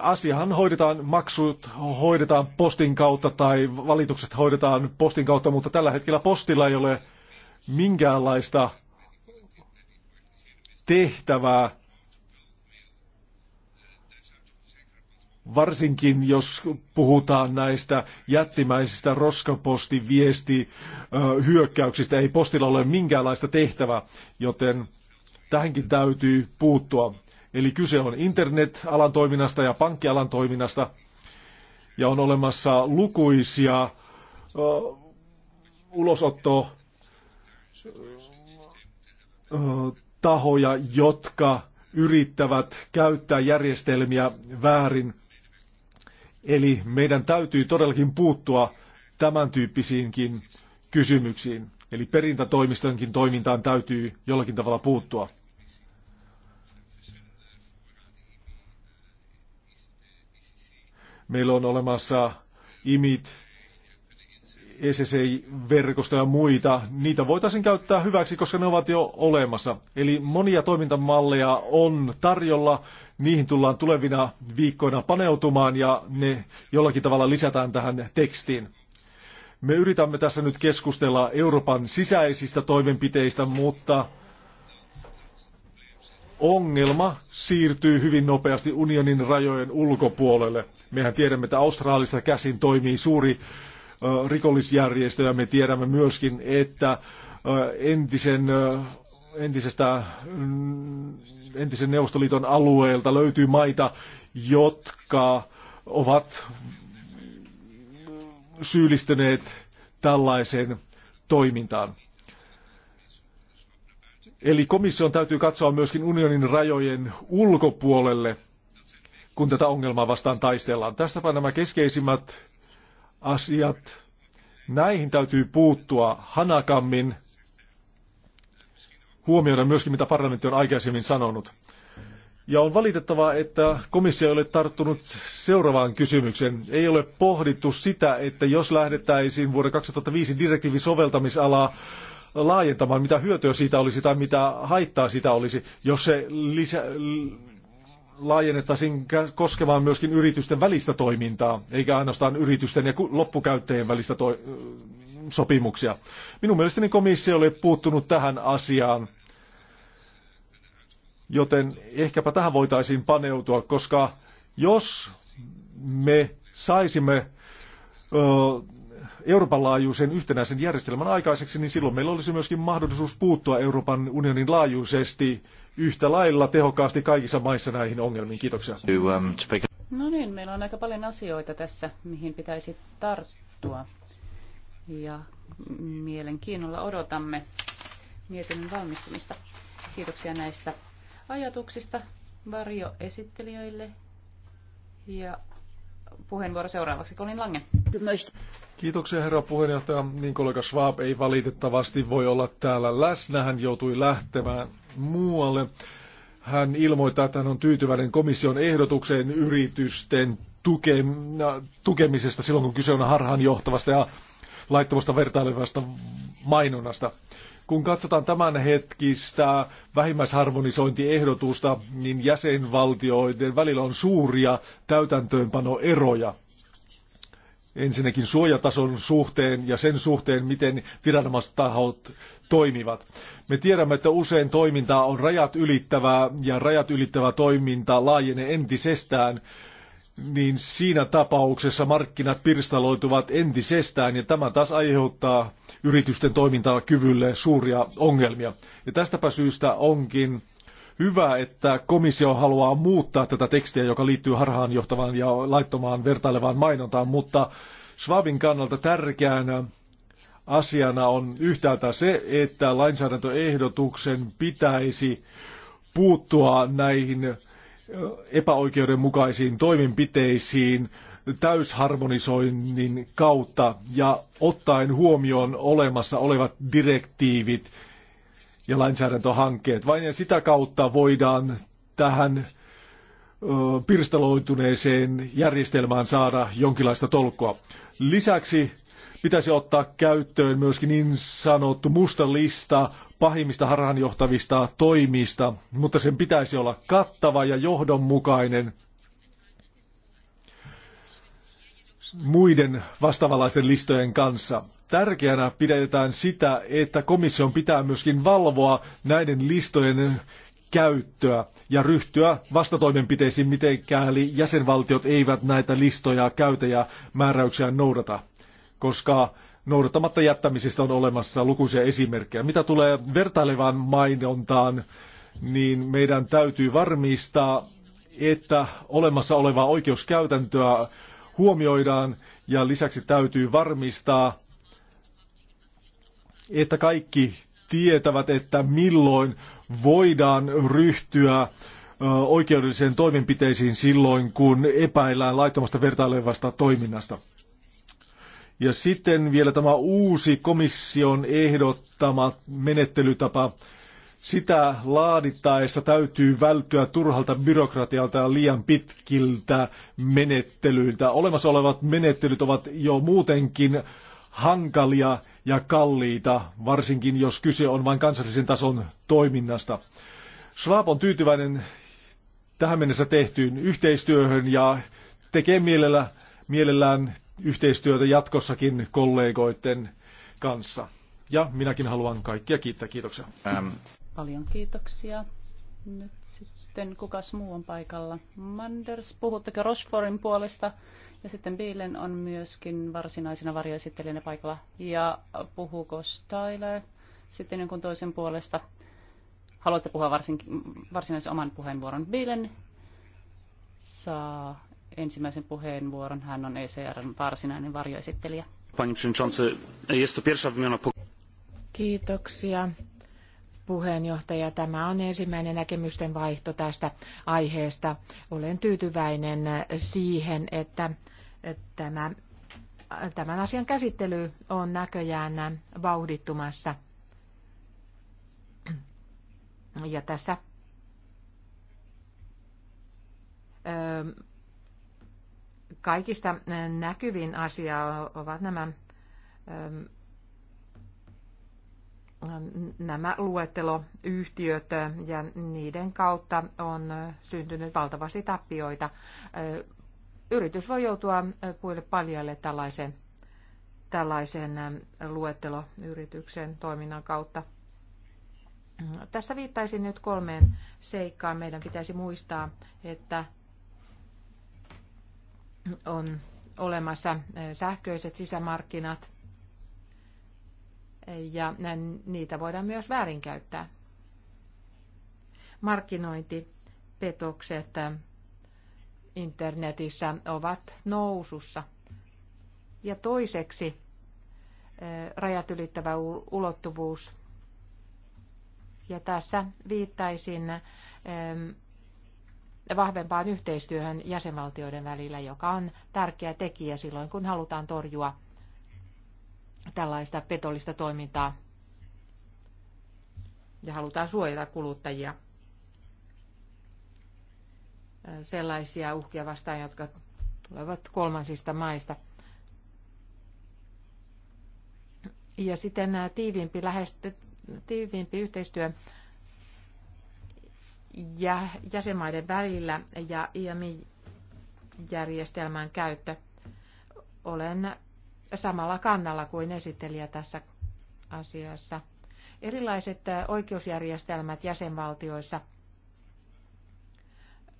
asiahan hoidetaan, maksut hoidetaan postin kautta tai valitukset hoidetaan postin kautta, mutta tällä hetkellä postilla ei ole minkäänlaista tehtävää, varsinkin jos puhutaan näistä jättimäisistä roskapostiviesti hyökkäyksistä, ei postilla ole minkäänlaista tehtävää, joten tähänkin täytyy puuttua. Eli kyse on internet-alan toiminnasta ja pankkialan toiminnasta. Ja on olemassa lukuisia uh, ulosotto uh, tahoja, jotka yrittävät käyttää järjestelmiä väärin. Eli meidän täytyy todellakin puuttua tämän tyyppisiinkin kysymyksiin. Eli perintätoimistonkin toimintaan täytyy jollakin tavalla puuttua. Meillä on olemassa IMIT, ssi verkosto ja muita, niitä voitaisiin käyttää hyväksi, koska ne ovat jo olemassa. Eli monia toimintamalleja on tarjolla, niihin tullaan tulevina viikkoina paneutumaan ja ne jollakin tavalla lisätään tähän tekstiin. Me yritämme tässä nyt keskustella Euroopan sisäisistä toimenpiteistä, mutta ongelma siirtyy hyvin nopeasti unionin rajojen ulkopuolelle. Mehän tiedämme, että Australista käsin toimii suuri rikollisjärjestö ja me tiedämme myöskin, että entisen entisestä, mm, entisen Neuvostoliiton alueelta löytyy maita, jotka ovat syyllistyneet tällaiseen toimintaan. Eli komission täytyy katsoa myöskin unionin rajojen ulkopuolelle, kun tätä ongelmaa vastaan taistellaan. Tässäpä nämä keskeisimmät asiat. Näihin täytyy puuttua hanakammin, huomioida myöskin mitä parlamentti on aikaisemmin sanonut. Ja on valitettavaa, että komissio ei ole tarttunut seuraavaan kysymykseen. Ei ole pohdittu sitä, että jos lähdettäisiin vuoden 2005 direktiivin soveltamisalaa laajentamaan, mitä hyötyä siitä olisi tai mitä haittaa siitä olisi, jos se lisä, laajennettaisiin koskemaan myöskin yritysten välistä toimintaa, eikä ainoastaan yritysten ja loppukäyttäjien välistä to- sopimuksia. Minun mielestäni komissio oli puuttunut tähän asiaan, joten ehkäpä tähän voitaisiin paneutua, koska jos me saisimme Euroopan laajuisen yhtenäisen järjestelmän aikaiseksi, niin silloin meillä olisi myöskin mahdollisuus puuttua Euroopan unionin laajuisesti yhtä lailla tehokkaasti kaikissa maissa näihin ongelmiin. Kiitoksia. Um, no niin, meillä on aika paljon asioita tässä, mihin pitäisi tarttua. Ja mielenkiinnolla odotamme mietinnön valmistumista. Kiitoksia näistä ajatuksista varjoesittelijöille. Ja puheenvuoro seuraavaksi Colin Lange. Kiitoksia herra puheenjohtaja. Niin kollega Schwab ei valitettavasti voi olla täällä läsnä. Hän joutui lähtemään muualle. Hän ilmoittaa, että hän on tyytyväinen komission ehdotukseen yritysten tuke, tukemisesta silloin, kun kyse on harhaanjohtavasta ja laittomasta vertailevasta mainonnasta. Kun katsotaan tämänhetkistä vähimmäisharmonisointiehdotusta, niin jäsenvaltioiden välillä on suuria täytäntöönpanoeroja ensinnäkin suojatason suhteen ja sen suhteen, miten viranomaistahot toimivat. Me tiedämme, että usein toiminta on rajat ylittävää ja rajat ylittävä toiminta laajenee entisestään, niin siinä tapauksessa markkinat pirstaloituvat entisestään ja tämä taas aiheuttaa yritysten toimintakyvylle suuria ongelmia. Ja tästäpä syystä onkin hyvä, että komissio haluaa muuttaa tätä tekstiä, joka liittyy harhaanjohtavaan ja laittomaan vertailevaan mainontaan, mutta Schwabin kannalta tärkeänä asiana on yhtäältä se, että lainsäädäntöehdotuksen pitäisi puuttua näihin epäoikeudenmukaisiin toimenpiteisiin täysharmonisoinnin kautta ja ottaen huomioon olemassa olevat direktiivit ja lainsäädäntöhankkeet. Vain ja sitä kautta voidaan tähän pirstaloituneeseen järjestelmään saada jonkinlaista tolkkoa. Lisäksi pitäisi ottaa käyttöön myöskin niin sanottu musta lista pahimmista harhaanjohtavista toimista, mutta sen pitäisi olla kattava ja johdonmukainen muiden vastaavanlaisten listojen kanssa tärkeänä pidetään sitä, että komission pitää myöskin valvoa näiden listojen käyttöä ja ryhtyä vastatoimenpiteisiin, mitenkäli jäsenvaltiot eivät näitä listoja käytä ja määräyksiä noudata, koska noudattamatta jättämisistä on olemassa lukuisia esimerkkejä. Mitä tulee vertailevaan mainontaan, niin meidän täytyy varmistaa, että olemassa olevaa oikeuskäytäntöä huomioidaan ja lisäksi täytyy varmistaa, että kaikki tietävät, että milloin voidaan ryhtyä oikeudelliseen toimenpiteisiin silloin, kun epäillään laittomasta vertailevasta toiminnasta. Ja sitten vielä tämä uusi komission ehdottama menettelytapa. Sitä laadittaessa täytyy välttyä turhalta byrokratialta ja liian pitkiltä menettelyiltä. Olemassa olevat menettelyt ovat jo muutenkin hankalia ja kalliita, varsinkin jos kyse on vain kansallisen tason toiminnasta. Schwab on tyytyväinen tähän mennessä tehtyyn yhteistyöhön ja tekee mielellä, mielellään yhteistyötä jatkossakin kollegoiden kanssa. Ja minäkin haluan kaikkia kiittää. Kiitoksia. Ähm. Paljon kiitoksia. Nyt sitten kukas muu on paikalla? Manders, puhutteko Rosforin puolesta? Ja sitten Biilen on myöskin varsinaisena varjoesittelijänä paikalla. Ja puhuuko Styler sitten jonkun toisen puolesta? Haluatte puhua varsinkin, varsinaisen oman puheenvuoron. Biilen saa ensimmäisen puheenvuoron. Hän on ECRn varsinainen varjoesittelijä. Pani przewodniczący, jest to pierwsza wymiana Kiitoksia puheenjohtaja. Tämä on ensimmäinen näkemysten vaihto tästä aiheesta. Olen tyytyväinen siihen, että tämä, tämän asian käsittely on näköjään vauhdittumassa. Ja tässä kaikista näkyvin asia ovat nämä Ähm, nämä luetteloyhtiöt äh, ja niiden kautta on äh, syntynyt valtavasti tappioita. Äh, yritys voi joutua puille paljalle tällaisen, tällaisen ähm, luetteloyrityksen toiminnan kautta. Mm, tässä viittaisin nyt kolmeen seikkaan. Meidän pitäisi muistaa, että on olemassa sähköiset sisämarkkinat – ja niitä voidaan myös väärinkäyttää. Markkinointipetokset internetissä ovat nousussa. Ja toiseksi eh, rajat ylittävä ulottuvuus. Ja tässä viittaisin eh, vahvempaan yhteistyöhön jäsenvaltioiden välillä, joka on tärkeä tekijä silloin, kun halutaan torjua tällaista petollista toimintaa ja halutaan suojata kuluttajia sellaisia uhkia vastaan, jotka tulevat kolmansista maista. Ja sitten nämä tiiviimpi, lähesty, tiiviimpi yhteistyö ja jäsenmaiden välillä ja IMI-järjestelmän käyttö. Olen samalla kannalla kuin esittelijä tässä asiassa. Erilaiset oikeusjärjestelmät jäsenvaltioissa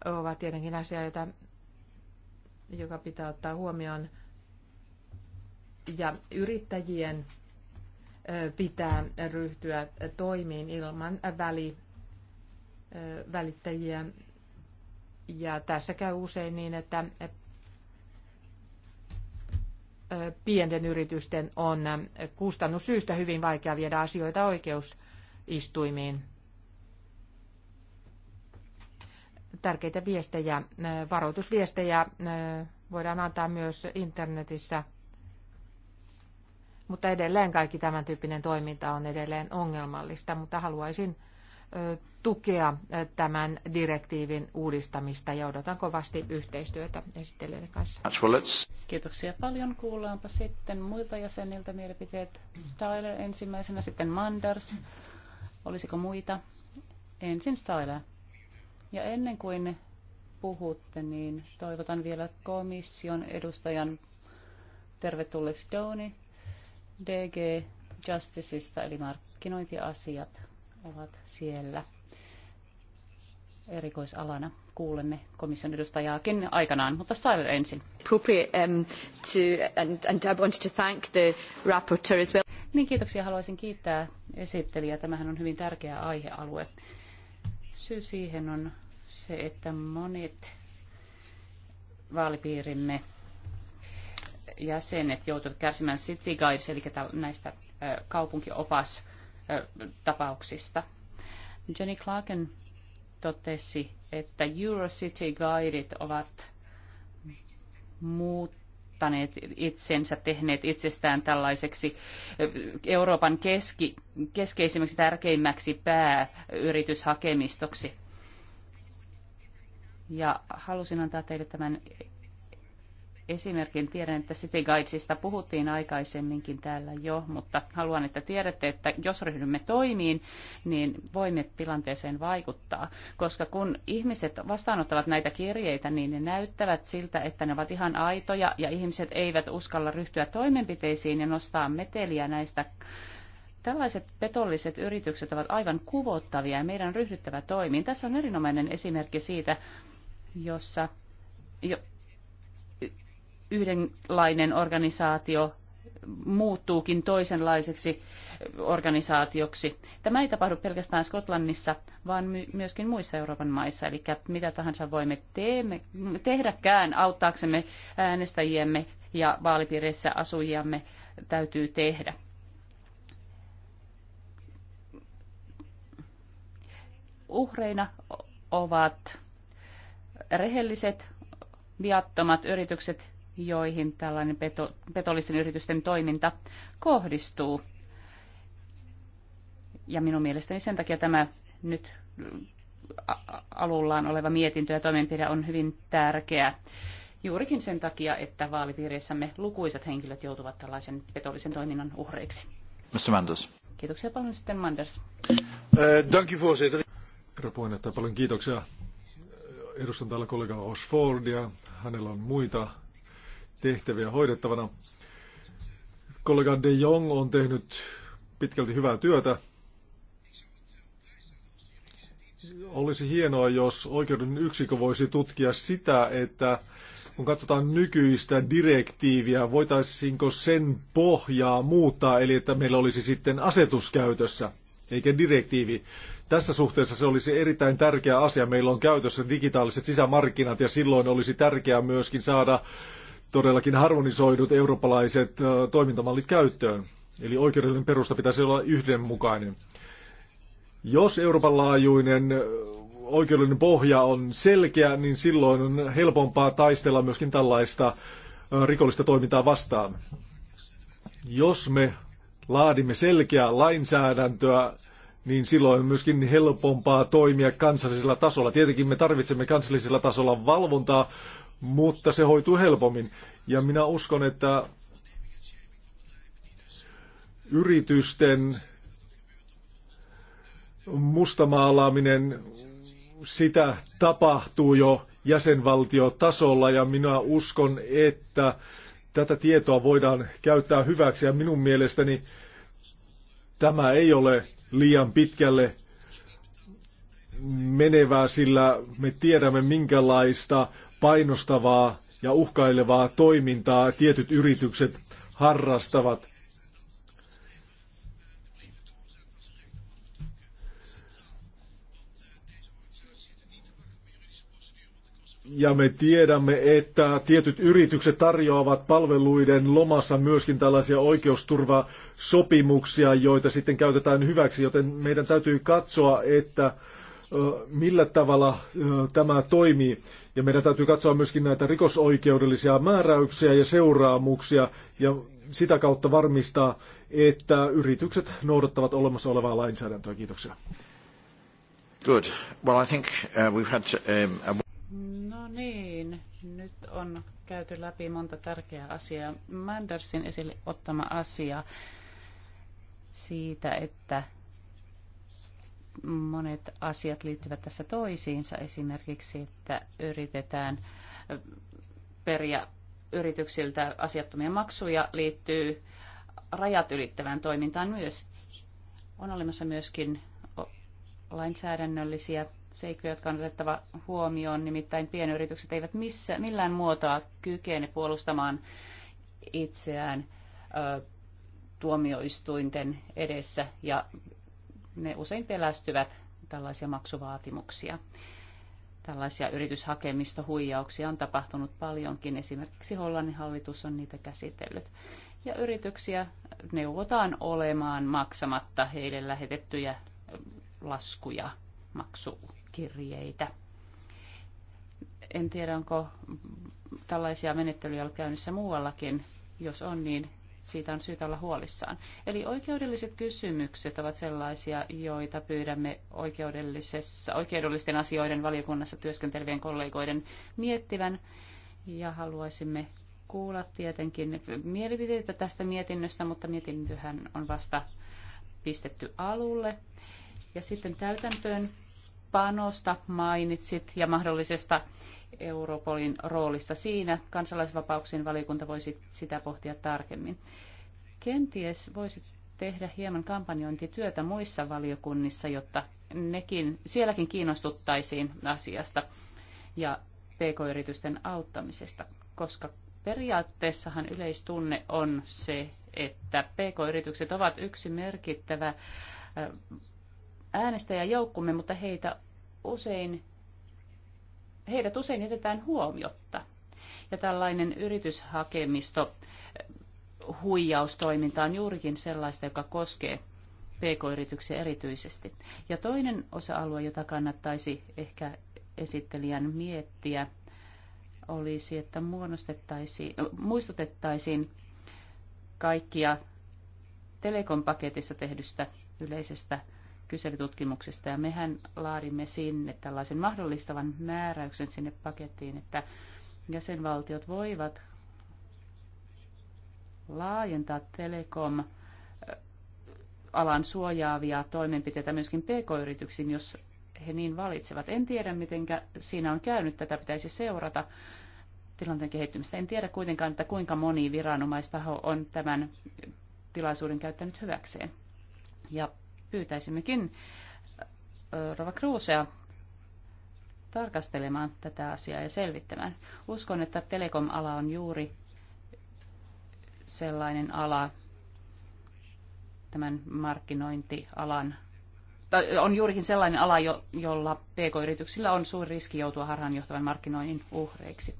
ovat tietenkin asia, jota, joka pitää ottaa huomioon. Ja yrittäjien pitää ryhtyä toimiin ilman väli, välittäjiä. Ja tässä käy usein niin, että pienten yritysten on kustannussyistä hyvin vaikea viedä asioita oikeusistuimiin. Tärkeitä viestejä, varoitusviestejä voidaan antaa myös internetissä, mutta edelleen kaikki tämän tyyppinen toiminta on edelleen ongelmallista, mutta haluaisin tukea tämän direktiivin uudistamista ja odotan kovasti yhteistyötä esittelijöiden kanssa. Kiitoksia paljon. Kuullaanpa sitten muilta jäseniltä mielipiteet. Styler ensimmäisenä, sitten Manders. Olisiko muita? Ensin Styler. Ja ennen kuin puhutte, niin toivotan vielä komission edustajan tervetulleeksi Doni DG Justiceista, eli markkinointiasiat ovat siellä erikoisalana. Kuulemme komission edustajaakin aikanaan, mutta Steiner ensin. Niin, kiitoksia. Haluaisin kiittää esittelijää. Tämähän on hyvin tärkeä aihealue. Syy siihen on se, että monet vaalipiirimme jäsenet joutuvat kärsimään City Guides, eli näistä kaupunkiopastapauksista. Jenny Clarken totesi, että Eurocity Guideit ovat muuttaneet itsensä, tehneet itsestään tällaiseksi Euroopan keski, keskeisimmäksi tärkeimmäksi pääyrityshakemistoksi. Ja halusin antaa teille tämän esimerkin. Tiedän, että City Guidesista puhuttiin aikaisemminkin täällä jo, mutta haluan, että tiedätte, että jos ryhdymme toimiin, niin voimme tilanteeseen vaikuttaa. Koska kun ihmiset vastaanottavat näitä kirjeitä, niin ne näyttävät siltä, että ne ovat ihan aitoja ja ihmiset eivät uskalla ryhtyä toimenpiteisiin ja nostaa meteliä näistä Tällaiset petolliset yritykset ovat aivan kuvottavia ja meidän on ryhdyttävä toimiin. Tässä on erinomainen esimerkki siitä, jossa jo, yhdenlainen organisaatio muuttuukin toisenlaiseksi organisaatioksi. Tämä ei tapahdu pelkästään Skotlannissa, vaan my- myöskin muissa Euroopan maissa. Eli mitä tahansa voimme teemme, tehdäkään auttaaksemme äänestäjiemme ja vaalipiireissä asujiamme täytyy tehdä. Uhreina ovat rehelliset, viattomat yritykset joihin tällainen peto, petollisten yritysten toiminta kohdistuu. Ja minun mielestäni sen takia tämä nyt alullaan oleva mietintö ja toimenpide on hyvin tärkeä. Juurikin sen takia, että vaalipiireissämme lukuisat henkilöt joutuvat tällaisen petollisen toiminnan uhreiksi. Mr. Manders. Kiitoksia paljon sitten Manders. Eh, Herra uh, voorzitter. puheenjohtaja, paljon kiitoksia. Edustan täällä kollega Osfordia. Hänellä on muita tehtäviä hoidettavana. Kollega De Jong on tehnyt pitkälti hyvää työtä. Olisi hienoa, jos oikeuden yksikö voisi tutkia sitä, että kun katsotaan nykyistä direktiiviä, voitaisiinko sen pohjaa muuttaa, eli että meillä olisi sitten asetus käytössä, eikä direktiivi. Tässä suhteessa se olisi erittäin tärkeä asia. Meillä on käytössä digitaaliset sisämarkkinat ja silloin olisi tärkeää myöskin saada todellakin harmonisoidut eurooppalaiset toimintamallit käyttöön. Eli oikeudellinen perusta pitäisi olla yhdenmukainen. Jos Euroopan laajuinen oikeudellinen pohja on selkeä, niin silloin on helpompaa taistella myöskin tällaista rikollista toimintaa vastaan. Jos me laadimme selkeää lainsäädäntöä, niin silloin on myöskin helpompaa toimia kansallisella tasolla. Tietenkin me tarvitsemme kansallisella tasolla valvontaa, mutta se hoituu helpommin. Ja minä uskon, että yritysten mustamaalaaminen, sitä tapahtuu jo jäsenvaltiotasolla ja minä uskon, että tätä tietoa voidaan käyttää hyväksi ja minun mielestäni tämä ei ole liian pitkälle menevää, sillä me tiedämme minkälaista painostavaa ja uhkailevaa toimintaa tietyt yritykset harrastavat. Ja me tiedämme, että tietyt yritykset tarjoavat palveluiden lomassa myöskin tällaisia oikeusturvasopimuksia, joita sitten käytetään hyväksi, joten meidän täytyy katsoa, että millä tavalla tämä toimii. Ja meidän täytyy katsoa myöskin näitä rikosoikeudellisia määräyksiä ja seuraamuksia ja sitä kautta varmistaa, että yritykset noudattavat olemassa olevaa lainsäädäntöä. Kiitoksia. Good. Well, I think uh, we've had um, a... No niin, nyt on käyty läpi monta tärkeää asiaa. Mandersin esille ottama asia siitä, että monet asiat liittyvät tässä toisiinsa. Esimerkiksi, että yritetään periä yrityksiltä asiattomia maksuja liittyy rajat ylittävään toimintaan myös. On olemassa myöskin lainsäädännöllisiä seikkoja, jotka on otettava huomioon. Nimittäin pienyritykset eivät missä, millään muotoa kykene puolustamaan itseään ö, tuomioistuinten edessä ja ne usein pelästyvät tällaisia maksuvaatimuksia. Tällaisia yrityshakemistohuijauksia on tapahtunut paljonkin. Esimerkiksi Hollannin hallitus on niitä käsitellyt. Ja yrityksiä neuvotaan olemaan maksamatta heille lähetettyjä laskuja, maksukirjeitä. En tiedä, onko tällaisia menettelyjä ollut käynnissä muuallakin. Jos on, niin siitä on syytä olla huolissaan. Eli oikeudelliset kysymykset ovat sellaisia, joita pyydämme oikeudellisessa, oikeudellisten asioiden valiokunnassa työskentelevien kollegoiden miettivän. Ja haluaisimme kuulla tietenkin mielipiteitä tästä mietinnöstä, mutta mietintöhän on vasta pistetty alulle. Ja sitten täytäntöön panosta mainitsit ja mahdollisesta Europolin roolista siinä. Kansalaisvapauksien valiokunta voisi sitä pohtia tarkemmin. Kenties voisi tehdä hieman kampanjointityötä muissa valiokunnissa, jotta nekin, sielläkin kiinnostuttaisiin asiasta ja pk-yritysten auttamisesta, koska periaatteessahan yleistunne on se, että pk-yritykset ovat yksi merkittävä äänestäjäjoukkumme, mutta heitä usein heidät usein jätetään huomiotta. Ja tällainen yrityshakemisto eh, huijaustoiminta on juurikin sellaista, joka koskee pk-yrityksiä erityisesti. Ja toinen osa-alue, jota kannattaisi ehkä esittelijän miettiä, olisi, että muodostettaisiin, no, muistutettaisiin kaikkia telekompaketissa tehdystä yleisestä kyselytutkimuksesta ja mehän laadimme sinne tällaisen mahdollistavan määräyksen sinne pakettiin, että jäsenvaltiot voivat laajentaa telekom alan suojaavia toimenpiteitä myöskin pk-yrityksiin, jos he niin valitsevat. En tiedä, miten siinä on käynyt. Tätä pitäisi seurata tilanteen kehittymistä. En tiedä kuitenkaan, että kuinka moni viranomaistaho on tämän tilaisuuden käyttänyt hyväkseen. Ja pyytäisimmekin Rova Kruusea tarkastelemaan tätä asiaa ja selvittämään. Uskon, että telekom-ala on juuri sellainen ala, tämän markkinointialan, tai on juurikin sellainen ala, jo, jolla pk-yrityksillä on suuri riski joutua harhaanjohtavan markkinoinnin uhreiksi.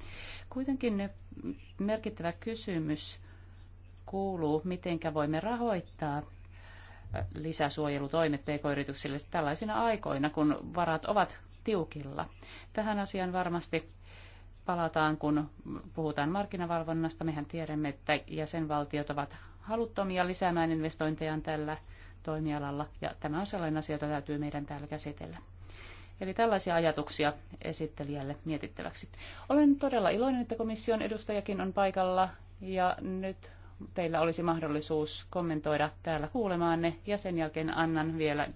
Kuitenkin merkittävä kysymys kuuluu, miten voimme rahoittaa lisäsuojelutoimet pk-yrityksille tällaisina aikoina, kun varat ovat tiukilla. Tähän asiaan varmasti palataan, kun puhutaan markkinavalvonnasta. Mehän tiedämme, että jäsenvaltiot ovat haluttomia lisäämään investointejaan tällä toimialalla, ja tämä on sellainen asia, jota täytyy meidän täällä käsitellä. Eli tällaisia ajatuksia esittelijälle mietittäväksi. Olen todella iloinen, että komission edustajakin on paikalla, ja nyt teillä olisi mahdollisuus kommentoida täällä kuulemaanne ja sen jälkeen annan vielä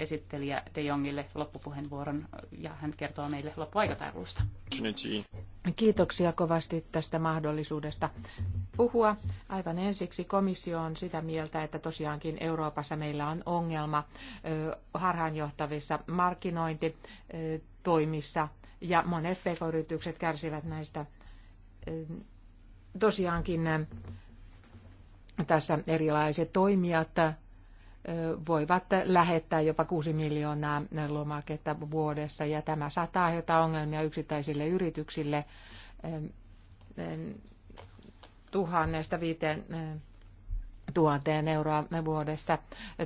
esittelijä De Jongille loppupuheenvuoron ja hän kertoo meille loppuaikataulusta. Kiitoksia kovasti tästä mahdollisuudesta puhua. Aivan ensiksi komissio on sitä mieltä, että tosiaankin Euroopassa meillä on ongelma harhaanjohtavissa markkinointitoimissa ja monet pk-yritykset kärsivät näistä tosiaankin tässä erilaiset toimijat voivat lähettää jopa 6 miljoonaa lomaketta vuodessa ja tämä saattaa aiheuttaa ongelmia yksittäisille yrityksille tuhannesta viiteen tuhanteen euroa vuodessa.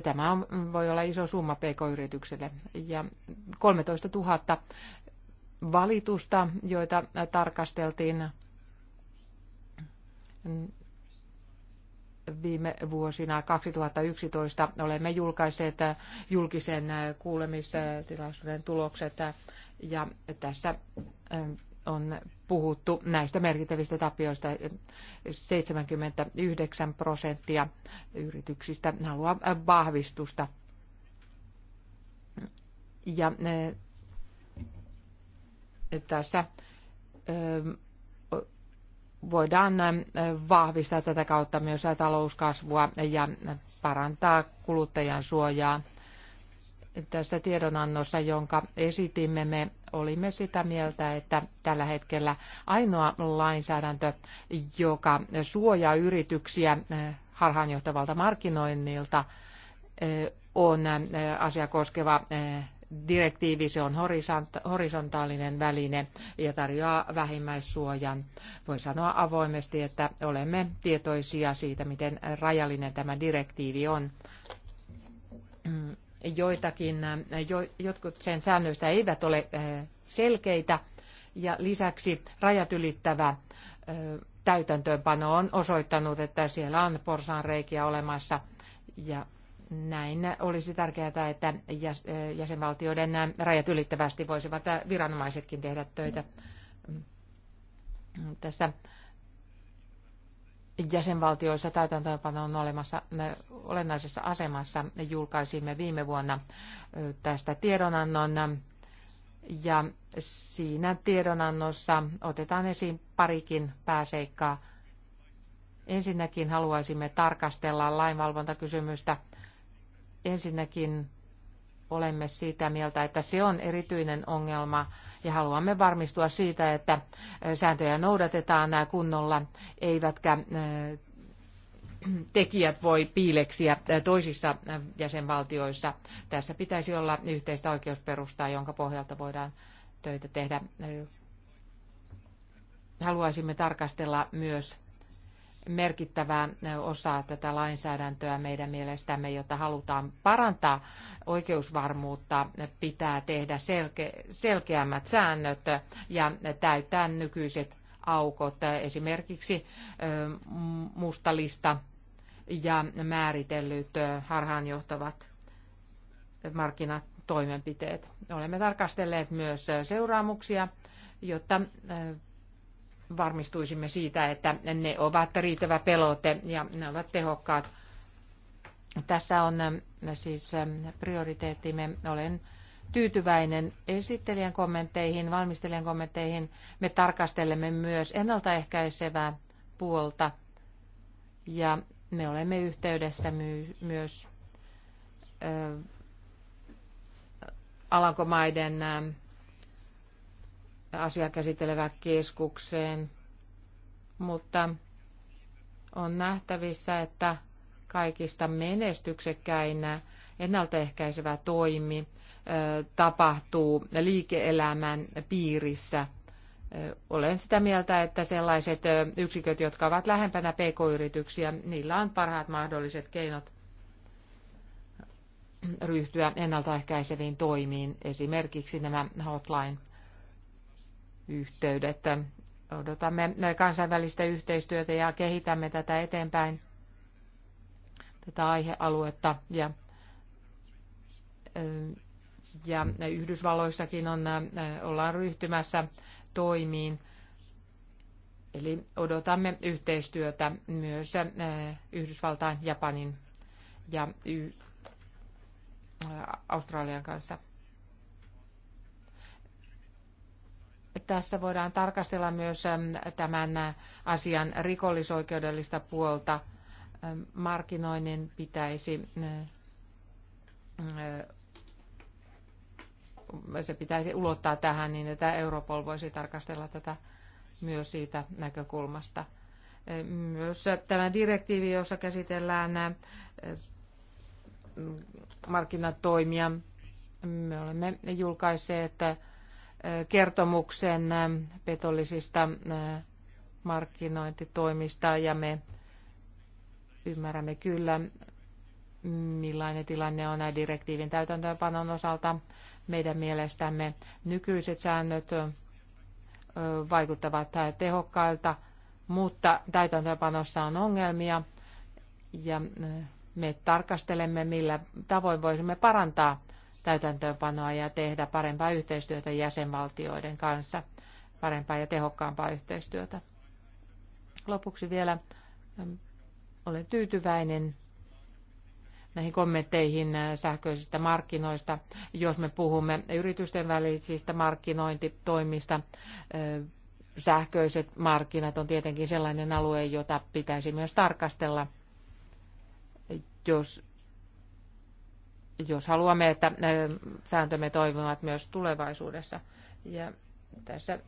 Tämä voi olla iso summa pk-yritykselle. Ja 13 000 valitusta, joita tarkasteltiin viime vuosina 2011 olemme julkaisseet julkisen kuulemistilaisuuden tulokset ja tässä on puhuttu näistä merkittävistä tapioista 79 prosenttia yrityksistä haluaa vahvistusta. Ja tässä voidaan vahvistaa tätä kautta myös talouskasvua ja parantaa kuluttajan suojaa. Tässä tiedonannossa, jonka esitimme, me olimme sitä mieltä, että tällä hetkellä ainoa lainsäädäntö, joka suojaa yrityksiä harhaanjohtavalta markkinoinnilta, on asia koskeva direktiivi se on horisontaalinen väline ja tarjoaa vähimmäissuojan. Voi sanoa avoimesti, että olemme tietoisia siitä, miten rajallinen tämä direktiivi on. Joitakin, jo, jotkut sen säännöistä eivät ole eh, selkeitä ja lisäksi rajat ylittävä eh, täytäntöönpano on osoittanut, että siellä on porsaanreikiä olemassa ja näin olisi tärkeää, että jäsenvaltioiden rajat ylittävästi voisivat viranomaisetkin tehdä töitä tässä jäsenvaltioissa täytäntöönpano on olemassa olennaisessa asemassa. Julkaisimme viime vuonna tästä tiedonannon ja siinä tiedonannossa otetaan esiin parikin pääseikkaa. Ensinnäkin haluaisimme tarkastella lainvalvontakysymystä Ensinnäkin olemme siitä mieltä, että se on erityinen ongelma ja haluamme varmistua siitä, että sääntöjä noudatetaan kunnolla, eivätkä tekijät voi piileksiä toisissa jäsenvaltioissa. Tässä pitäisi olla yhteistä oikeusperustaa, jonka pohjalta voidaan töitä tehdä. Haluaisimme tarkastella myös merkittävää osaa tätä lainsäädäntöä meidän mielestämme, jota halutaan parantaa oikeusvarmuutta, pitää tehdä selke- selkeämmät säännöt ja täyttää nykyiset aukot, esimerkiksi mustalista ja määritellyt harhaanjohtavat markkinatoimenpiteet. Olemme tarkastelleet myös seuraamuksia, jotta varmistuisimme siitä, että ne ovat riittävä pelote ja ne ovat tehokkaat. Tässä on äh, siis ähm, prioriteettimme. Olen tyytyväinen esittelijän kommentteihin, valmistelijan kommentteihin. Me tarkastelemme myös ennaltaehkäisevää puolta ja me olemme yhteydessä my- myös ö, äh, Alankomaiden ähm, asiaa käsittelevään keskukseen, mutta on nähtävissä, että kaikista menestyksekkäinä ennaltaehkäisevä toimi tapahtuu liike-elämän piirissä. Olen sitä mieltä, että sellaiset yksiköt, jotka ovat lähempänä pk-yrityksiä, niillä on parhaat mahdolliset keinot ryhtyä ennaltaehkäiseviin toimiin, esimerkiksi nämä hotline yhteydet. Odotamme kansainvälistä yhteistyötä ja kehitämme tätä eteenpäin, tätä aihealuetta. Ja, ja Yhdysvalloissakin on, ollaan ryhtymässä toimiin. Eli odotamme yhteistyötä myös Yhdysvaltain, Japanin ja Australian kanssa. Tässä voidaan tarkastella myös tämän asian rikollisoikeudellista puolta. Markkinoinnin pitäisi se pitäisi ulottaa tähän niin, että Europol voisi tarkastella tätä myös siitä näkökulmasta. Myös tämä direktiivi, jossa käsitellään markkinatoimia, me olemme julkaisseet että kertomuksen petollisista markkinointitoimista ja me ymmärrämme kyllä, millainen tilanne on näin direktiivin täytäntöönpanon osalta. Meidän mielestämme nykyiset säännöt vaikuttavat tehokkailta, mutta täytäntöönpanossa on ongelmia ja me tarkastelemme, millä tavoin voisimme parantaa täytäntöönpanoa ja tehdä parempaa yhteistyötä jäsenvaltioiden kanssa, parempaa ja tehokkaampaa yhteistyötä. Lopuksi vielä mm, olen tyytyväinen näihin kommentteihin äh, sähköisistä markkinoista. Jos me puhumme yritysten välisistä markkinointitoimista, äh, sähköiset markkinat on tietenkin sellainen alue, jota pitäisi myös tarkastella, jos jos haluamme, että sääntömme toimivat myös tulevaisuudessa. Ja tässä,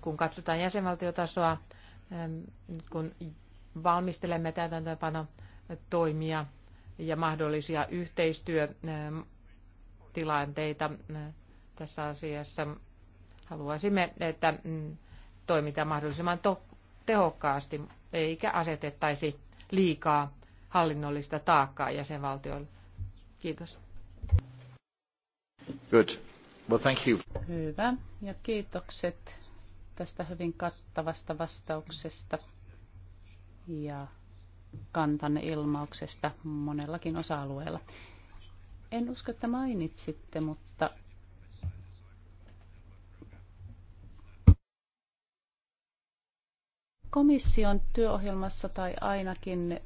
kun katsotaan jäsenvaltiotasoa, kun valmistelemme täytäntöönpano toimia ja mahdollisia yhteistyötilanteita tässä asiassa, haluaisimme, että mm, toimitaan mahdollisimman tehokkaasti, eikä asetettaisi liikaa hallinnollista taakkaa jäsenvaltioille. Kiitos. Good. Well, thank you. Hyvä ja kiitokset tästä hyvin kattavasta vastauksesta ja kantanne ilmauksesta monellakin osa-alueella. En usko, että mainitsitte, mutta komission työohjelmassa tai ainakin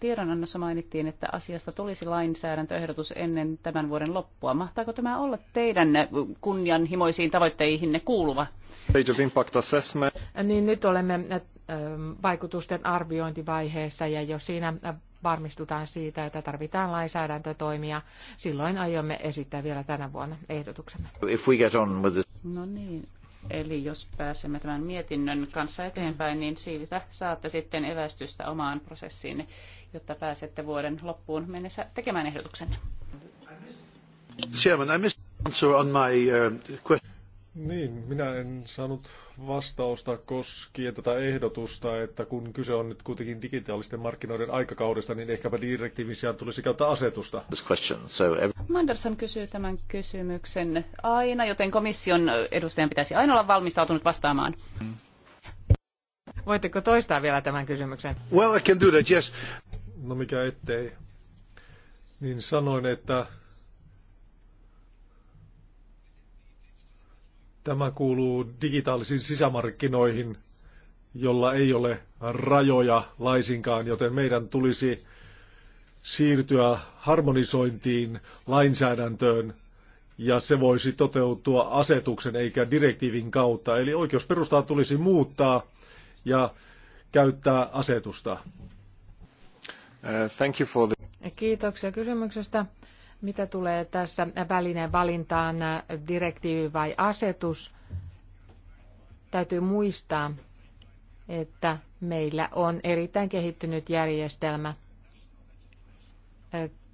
tiedonannossa mainittiin, että asiasta tulisi lainsäädäntöehdotus ennen tämän vuoden loppua. Mahtaako tämä olla teidän kunnianhimoisiin tavoitteihinne kuuluva? Niin nyt olemme ähm, vaikutusten arviointivaiheessa ja jos siinä äh, varmistutaan siitä, että tarvitaan lainsäädäntötoimia, silloin aiomme esittää vielä tänä vuonna ehdotuksemme. No niin, Eli jos pääsemme tämän mietinnön kanssa eteenpäin, niin siitä saatte sitten evästystä omaan prosessiinne, jotta pääsette vuoden loppuun mennessä tekemään ehdotuksen. Chairman, I missed answer on my uh, question. Niin, minä en saanut vastausta koskien tätä ehdotusta, että kun kyse on nyt kuitenkin digitaalisten markkinoiden aikakaudesta, niin ehkäpä direktiivin sijaan tulisi käyttää asetusta. Manderson kysyy tämän kysymyksen aina, joten komission edustajan pitäisi aina olla valmistautunut vastaamaan. Voitteko toistaa vielä tämän kysymyksen? Well, I can do that, yes. No mikä ettei. Niin sanoin, että Tämä kuuluu digitaalisiin sisämarkkinoihin, jolla ei ole rajoja laisinkaan, joten meidän tulisi siirtyä harmonisointiin, lainsäädäntöön, ja se voisi toteutua asetuksen eikä direktiivin kautta. Eli oikeusperustaa tulisi muuttaa ja käyttää asetusta. Uh, thank you for the... Kiitoksia kysymyksestä. Mitä tulee tässä välineen valintaan, direktiivi vai asetus, täytyy muistaa, että meillä on erittäin kehittynyt järjestelmä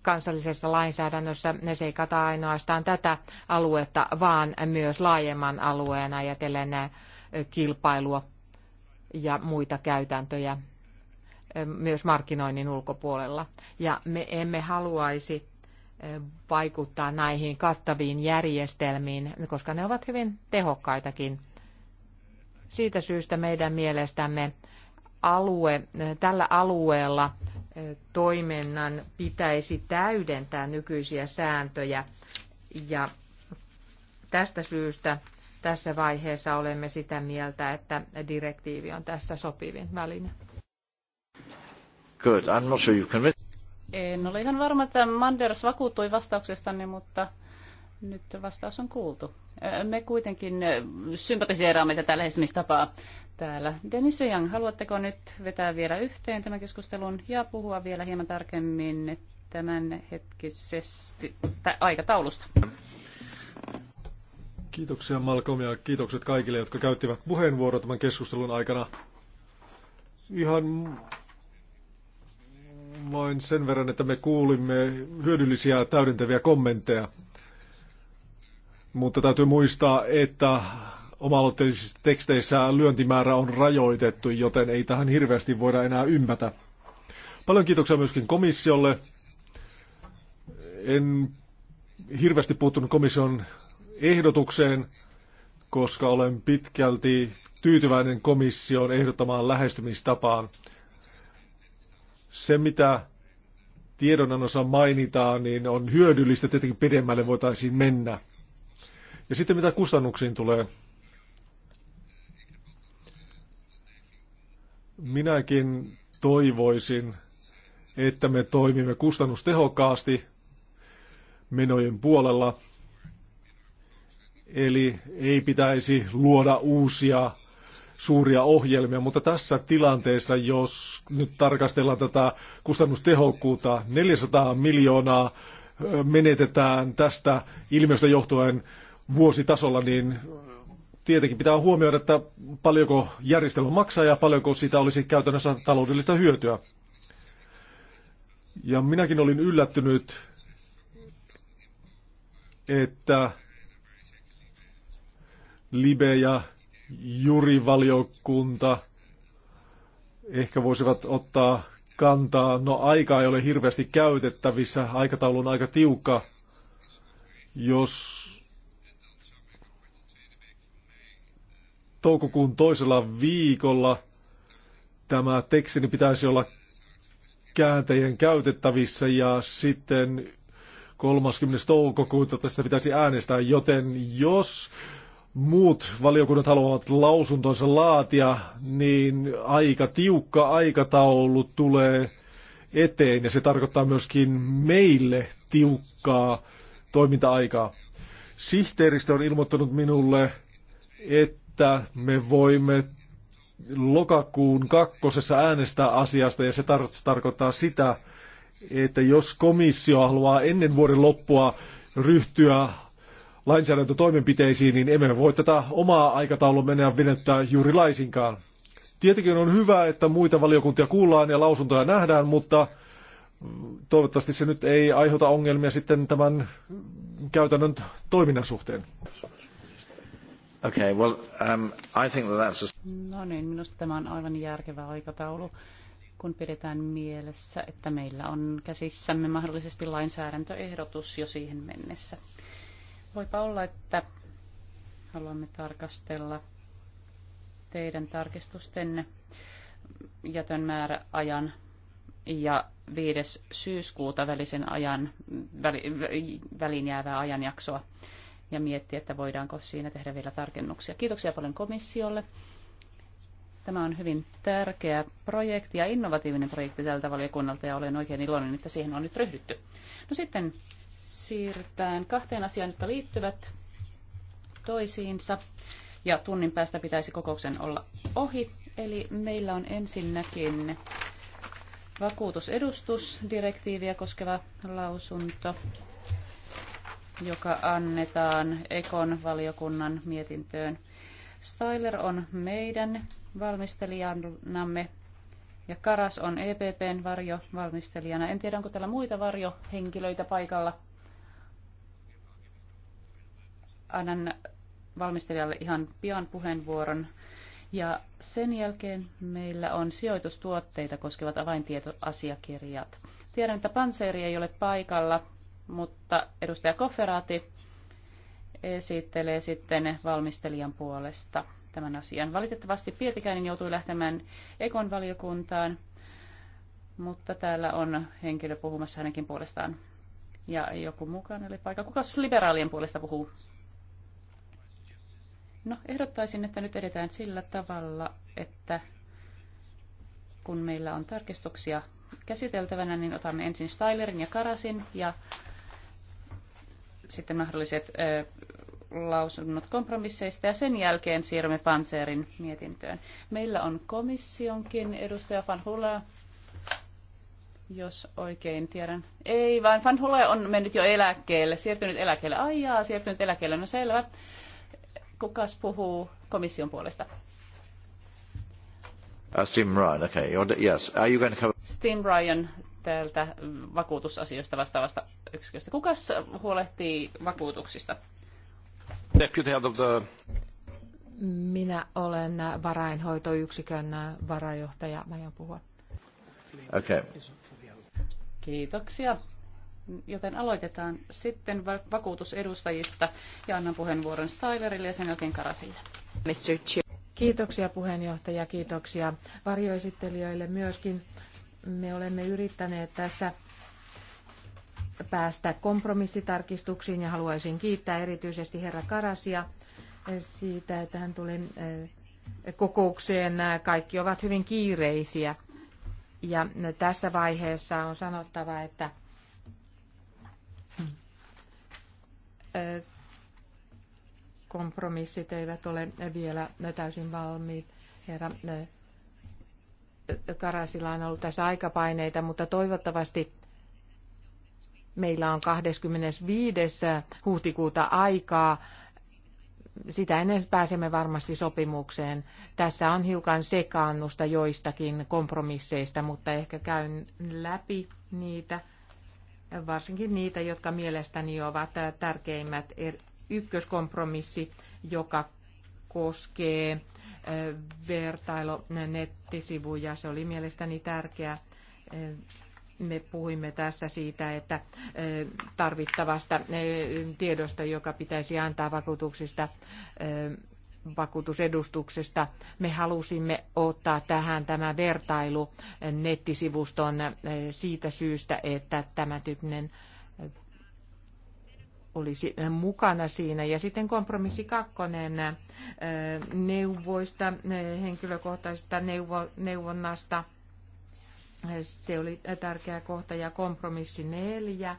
kansallisessa lainsäädännössä. Ne se ei kata ainoastaan tätä aluetta, vaan myös laajemman alueen ajatellen kilpailua ja muita käytäntöjä myös markkinoinnin ulkopuolella. Ja me emme haluaisi vaikuttaa näihin kattaviin järjestelmiin, koska ne ovat hyvin tehokkaitakin. Siitä syystä meidän mielestämme alue, tällä alueella eh, toiminnan pitäisi täydentää nykyisiä sääntöjä ja tästä syystä tässä vaiheessa olemme sitä mieltä, että direktiivi on tässä sopivin väline. Good. I'm not sure you can... En ole ihan varma, että Manders vakuuttui vastauksestanne, mutta nyt vastaus on kuultu. Äh, me kuitenkin äh, sympatiseeraamme tätä lähestymistapaa täällä. Dennis Young, haluatteko nyt vetää vielä yhteen tämän keskustelun ja puhua vielä hieman tarkemmin tämän hetkisesti aikataulusta? Kiitoksia Malcolm ja kiitokset kaikille, jotka käyttivät puheenvuoroa tämän keskustelun aikana. Ihan vain sen verran, että me kuulimme hyödyllisiä täydentäviä kommentteja. Mutta täytyy muistaa, että oma teksteissä lyöntimäärä on rajoitettu, joten ei tähän hirveästi voida enää ympätä. Paljon kiitoksia myöskin komissiolle. En hirveästi puuttunut komission ehdotukseen, koska olen pitkälti tyytyväinen komission ehdottamaan lähestymistapaan. Se, mitä tiedonannossa mainitaan, niin on hyödyllistä, tietenkin pidemmälle voitaisiin mennä. Ja sitten mitä kustannuksiin tulee, minäkin toivoisin, että me toimimme kustannustehokkaasti menojen puolella. Eli ei pitäisi luoda uusia suuria ohjelmia, mutta tässä tilanteessa, jos nyt tarkastellaan tätä kustannustehokkuutta, 400 miljoonaa menetetään tästä ilmiöstä johtuen vuositasolla, niin tietenkin pitää huomioida, että paljonko järjestelmä maksaa ja paljonko siitä olisi käytännössä taloudellista hyötyä. Ja minäkin olin yllättynyt, että Libe ja jurivaliokunta ehkä voisivat ottaa kantaa. No aika ei ole hirveästi käytettävissä, aikataulu on aika tiukka. Jos toukokuun toisella viikolla tämä tekstini niin pitäisi olla kääntäjien käytettävissä ja sitten 30. toukokuuta tästä pitäisi äänestää, joten jos muut valiokunnat haluavat lausuntonsa laatia, niin aika tiukka aikataulu tulee eteen ja se tarkoittaa myöskin meille tiukkaa toiminta-aikaa. Sihteeristö on ilmoittanut minulle, että me voimme lokakuun kakkosessa äänestää asiasta ja se tar- tarkoittaa sitä, että jos komissio haluaa ennen vuoden loppua ryhtyä lainsäädäntötoimenpiteisiin, niin emme voi tätä omaa aikataulun mennä venettää juuri laisinkaan. Tietenkin on hyvä, että muita valiokuntia kuullaan ja lausuntoja nähdään, mutta toivottavasti se nyt ei aiheuta ongelmia sitten tämän käytännön toiminnan suhteen. Okay, well, um, I think that that's a... No niin, minusta tämä on aivan järkevä aikataulu, kun pidetään mielessä, että meillä on käsissämme mahdollisesti lainsäädäntöehdotus jo siihen mennessä. Voipa olla, että haluamme tarkastella teidän tarkistustenne jätön määräajan ja 5. syyskuuta välisen ajan, väliin jäävää ajanjaksoa ja miettiä, että voidaanko siinä tehdä vielä tarkennuksia. Kiitoksia paljon komissiolle. Tämä on hyvin tärkeä projekti ja innovatiivinen projekti tältä valiokunnalta ja olen oikein iloinen, että siihen on nyt ryhdytty. No sitten siirrytään kahteen asiaan, jotka liittyvät toisiinsa. Ja tunnin päästä pitäisi kokouksen olla ohi. Eli meillä on ensinnäkin vakuutusedustusdirektiiviä koskeva lausunto, joka annetaan Ekon valiokunnan mietintöön. Styler on meidän valmistelijanamme ja Karas on EPPn varjovalmistelijana. En tiedä, onko täällä muita varjohenkilöitä paikalla annan valmistelijalle ihan pian puheenvuoron. Ja sen jälkeen meillä on sijoitustuotteita koskevat avaintietoasiakirjat. Tiedän, että panseeri ei ole paikalla, mutta edustaja Kofferaati esittelee sitten valmistelijan puolesta tämän asian. Valitettavasti Pietikäinen joutui lähtemään Ekon valiokuntaan, mutta täällä on henkilö puhumassa hänenkin puolestaan. Ja joku mukaan oli paikka. Kuka liberaalien puolesta puhuu? No, ehdottaisin, että nyt edetään sillä tavalla, että kun meillä on tarkistuksia käsiteltävänä, niin otamme ensin Stylerin ja Karasin ja sitten mahdolliset ö, lausunnot kompromisseista ja sen jälkeen siirrymme Panseerin mietintöön. Meillä on komissionkin edustaja Van Hula, jos oikein tiedän. Ei, vaan Van Hula on mennyt jo eläkkeelle, siirtynyt eläkkeelle. Ai jaa, siirtynyt eläkkeelle, no selvä. Kukas puhuu komission puolesta? Uh, Stim Ryan, okay. You're, yes. Are you going to cover... Stim Ryan täältä vakuutusasioista vastaavasta yksiköstä. Kukas huolehtii vakuutuksista? Deputy head of the... Minä olen varainhoitoyksikön varajohtaja. Mä aion puhua. Okay. Kiitoksia joten aloitetaan sitten vakuutusedustajista ja annan puheenvuoron Stylerille ja sen jälkeen Karasille. Mr. Ch- kiitoksia puheenjohtaja, kiitoksia varjoesittelijöille myöskin. Me olemme yrittäneet tässä päästä kompromissitarkistuksiin ja haluaisin kiittää erityisesti herra Karasia eh, siitä, että hän tuli eh, kokoukseen. Kaikki ovat hyvin kiireisiä ja tässä vaiheessa on sanottava, että kompromissit eivät ole vielä täysin valmiit. Herra eh, Karasilla on ollut tässä aikapaineita, mutta toivottavasti meillä on 25. huhtikuuta aikaa. Sitä ennen pääsemme varmasti sopimukseen. Tässä on hiukan sekaannusta joistakin kompromisseista, mutta ehkä käyn läpi niitä varsinkin niitä, jotka mielestäni ovat tärkeimmät. Er- ykköskompromissi, joka koskee vertailo nettisivuja, se oli mielestäni tärkeä. Me puhuimme tässä siitä, että tarvittavasta tiedosta, joka pitäisi antaa vakuutuksista vakuutusedustuksesta. Me halusimme ottaa tähän tämä vertailu nettisivuston eh, siitä syystä, että tämä tyyppinen eh, olisi mukana siinä. Ja sitten kompromissi kakkonen eh, neuvoista, henkilökohtaisesta neuvo, neuvonnasta. Se oli tärkeä kohta. Ja kompromissi neljä,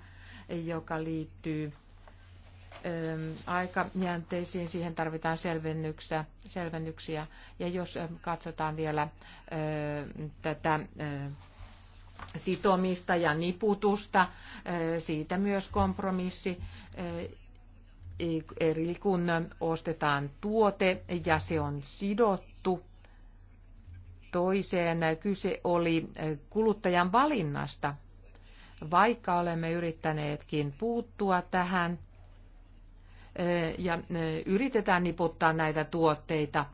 joka liittyy aikajänteisiin, siihen tarvitaan selvennyksiä, selvennyksiä. Ja jos katsotaan vielä tätä sitomista ja niputusta, siitä myös kompromissi eli kun ostetaan tuote ja se on sidottu toiseen, kyse oli kuluttajan valinnasta. Vaikka olemme yrittäneetkin puuttua tähän, ja yritetään niputtaa näitä tuotteita.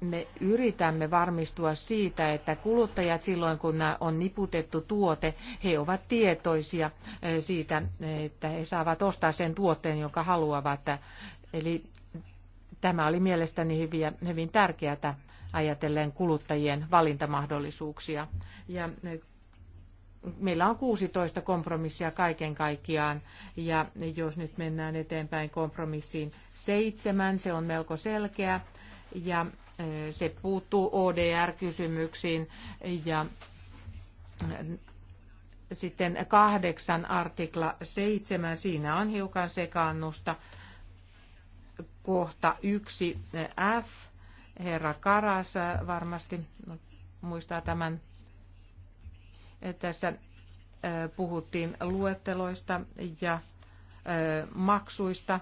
Me yritämme varmistua siitä, että kuluttajat silloin, kun on niputettu tuote, he ovat tietoisia siitä, että he saavat ostaa sen tuotteen, jonka haluavat. Eli tämä oli mielestäni hyviä, hyvin tärkeää ajatellen kuluttajien valintamahdollisuuksia. Ja meillä on 16 kompromissia kaiken kaikkiaan, ja jos nyt mennään eteenpäin kompromissiin seitsemän, se on melko selkeä, ja eh, se puuttuu ODR-kysymyksiin, ja eh, sitten kahdeksan artikla seitsemän, siinä on hiukan sekaannusta, kohta yksi F, herra Karas varmasti muistaa tämän tässä puhuttiin luetteloista ja maksuista,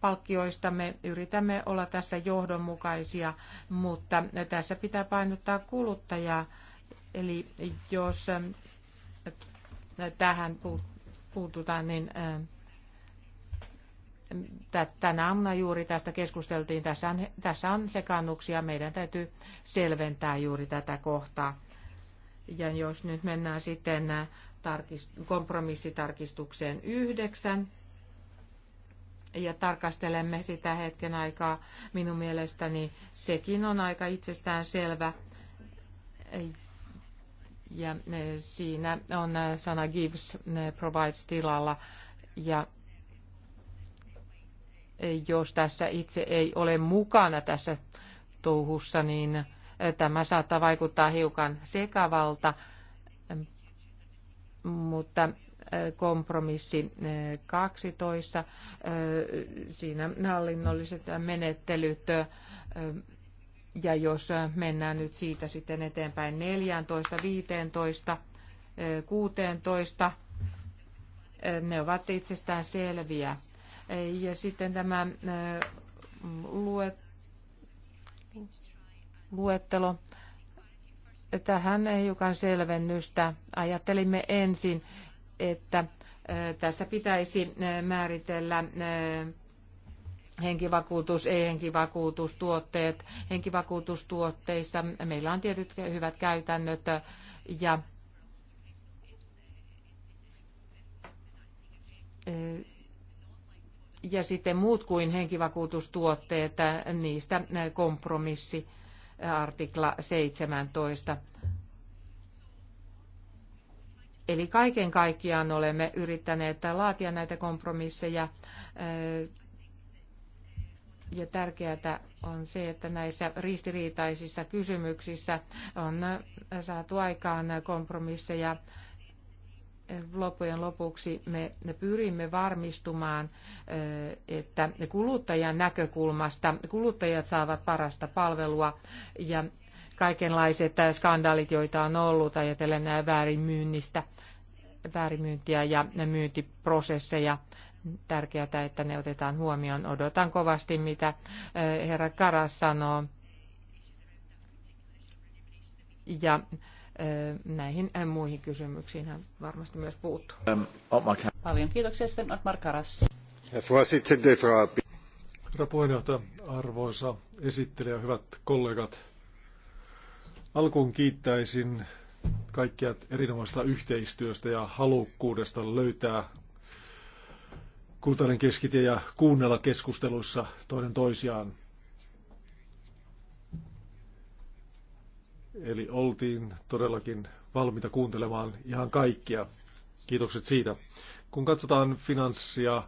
palkkioista. Me yritämme olla tässä johdonmukaisia, mutta tässä pitää painottaa kuluttajaa. Eli jos tähän puututaan, niin tänä aamuna juuri tästä keskusteltiin. Tässä on, tässä on Meidän täytyy selventää juuri tätä kohtaa. Ja jos nyt mennään sitten äh, kompromissitarkistukseen yhdeksän, ja tarkastelemme sitä hetken aikaa, minun mielestäni sekin on aika itsestään selvä. Ja äh, siinä on äh, sana gives provides tilalla. Ja jos tässä itse ei ole mukana tässä touhussa, niin Tämä saattaa vaikuttaa hiukan sekavalta, mutta kompromissi 12, siinä hallinnolliset menettelyt, ja jos mennään nyt siitä sitten eteenpäin 14, 15, 16, ne ovat itsestään selviä. Ja sitten tämä luet, luettelo. Tähän hiukan selvennystä. Ajattelimme ensin, että tässä pitäisi määritellä henkivakuutus, ei-henkivakuutustuotteet. Henkivakuutustuotteissa meillä on tietyt hyvät käytännöt ja ja sitten muut kuin henkivakuutustuotteet, niistä kompromissi artikla 17. Eli kaiken kaikkiaan olemme yrittäneet laatia näitä kompromisseja. Ja tärkeää on se, että näissä ristiriitaisissa kysymyksissä on saatu aikaan kompromisseja loppujen lopuksi me pyrimme varmistumaan, eh, että kuluttajan näkökulmasta kuluttajat saavat parasta palvelua ja kaikenlaiset eh, skandaalit, joita on ollut, ajatellen nämä eh, väärinmyynnistä, väärinmyyntiä ja myyntiprosesseja. Tärkeää, että ne otetaan huomioon. Odotan kovasti, mitä herra Karas sanoo. Ja näihin muihin kysymyksiin hän varmasti myös puuttuu. Ähm, Paljon kiitoksia sitten Otmar Karas. Herra puheenjohtaja, arvoisa esittelijä, hyvät kollegat. Alkuun kiittäisin kaikkia erinomaisesta yhteistyöstä ja halukkuudesta löytää kultainen keskitie ja kuunnella keskusteluissa toinen toisiaan. Eli oltiin todellakin valmiita kuuntelemaan ihan kaikkia. Kiitokset siitä. Kun katsotaan finanssia,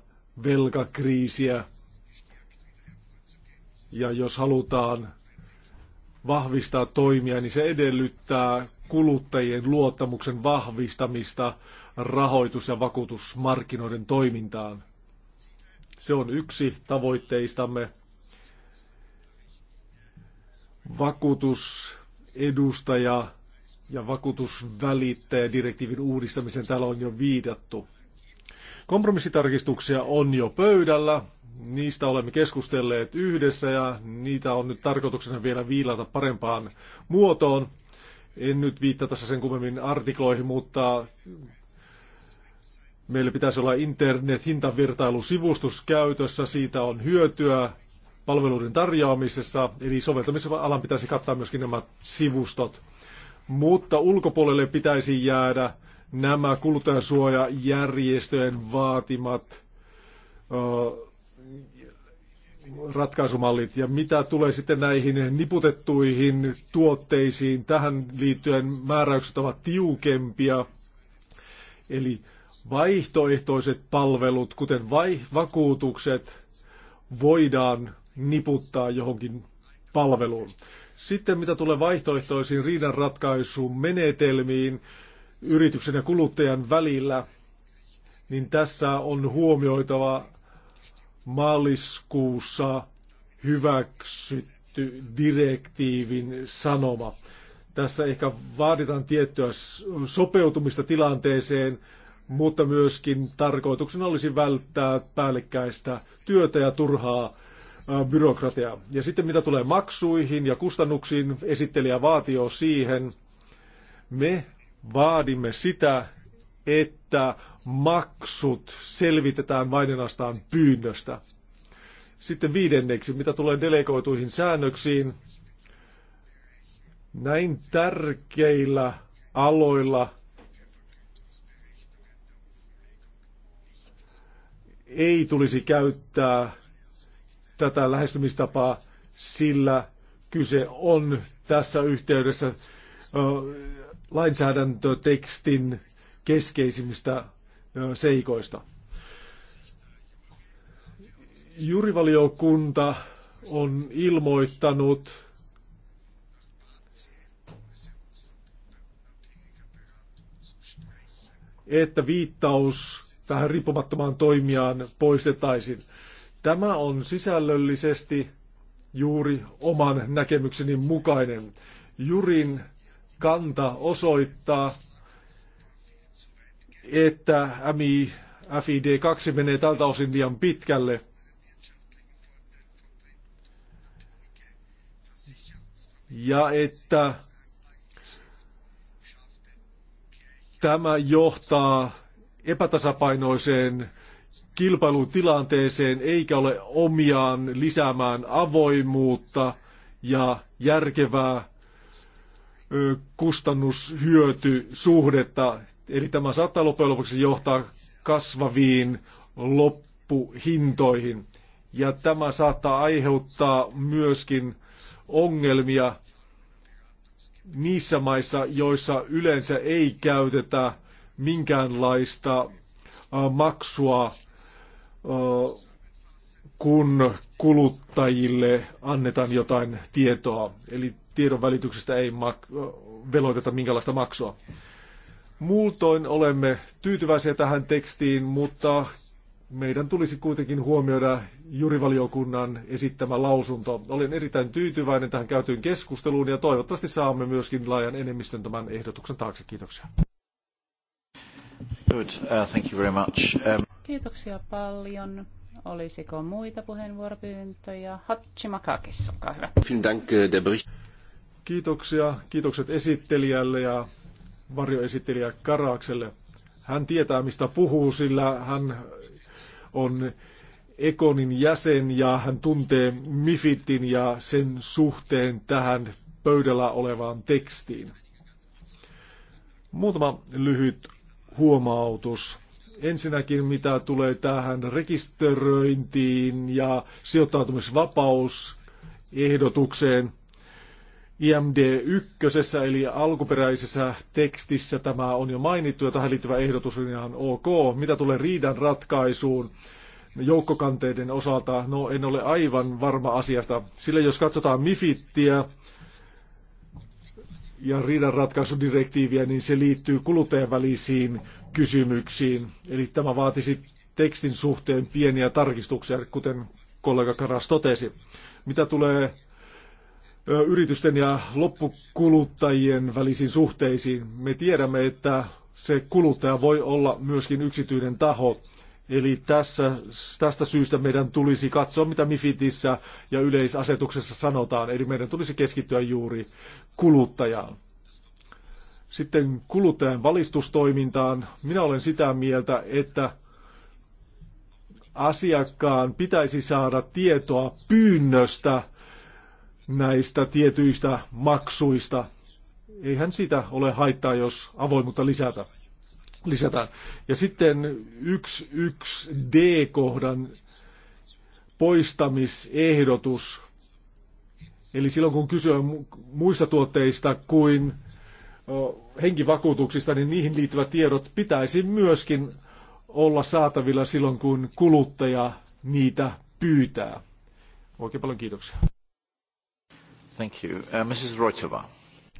velkakriisiä, ja jos halutaan vahvistaa toimia, niin se edellyttää kuluttajien luottamuksen vahvistamista rahoitus- ja vakuutusmarkkinoiden toimintaan. Se on yksi tavoitteistamme. Vakuutus edustaja ja vakuutusvälittäjä direktiivin uudistamisen täällä on jo viidattu. Kompromissitarkistuksia on jo pöydällä. Niistä olemme keskustelleet yhdessä ja niitä on nyt tarkoituksena vielä viilata parempaan muotoon. En nyt viittaa tässä sen kummemmin artikloihin, mutta meillä pitäisi olla internet-hintavirtailusivustus käytössä. Siitä on hyötyä palveluiden tarjoamisessa, eli soveltamisalan pitäisi kattaa myöskin nämä sivustot. Mutta ulkopuolelle pitäisi jäädä nämä kuluttajansuojajärjestöjen vaatimat ö, ratkaisumallit ja mitä tulee sitten näihin niputettuihin tuotteisiin, tähän liittyen määräykset ovat tiukempia. Eli vaihtoehtoiset palvelut, kuten vai- vakuutukset, voidaan niputtaa johonkin palveluun. Sitten mitä tulee vaihtoehtoisiin riidanratkaisuun menetelmiin yrityksen ja kuluttajan välillä, niin tässä on huomioitava maaliskuussa hyväksytty direktiivin sanoma. Tässä ehkä vaaditaan tiettyä sopeutumista tilanteeseen, mutta myöskin tarkoituksena olisi välttää päällekkäistä työtä ja turhaa Äh, byrokratiaa. Ja sitten mitä tulee maksuihin ja kustannuksiin, esittelijä vaatio siihen. Me vaadimme sitä, että maksut selvitetään vain ainoastaan pyynnöstä. Sitten viidenneksi, mitä tulee delegoituihin säännöksiin, näin tärkeillä aloilla ei tulisi käyttää tätä lähestymistapaa, sillä kyse on tässä yhteydessä lainsäädäntötekstin keskeisimmistä seikoista. Jurivaliokunta on ilmoittanut että viittaus tähän riippumattomaan toimijaan poistettaisiin. Tämä on sisällöllisesti juuri oman näkemykseni mukainen. Jurin kanta osoittaa, että MI FID 2 menee tältä osin liian pitkälle. Ja että tämä johtaa epätasapainoiseen kilpailutilanteeseen eikä ole omiaan lisäämään avoimuutta ja järkevää kustannushyötysuhdetta. Eli tämä saattaa loppujen lopuksi johtaa kasvaviin loppuhintoihin. Ja tämä saattaa aiheuttaa myöskin ongelmia niissä maissa, joissa yleensä ei käytetä minkäänlaista Äh, maksua, äh, kun kuluttajille annetaan jotain tietoa. Eli tiedon välityksestä ei mak- äh, veloiteta minkälaista maksua. Muultoin olemme tyytyväisiä tähän tekstiin, mutta meidän tulisi kuitenkin huomioida jurivaliokunnan esittämä lausunto. Olen erittäin tyytyväinen tähän käytyyn keskusteluun ja toivottavasti saamme myöskin laajan enemmistön tämän ehdotuksen taakse. Kiitoksia. Good. Uh, thank you very much. Um, Kiitoksia paljon. Olisiko muita puheenvuoropyyntöjä? Hatsimakakis, olkaa hyvä. Äh, Kiitoksia. Kiitokset esittelijälle ja varjoesittelijä Karakselle. Hän tietää, mistä puhuu, sillä hän on Ekonin jäsen ja hän tuntee Mifitin ja sen suhteen tähän pöydällä olevaan tekstiin. Muutama lyhyt huomautus. Ensinnäkin mitä tulee tähän rekisteröintiin ja sijoittautumisvapausehdotukseen, IMD1, eli alkuperäisessä tekstissä tämä on jo mainittu ja tähän liittyvä ehdotus on ihan ok. Mitä tulee riidan ratkaisuun joukkokanteiden osalta, no en ole aivan varma asiasta, sillä jos katsotaan Mifittiä, ja riidanratkaisudirektiiviä, niin se liittyy kuluttajan välisiin kysymyksiin. Eli tämä vaatisi tekstin suhteen pieniä tarkistuksia, kuten kollega Karas totesi. Mitä tulee yritysten ja loppukuluttajien välisiin suhteisiin, me tiedämme, että se kuluttaja voi olla myöskin yksityinen taho. Eli tässä, tästä syystä meidän tulisi katsoa, mitä mifitissä ja yleisasetuksessa sanotaan. Eli meidän tulisi keskittyä juuri kuluttajaan. Sitten kuluttajan valistustoimintaan. Minä olen sitä mieltä, että asiakkaan pitäisi saada tietoa pyynnöstä näistä tietyistä maksuista. Eihän sitä ole haittaa, jos avoimuutta lisätä lisätään. Ja sitten 11D-kohdan poistamisehdotus, eli silloin kun kyse muista tuotteista kuin henkivakuutuksista, niin niihin liittyvät tiedot pitäisi myöskin olla saatavilla silloin, kun kuluttaja niitä pyytää. Oikein paljon kiitoksia. Thank you. Uh, Mrs.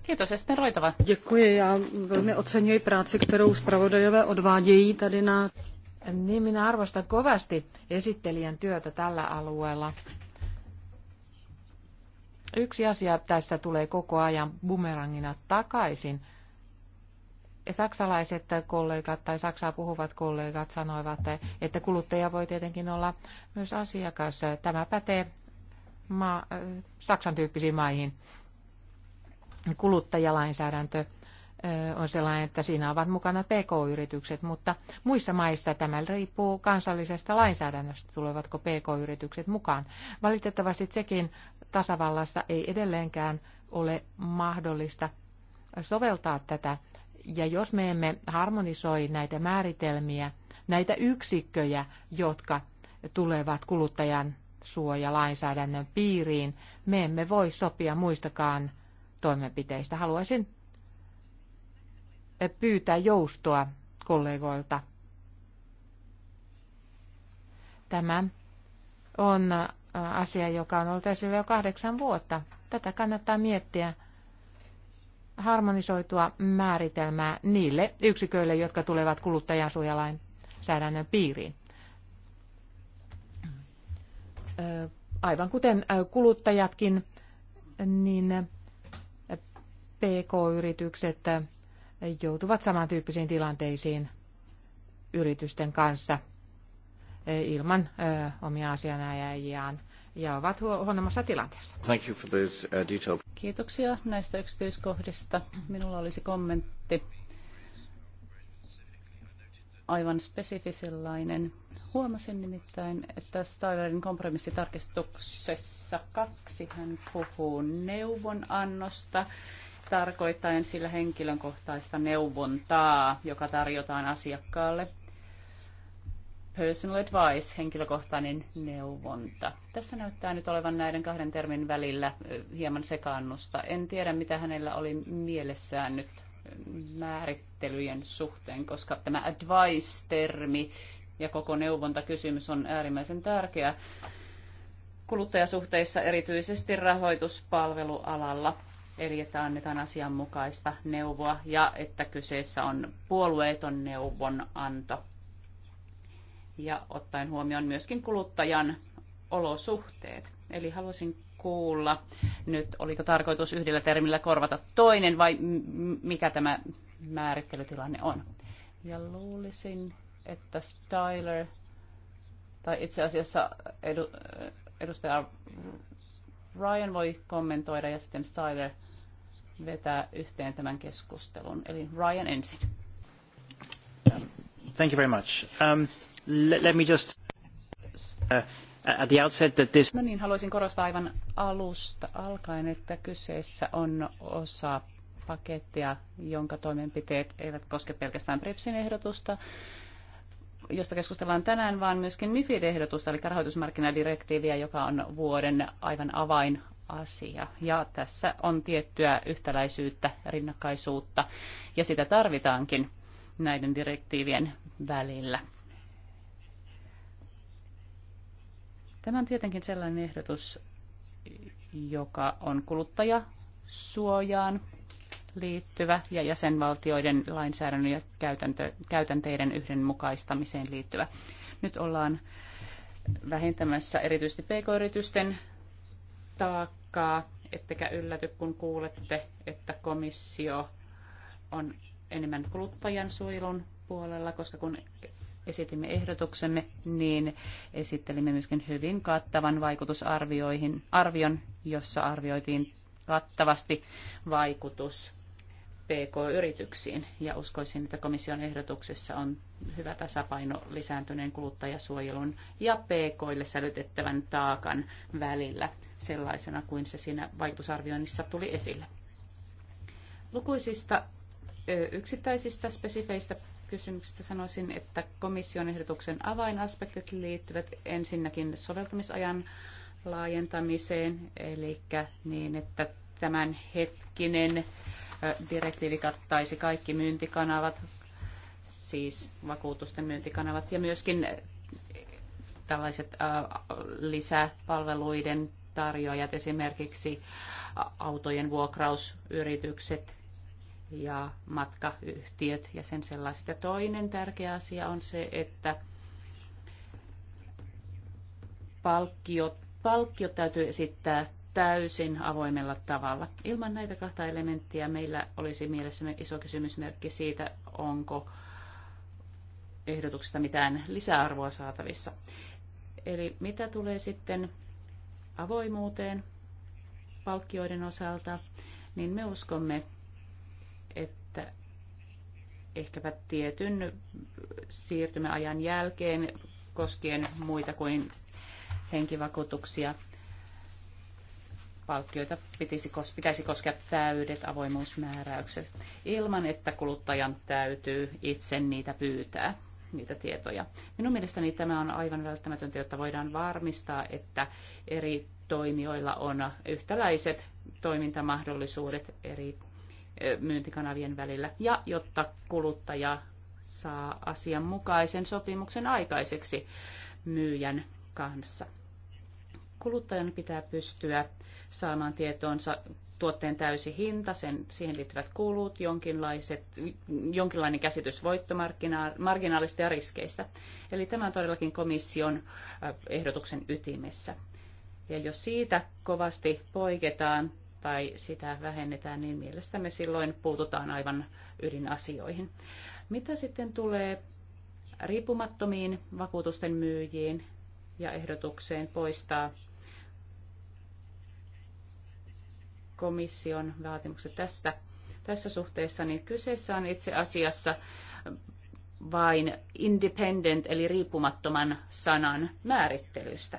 Kiitos ja sitten Roitava. Děkuji, já velmi oceňuji práci, kterou zpravodajové odvádějí tady na... Niin, minä arvostan kovasti esittelijän työtä tällä alueella. Yksi asia tässä tulee koko ajan bumerangina takaisin. Saksalaiset kollegat tai Saksaa puhuvat kollegat sanoivat, että kuluttaja voi tietenkin olla myös asiakas. Tämä pätee ma Saksan tyyppisiin maihin kuluttajalainsäädäntö on sellainen, että siinä ovat mukana pk-yritykset, mutta muissa maissa tämä riippuu kansallisesta lainsäädännöstä, tulevatko pk-yritykset mukaan. Valitettavasti sekin tasavallassa ei edelleenkään ole mahdollista soveltaa tätä. Ja jos me emme harmonisoi näitä määritelmiä, näitä yksikköjä, jotka tulevat kuluttajan suojalainsäädännön piiriin, me emme voi sopia muistakaan toimenpiteistä. Haluaisin eh, pyytää joustoa kollegoilta. Tämä on eh, asia, joka on ollut esillä jo kahdeksan vuotta. Tätä kannattaa miettiä harmonisoitua määritelmää niille yksiköille, jotka tulevat kuluttajansuojalain säädännön piiriin. Eh, aivan kuten kuluttajatkin, niin PK-yritykset joutuvat samantyyppisiin tilanteisiin yritysten kanssa ilman omia asianajajiaan ja ovat huonommassa tilanteessa. Thank you for those, uh, Kiitoksia näistä yksityiskohdista. Minulla olisi kommentti aivan spesifisellainen. Huomasin nimittäin, että Steinerin kompromissitarkistuksessa kaksi hän puhuu neuvonannosta tarkoittaen sillä henkilökohtaista neuvontaa, joka tarjotaan asiakkaalle. Personal advice, henkilökohtainen neuvonta. Tässä näyttää nyt olevan näiden kahden termin välillä hieman sekaannusta. En tiedä, mitä hänellä oli mielessään nyt määrittelyjen suhteen, koska tämä advice-termi ja koko neuvontakysymys on äärimmäisen tärkeä kuluttajasuhteissa erityisesti rahoituspalvelualalla eli että annetaan asianmukaista neuvoa ja että kyseessä on puolueeton neuvonanto. Ja ottaen huomioon myöskin kuluttajan olosuhteet. Eli haluaisin kuulla nyt, oliko tarkoitus yhdellä termillä korvata toinen vai mikä tämä määrittelytilanne on. Ja luulisin, että Styler, tai itse asiassa edu, edustaja Ryan voi kommentoida ja sitten Steiner vetää yhteen tämän keskustelun. Eli Ryan ensin. Thank you very much. Um, let, let me just uh, at the outset that this... No niin, haluaisin korostaa aivan alusta alkaen, että kyseessä on osa pakettia, jonka toimenpiteet eivät koske pelkästään BREPSin ehdotusta, josta keskustellaan tänään, vaan myöskin MIFID-ehdotusta, eli rahoitusmarkkinadirektiiviä, joka on vuoden aivan avain asia. Ja tässä on tiettyä yhtäläisyyttä, rinnakkaisuutta, ja sitä tarvitaankin näiden direktiivien välillä. Tämä on tietenkin sellainen ehdotus, joka on kuluttaja suojaan liittyvä ja jäsenvaltioiden lainsäädännön ja käytäntö, käytänteiden yhdenmukaistamiseen liittyvä. Nyt ollaan vähentämässä erityisesti pk-yritysten taakkaa, ettekä ylläty, kun kuulette, että komissio on enemmän kuluttajan suojelun puolella, koska kun esitimme ehdotuksemme, niin esittelimme myöskin hyvin kattavan vaikutusarvioihin, arvion, jossa arvioitiin kattavasti vaikutus PK-yrityksiin. Ja uskoisin, että komission ehdotuksessa on hyvä tasapaino lisääntyneen kuluttajasuojelun ja PKille sälytettävän taakan välillä sellaisena kuin se siinä vaikutusarvioinnissa tuli esille. Lukuisista yksittäisistä spesifeistä kysymyksistä sanoisin, että komission ehdotuksen avainaspektit liittyvät ensinnäkin soveltamisajan laajentamiseen, eli niin, että tämänhetkinen direktiivi kattaisi kaikki myyntikanavat, siis vakuutusten myyntikanavat ja myöskin tällaiset lisäpalveluiden tarjoajat, esimerkiksi autojen vuokrausyritykset ja matkayhtiöt ja sen sellaiset. Ja toinen tärkeä asia on se, että palkkiot, palkkiot täytyy esittää täysin avoimella tavalla. Ilman näitä kahta elementtiä meillä olisi mielessämme iso kysymysmerkki siitä, onko ehdotuksesta mitään lisäarvoa saatavissa. Eli mitä tulee sitten avoimuuteen palkkioiden osalta, niin me uskomme, että ehkäpä tietyn siirtymäajan jälkeen koskien muita kuin henkivakuutuksia palkkioita pitäisi, pitäisi koskea täydet avoimuusmääräykset ilman, että kuluttajan täytyy itse niitä pyytää, niitä tietoja. Minun mielestäni tämä on aivan välttämätöntä, jotta voidaan varmistaa, että eri toimijoilla on yhtäläiset toimintamahdollisuudet eri myyntikanavien välillä ja jotta kuluttaja saa asianmukaisen sopimuksen aikaiseksi myyjän kanssa. Kuluttajan pitää pystyä saamaan tietoonsa tuotteen täysi hinta, sen, siihen liittyvät kulut, jonkinlaiset, jonkinlainen käsitys voittomarginaalista ja riskeistä. Eli tämä on todellakin komission ehdotuksen ytimessä. Ja jos siitä kovasti poiketaan tai sitä vähennetään, niin mielestämme silloin puututaan aivan ydinasioihin. Mitä sitten tulee riippumattomiin vakuutusten myyjiin ja ehdotukseen poistaa komission vaatimukset tästä, tässä suhteessa, niin kyseessä on itse asiassa vain independent eli riippumattoman sanan määrittelystä.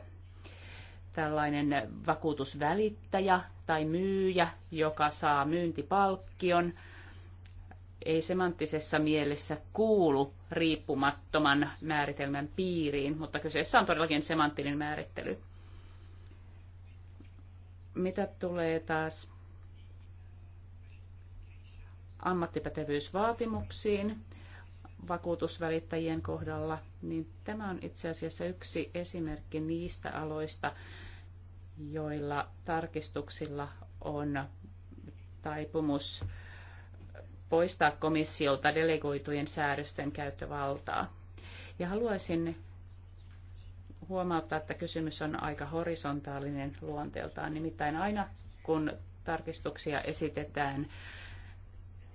Tällainen vakuutusvälittäjä tai myyjä, joka saa myyntipalkkion, ei semanttisessa mielessä kuulu riippumattoman määritelmän piiriin, mutta kyseessä on todellakin semanttinen määrittely. Mitä tulee taas ammattipätevyysvaatimuksiin vakuutusvälittäjien kohdalla, niin tämä on itse asiassa yksi esimerkki niistä aloista, joilla tarkistuksilla on taipumus poistaa komissiolta delegoitujen säädösten käyttövaltaa. Ja haluaisin huomauttaa, että kysymys on aika horisontaalinen luonteeltaan, nimittäin aina kun tarkistuksia esitetään,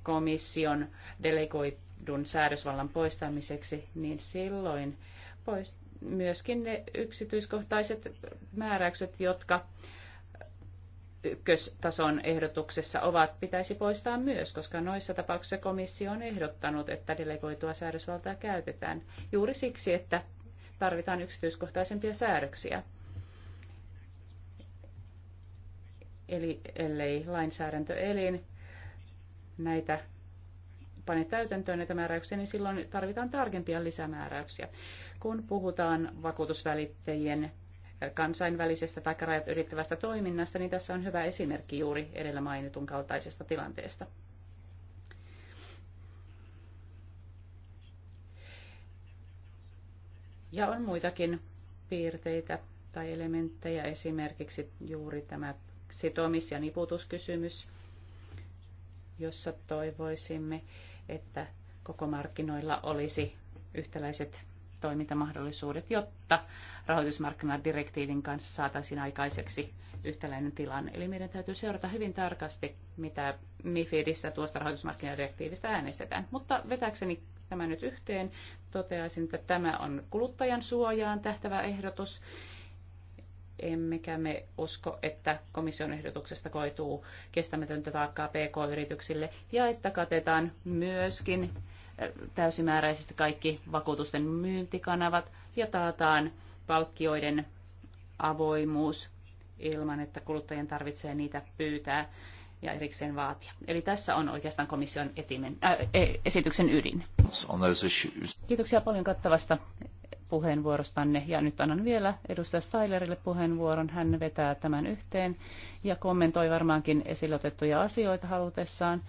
komission delegoidun säädösvallan poistamiseksi, niin silloin pois myöskin ne yksityiskohtaiset määräykset, jotka ykköstason ehdotuksessa ovat, pitäisi poistaa myös, koska noissa tapauksissa komissio on ehdottanut, että delegoitua säädösvaltaa käytetään juuri siksi, että tarvitaan yksityiskohtaisempia säädöksiä. Eli ellei lainsäädäntöelin näitä pane täytäntöön näitä määräyksiä, niin silloin tarvitaan tarkempia lisämääräyksiä. Kun puhutaan vakuutusvälittäjien kansainvälisestä tai rajat ylittävästä toiminnasta, niin tässä on hyvä esimerkki juuri edellä mainitun kaltaisesta tilanteesta. Ja on muitakin piirteitä tai elementtejä, esimerkiksi juuri tämä sitomis- ja niputuskysymys, jossa toivoisimme, että koko markkinoilla olisi yhtäläiset toimintamahdollisuudet, jotta rahoitusmarkkinadirektiivin kanssa saataisiin aikaiseksi yhtäläinen tilanne. Eli meidän täytyy seurata hyvin tarkasti, mitä MIFIDistä tuosta rahoitusmarkkinadirektiivistä äänestetään. Mutta vetäkseni tämä nyt yhteen, toteaisin, että tämä on kuluttajan suojaan tähtävä ehdotus emmekä me usko, että komission ehdotuksesta koituu kestämätöntä taakkaa PK-yrityksille ja että katetaan myöskin äh, täysimääräisesti kaikki vakuutusten myyntikanavat ja taataan palkkioiden avoimuus ilman, että kuluttajien tarvitsee niitä pyytää ja erikseen vaatia. Eli tässä on oikeastaan komission etimen, äh, e- esityksen ydin. Kiitoksia paljon kattavasta puheenvuorostanne. Ja nyt annan vielä edustaja Stylerille puheenvuoron. Hän vetää tämän yhteen ja kommentoi varmaankin esille otettuja asioita halutessaan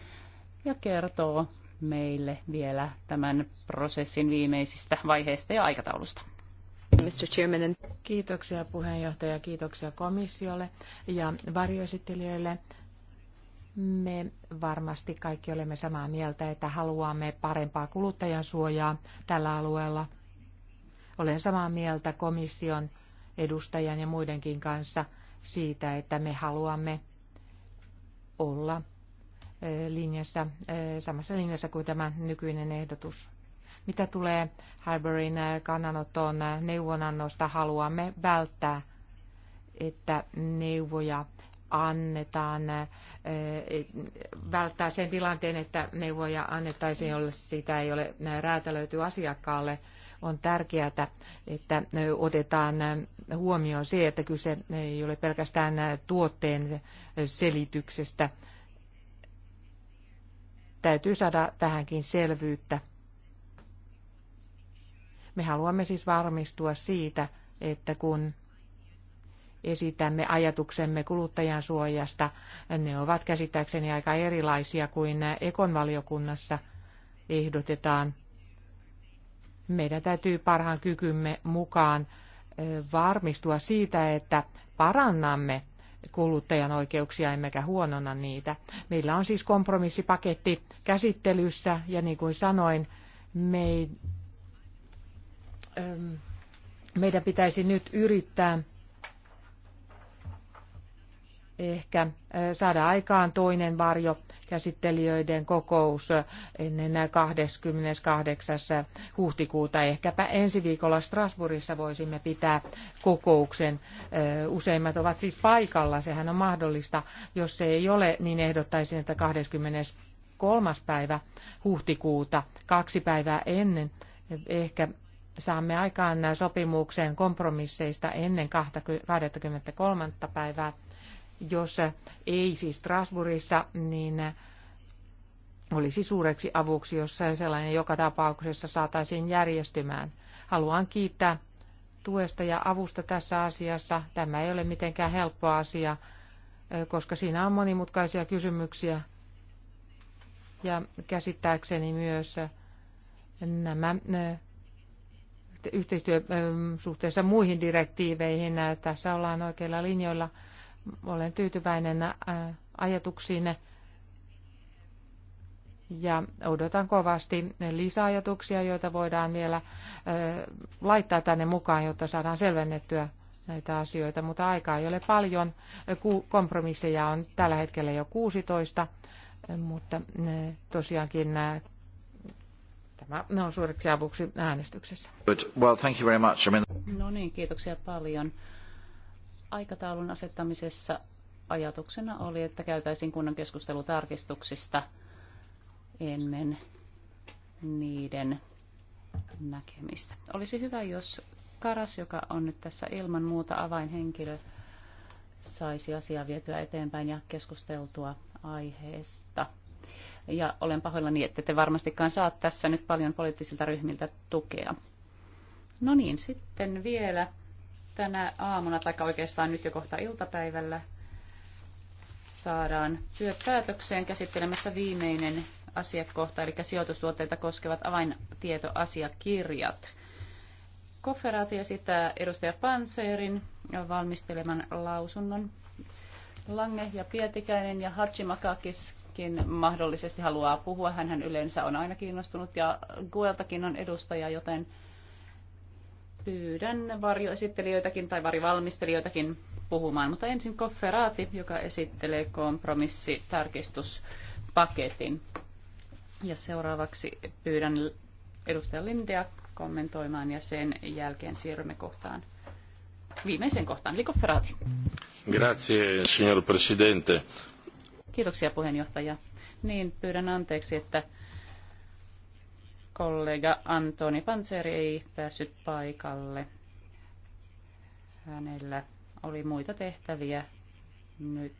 ja kertoo meille vielä tämän prosessin viimeisistä vaiheista ja aikataulusta. Mr. Chairman. Kiitoksia puheenjohtaja, kiitoksia komissiolle ja varjoesittelijöille. Me varmasti kaikki olemme samaa mieltä, että haluamme parempaa kuluttajansuojaa tällä alueella – olen samaa mieltä komission edustajan ja muidenkin kanssa siitä, että me haluamme olla linjassa, samassa linjassa kuin tämä nykyinen ehdotus. Mitä tulee Harborin kannanottoon neuvonannosta, haluamme välttää, että neuvoja annetaan, e, välttää sen tilanteen, että neuvoja annettaisiin, jolle sitä ei ole räätälöity asiakkaalle – on tärkeää, että otetaan huomioon se, että kyse ei ole pelkästään tuotteen selityksestä. Täytyy saada tähänkin selvyyttä. Me haluamme siis varmistua siitä, että kun esitämme ajatuksemme kuluttajan suojasta, ne ovat käsittääkseni aika erilaisia kuin ekonvaliokunnassa ehdotetaan meidän täytyy parhaan kykymme mukaan varmistua siitä, että parannamme kuluttajan oikeuksia emmekä huonona niitä. Meillä on siis kompromissipaketti käsittelyssä ja niin kuin sanoin, me ei, meidän pitäisi nyt yrittää ehkä eh, saada aikaan toinen varjo käsittelijöiden kokous eh, ennen 28. huhtikuuta. Ehkäpä ensi viikolla Strasbourgissa voisimme pitää kokouksen. Eh, useimmat ovat siis paikalla, sehän on mahdollista. Jos se ei ole, niin ehdottaisin, että 23. päivä huhtikuuta, kaksi päivää ennen, ehkä saamme aikaan sopimuksen kompromisseista ennen 23. päivää jos ei siis Strasbourgissa, niin olisi suureksi avuksi, jos sellainen joka tapauksessa saataisiin järjestymään. Haluan kiittää tuesta ja avusta tässä asiassa. Tämä ei ole mitenkään helppo asia, koska siinä on monimutkaisia kysymyksiä. Ja käsittääkseni myös nämä yhteistyösuhteessa muihin direktiiveihin. Tässä ollaan oikeilla linjoilla. Olen tyytyväinen äh, ajatuksiinne ja odotan kovasti lisäajatuksia, joita voidaan vielä äh, laittaa tänne mukaan, jotta saadaan selvennettyä näitä asioita, mutta aikaa ei ole paljon. Kompromisseja on tällä hetkellä jo 16, mutta äh, tosiaankin tämä on suureksi avuksi äänestyksessä. No niin, kiitoksia paljon aikataulun asettamisessa ajatuksena oli, että käytäisiin kunnan keskustelutarkistuksista ennen niiden näkemistä. Olisi hyvä, jos Karas, joka on nyt tässä ilman muuta avainhenkilö, saisi asiaa vietyä eteenpäin ja keskusteltua aiheesta. Ja olen pahoillani, että te varmastikaan saat tässä nyt paljon poliittisilta ryhmiltä tukea. No niin, sitten vielä tänä aamuna, tai oikeastaan nyt jo kohta iltapäivällä, saadaan työpäätökseen käsittelemässä viimeinen asiakohta, eli sijoitustuotteita koskevat avaintietoasiakirjat. Kofferaati esittää edustaja Panseerin valmisteleman lausunnon. Lange ja Pietikäinen ja Makakiskin mahdollisesti haluaa puhua. hän yleensä on aina kiinnostunut ja Gueltakin on edustaja, joten pyydän varjoesittelijöitäkin tai varivalmistelijoitakin puhumaan. Mutta ensin Kofferaati, joka esittelee kompromissitarkistuspaketin. Ja seuraavaksi pyydän edustaja Lindea kommentoimaan ja sen jälkeen siirrymme kohtaan viimeiseen kohtaan, eli Kofferaati. Grazie, signor Presidente. Kiitoksia puheenjohtaja. Niin, pyydän anteeksi, että kollega Antoni Panseri ei päässyt paikalle. Hänellä oli muita tehtäviä nyt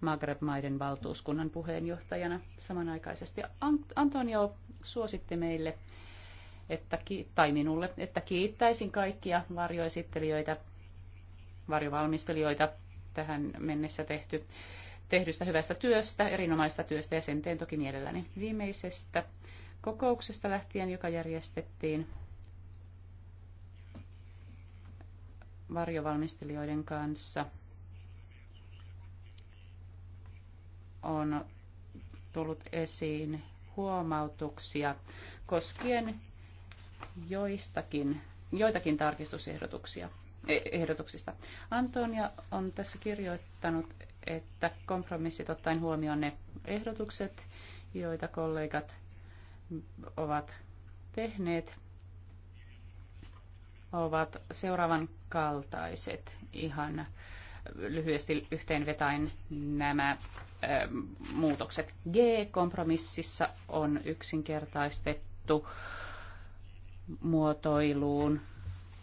Maghreb-maiden valtuuskunnan puheenjohtajana samanaikaisesti. Antonio suositti meille, että, tai minulle, että kiittäisin kaikkia varjoesittelijöitä, varjovalmistelijoita tähän mennessä tehty, tehdystä hyvästä työstä, erinomaista työstä ja sen teen toki mielelläni viimeisestä kokouksesta lähtien, joka järjestettiin varjovalmistelijoiden kanssa. On tullut esiin huomautuksia koskien joistakin, joitakin tarkistusehdotuksia e, ehdotuksista. Antonia on tässä kirjoittanut, että kompromissit ottaen huomioon ne ehdotukset, joita kollegat ovat tehneet, ovat seuraavan kaltaiset ihan lyhyesti yhteenvetäen nämä ähm, muutokset. G-kompromississa on yksinkertaistettu muotoiluun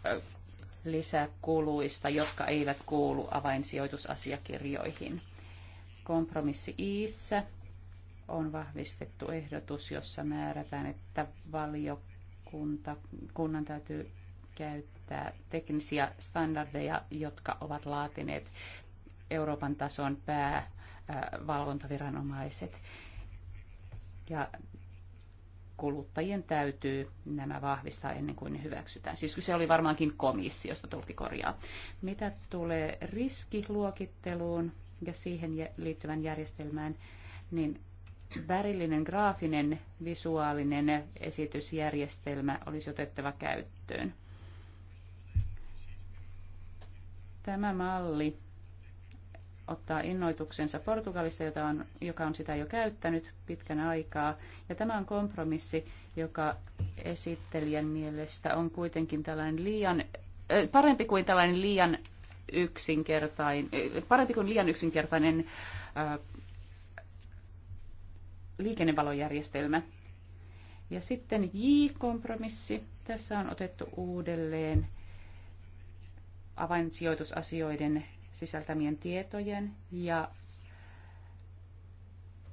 äh, lisäkuluista, jotka eivät kuulu avainsijoitusasiakirjoihin. Kompromissi Iissä on vahvistettu ehdotus, jossa määrätään, että valiokunta, kunnan täytyy käyttää teknisiä standardeja, jotka ovat laatineet Euroopan tason päävalvontaviranomaiset. Ja kuluttajien täytyy nämä vahvistaa ennen kuin ne hyväksytään. Siis se oli varmaankin komissiosta, tulti korjaa. Mitä tulee riskiluokitteluun ja siihen liittyvän järjestelmään, niin värillinen, graafinen, visuaalinen esitysjärjestelmä olisi otettava käyttöön. Tämä malli ottaa innoituksensa Portugalista, jota on, joka on sitä jo käyttänyt pitkän aikaa. Ja tämä on kompromissi, joka esittelijän mielestä on kuitenkin tällainen liian, äh, parempi kuin tällainen liian yksinkertainen, äh, parempi kuin liian yksinkertainen äh, liikennevalojärjestelmä. Ja sitten J-kompromissi. Tässä on otettu uudelleen avainsijoitusasioiden sisältämien tietojen ja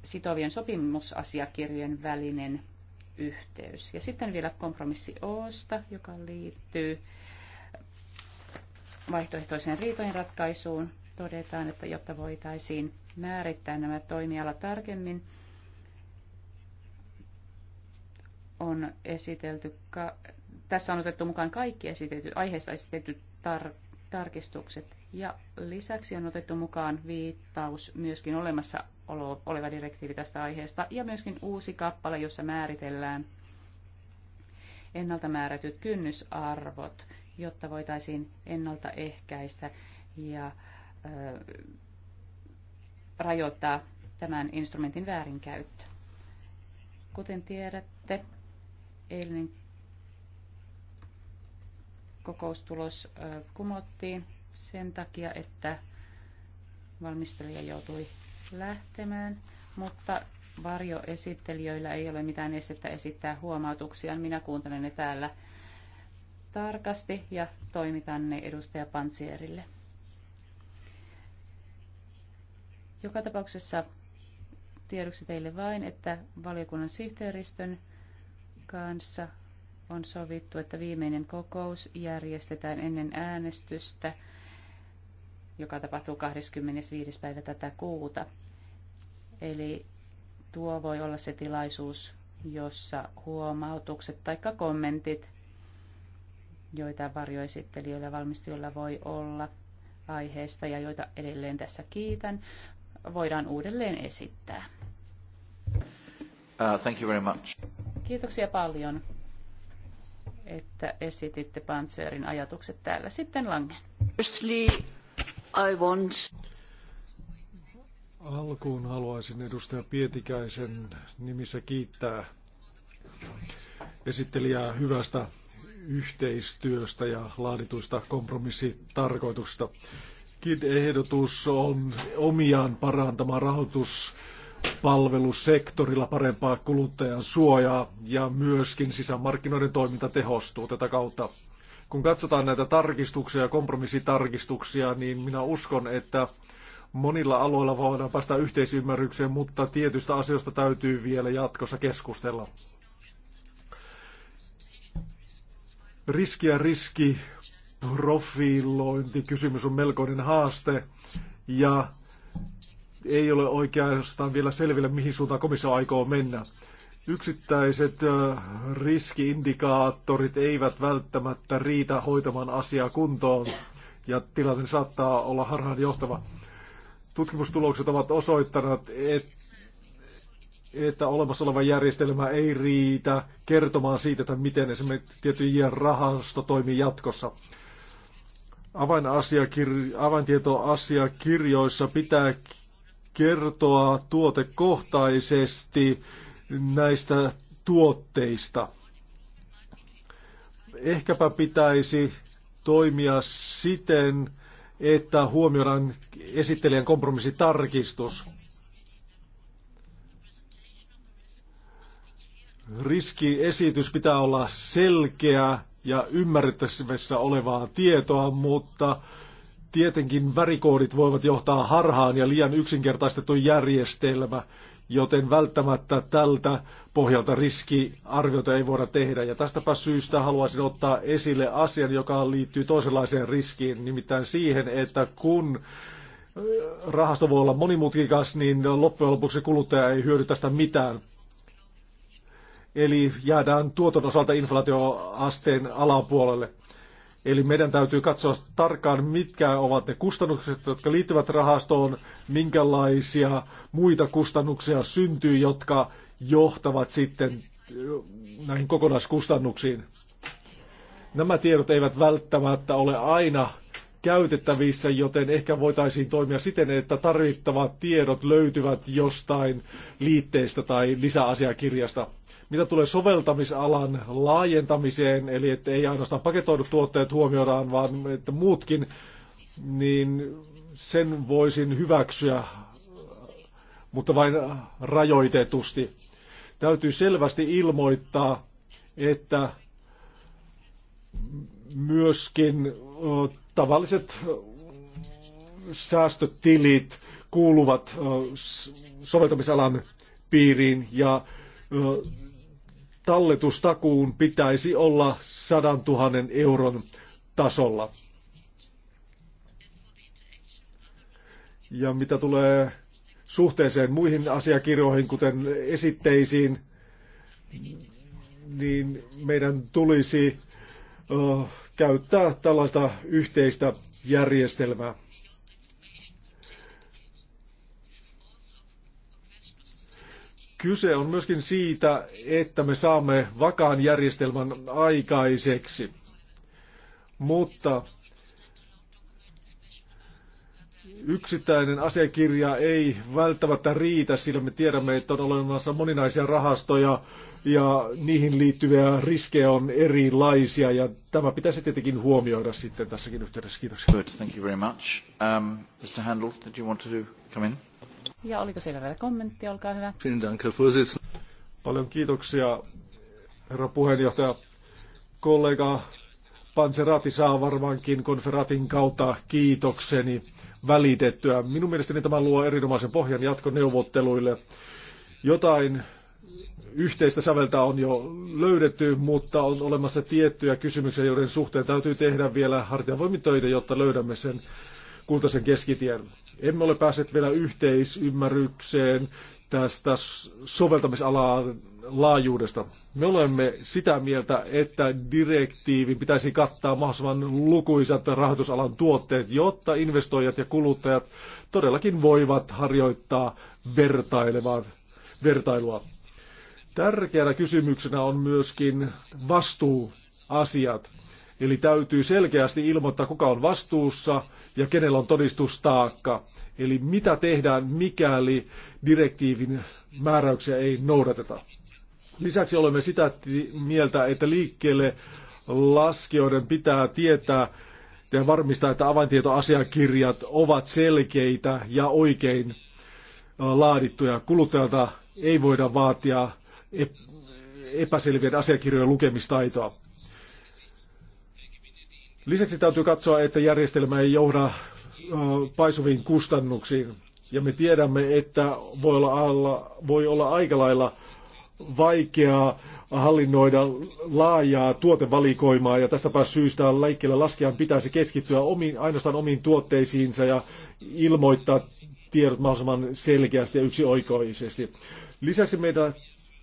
sitovien sopimusasiakirjojen välinen yhteys. Ja sitten vielä kompromissi osta, joka liittyy vaihtoehtoiseen riitojen ratkaisuun. Todetaan, että jotta voitaisiin määrittää nämä toimialat tarkemmin, on esitelty, tässä on otettu mukaan kaikki esitetyt, aiheesta esitetyt tar- tarkistukset ja lisäksi on otettu mukaan viittaus myöskin olemassa oleva direktiivi tästä aiheesta ja myöskin uusi kappale, jossa määritellään ennalta määrätyt kynnysarvot, jotta voitaisiin ennaltaehkäistä ja ö, rajoittaa tämän instrumentin väärinkäyttö. Kuten tiedätte, Eilinen kokoustulos kumottiin sen takia, että valmistelija joutui lähtemään, mutta varjoesittelijöillä ei ole mitään estettä esittää huomautuksia. Minä kuuntelen ne täällä tarkasti ja toimitan ne edustaja Pansierille. Joka tapauksessa tiedoksi teille vain, että valiokunnan sihteeristön kanssa on sovittu, että viimeinen kokous järjestetään ennen äänestystä, joka tapahtuu 25. päivä tätä kuuta. Eli tuo voi olla se tilaisuus, jossa huomautukset tai kommentit, joita varjoesittelijöillä ja voi olla aiheesta ja joita edelleen tässä kiitän, voidaan uudelleen esittää. Uh, thank you very much. Kiitoksia paljon, että esititte Panzerin ajatukset täällä. Sitten Langen. Firstly, I want... Alkuun haluaisin edustaja Pietikäisen nimissä kiittää esittelijää hyvästä yhteistyöstä ja laadituista kompromissitarkoituksista. KID-ehdotus on omiaan parantamaan rahoitus palvelusektorilla parempaa kuluttajan suojaa ja myöskin sisämarkkinoiden toiminta tehostuu tätä kautta. Kun katsotaan näitä tarkistuksia ja kompromissitarkistuksia, niin minä uskon, että monilla aloilla voidaan päästä yhteisymmärrykseen, mutta tietystä asioista täytyy vielä jatkossa keskustella. Riski ja riski profilointi kysymys on melkoinen haaste ja ei ole oikeastaan vielä selville, mihin suuntaan komissio aikoo mennä. Yksittäiset riskiindikaattorit eivät välttämättä riitä hoitamaan asiaa kuntoon ja tilanne saattaa olla harhaanjohtava. Tutkimustulokset ovat osoittaneet, että olemassa oleva järjestelmä ei riitä kertomaan siitä, että miten esimerkiksi tiettyjen rahasto toimii jatkossa avaintietoasiakirjoissa pitää kertoa tuotekohtaisesti näistä tuotteista. Ehkäpä pitäisi toimia siten, että huomioidaan esittelijän kompromissitarkistus. Riskiesitys pitää olla selkeä ja ymmärrettävissä olevaa tietoa, mutta Tietenkin värikoodit voivat johtaa harhaan ja liian yksinkertaistettu järjestelmä, joten välttämättä tältä pohjalta riskiarviota ei voida tehdä. Ja tästäpä syystä haluaisin ottaa esille asian, joka liittyy toisenlaiseen riskiin, nimittäin siihen, että kun äh, rahasto voi olla monimutkikas, niin loppujen lopuksi kuluttaja ei hyödy tästä mitään. Eli jäädään tuoton osalta inflaatioasteen alapuolelle. Eli meidän täytyy katsoa tarkkaan, mitkä ovat ne kustannukset, jotka liittyvät rahastoon, minkälaisia muita kustannuksia syntyy, jotka johtavat sitten äh, näihin kokonaiskustannuksiin. Nämä tiedot eivät välttämättä ole aina käytettävissä, joten ehkä voitaisiin toimia siten, että tarvittavat tiedot löytyvät jostain liitteestä tai lisäasiakirjasta. Mitä tulee soveltamisalan laajentamiseen, eli että ei ainoastaan paketoidut tuotteet huomioidaan, vaan että muutkin, niin sen voisin hyväksyä, mutta vain rajoitetusti. Täytyy selvästi ilmoittaa, että myöskin tavalliset säästötilit kuuluvat soveltamisalan piiriin ja talletustakuun pitäisi olla 100 000 euron tasolla. Ja mitä tulee suhteeseen muihin asiakirjoihin, kuten esitteisiin, niin meidän tulisi käyttää tällaista yhteistä järjestelmää. Kyse on myöskin siitä, että me saamme vakaan järjestelmän aikaiseksi. Mutta yksittäinen asiakirja ei välttämättä riitä, sillä me tiedämme, että on olemassa moninaisia rahastoja, ja niihin liittyviä riskejä on erilaisia ja tämä pitäisi tietenkin huomioida sitten tässäkin yhteydessä. Kiitoksia. Good, thank you very much. Um, Mr. Handel, did you want to come in? Ja oliko siellä vielä kommentti, olkaa hyvä. Paljon kiitoksia, herra puheenjohtaja. Kollega Panserati saa varmaankin konferatin kautta kiitokseni välitettyä. Minun mielestäni tämä luo erinomaisen pohjan jatkoneuvotteluille. Jotain yhteistä säveltä on jo löydetty, mutta on olemassa tiettyjä kysymyksiä, joiden suhteen täytyy tehdä vielä hartiavoimitöitä, jotta löydämme sen kultaisen keskitien. Emme ole päässeet vielä yhteisymmärrykseen tästä soveltamisalan laajuudesta. Me olemme sitä mieltä, että direktiivin pitäisi kattaa mahdollisimman lukuisat rahoitusalan tuotteet, jotta investoijat ja kuluttajat todellakin voivat harjoittaa vertailevaa vertailua. Tärkeänä kysymyksenä on myöskin vastuuasiat. Eli täytyy selkeästi ilmoittaa, kuka on vastuussa ja kenellä on todistustaakka. Eli mitä tehdään, mikäli direktiivin määräyksiä ei noudateta. Lisäksi olemme sitä mieltä, että liikkeelle laskijoiden pitää tietää ja varmistaa, että avaintietoasiakirjat ovat selkeitä ja oikein laadittuja. Kuluttajalta ei voida vaatia epäselvien asiakirjojen lukemistaitoa. Lisäksi täytyy katsoa, että järjestelmä ei johda paisuviin kustannuksiin. Ja me tiedämme, että voi olla, alla, voi olla aika lailla vaikeaa hallinnoida laajaa tuotevalikoimaa ja tästä syystä liikkeellä laskijan pitäisi keskittyä omiin, ainoastaan omiin tuotteisiinsa ja ilmoittaa tiedot mahdollisimman selkeästi ja yksioikoisesti. Lisäksi meidän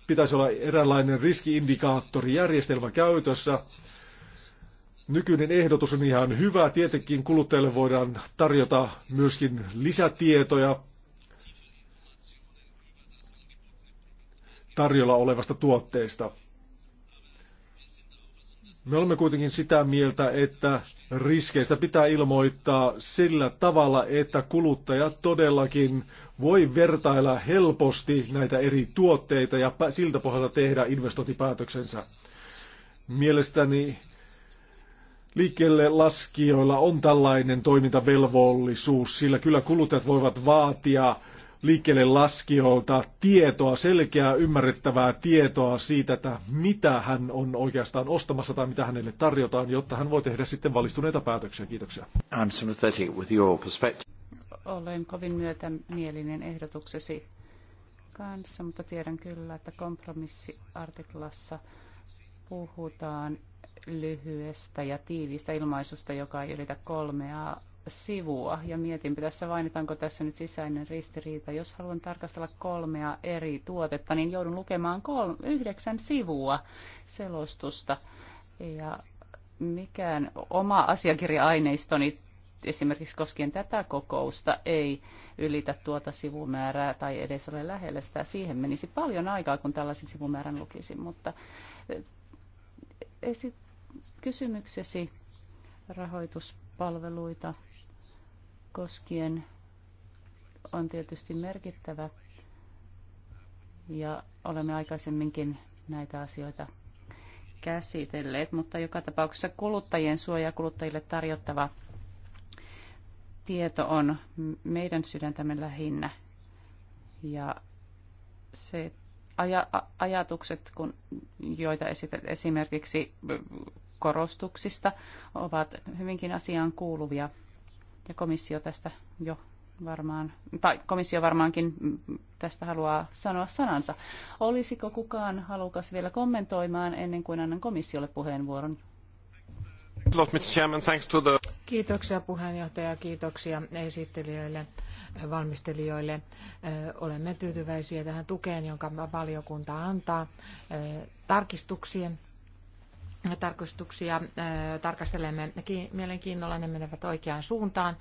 pitäisi olla eräänlainen riskiindikaattorijärjestelmä käytössä. Nykyinen ehdotus on ihan hyvä. Tietenkin kuluttajille voidaan tarjota myöskin lisätietoja tarjolla olevasta tuotteesta. Me olemme kuitenkin sitä mieltä, että riskeistä pitää ilmoittaa sillä tavalla, että kuluttaja todellakin voi vertailla helposti näitä eri tuotteita ja siltä pohjalta tehdä investointipäätöksensä. Mielestäni liikkeelle laskijoilla on tällainen toimintavelvollisuus, sillä kyllä kuluttajat voivat vaatia liikkeelle laskijoilta tietoa, selkeää ymmärrettävää tietoa siitä, että mitä hän on oikeastaan ostamassa tai mitä hänelle tarjotaan, jotta hän voi tehdä sitten valistuneita päätöksiä. Kiitoksia. I'm sympathetic with your perspective. Olen kovin myötämielinen ehdotuksesi kanssa, mutta tiedän kyllä, että kompromissiartiklassa puhutaan lyhyestä ja tiivistä ilmaisusta, joka ei ylitä kolmea sivua ja vain, tässä vainitaanko tässä nyt sisäinen ristiriita. Jos haluan tarkastella kolmea eri tuotetta, niin joudun lukemaan kolme, yhdeksän sivua selostusta. Ja mikään oma asiakirja-aineistoni esimerkiksi koskien tätä kokousta ei ylitä tuota sivumäärää tai edes ole lähellä sitä. Siihen menisi paljon aikaa, kun tällaisen sivumäärän lukisin, mutta eh, esi- kysymyksesi rahoituspalveluita koskien on tietysti merkittävä ja olemme aikaisemminkin näitä asioita käsitelleet, mutta joka tapauksessa kuluttajien suoja kuluttajille tarjottava tieto on meidän sydäntämme lähinnä. Ja se aja, ajatukset, kun, joita esität esimerkiksi korostuksista, ovat hyvinkin asiaan kuuluvia ja komissio tästä jo varmaan, tai komissio varmaankin tästä haluaa sanoa sanansa. Olisiko kukaan halukas vielä kommentoimaan ennen kuin annan komissiolle puheenvuoron? Kiitoksia puheenjohtaja, kiitoksia esittelijöille, valmistelijoille. Olemme tyytyväisiä tähän tukeen, jonka valiokunta antaa tarkistuksien tarkastuksia tarkastelemme mielenkiinnolla, ne menevät oikeaan suuntaan.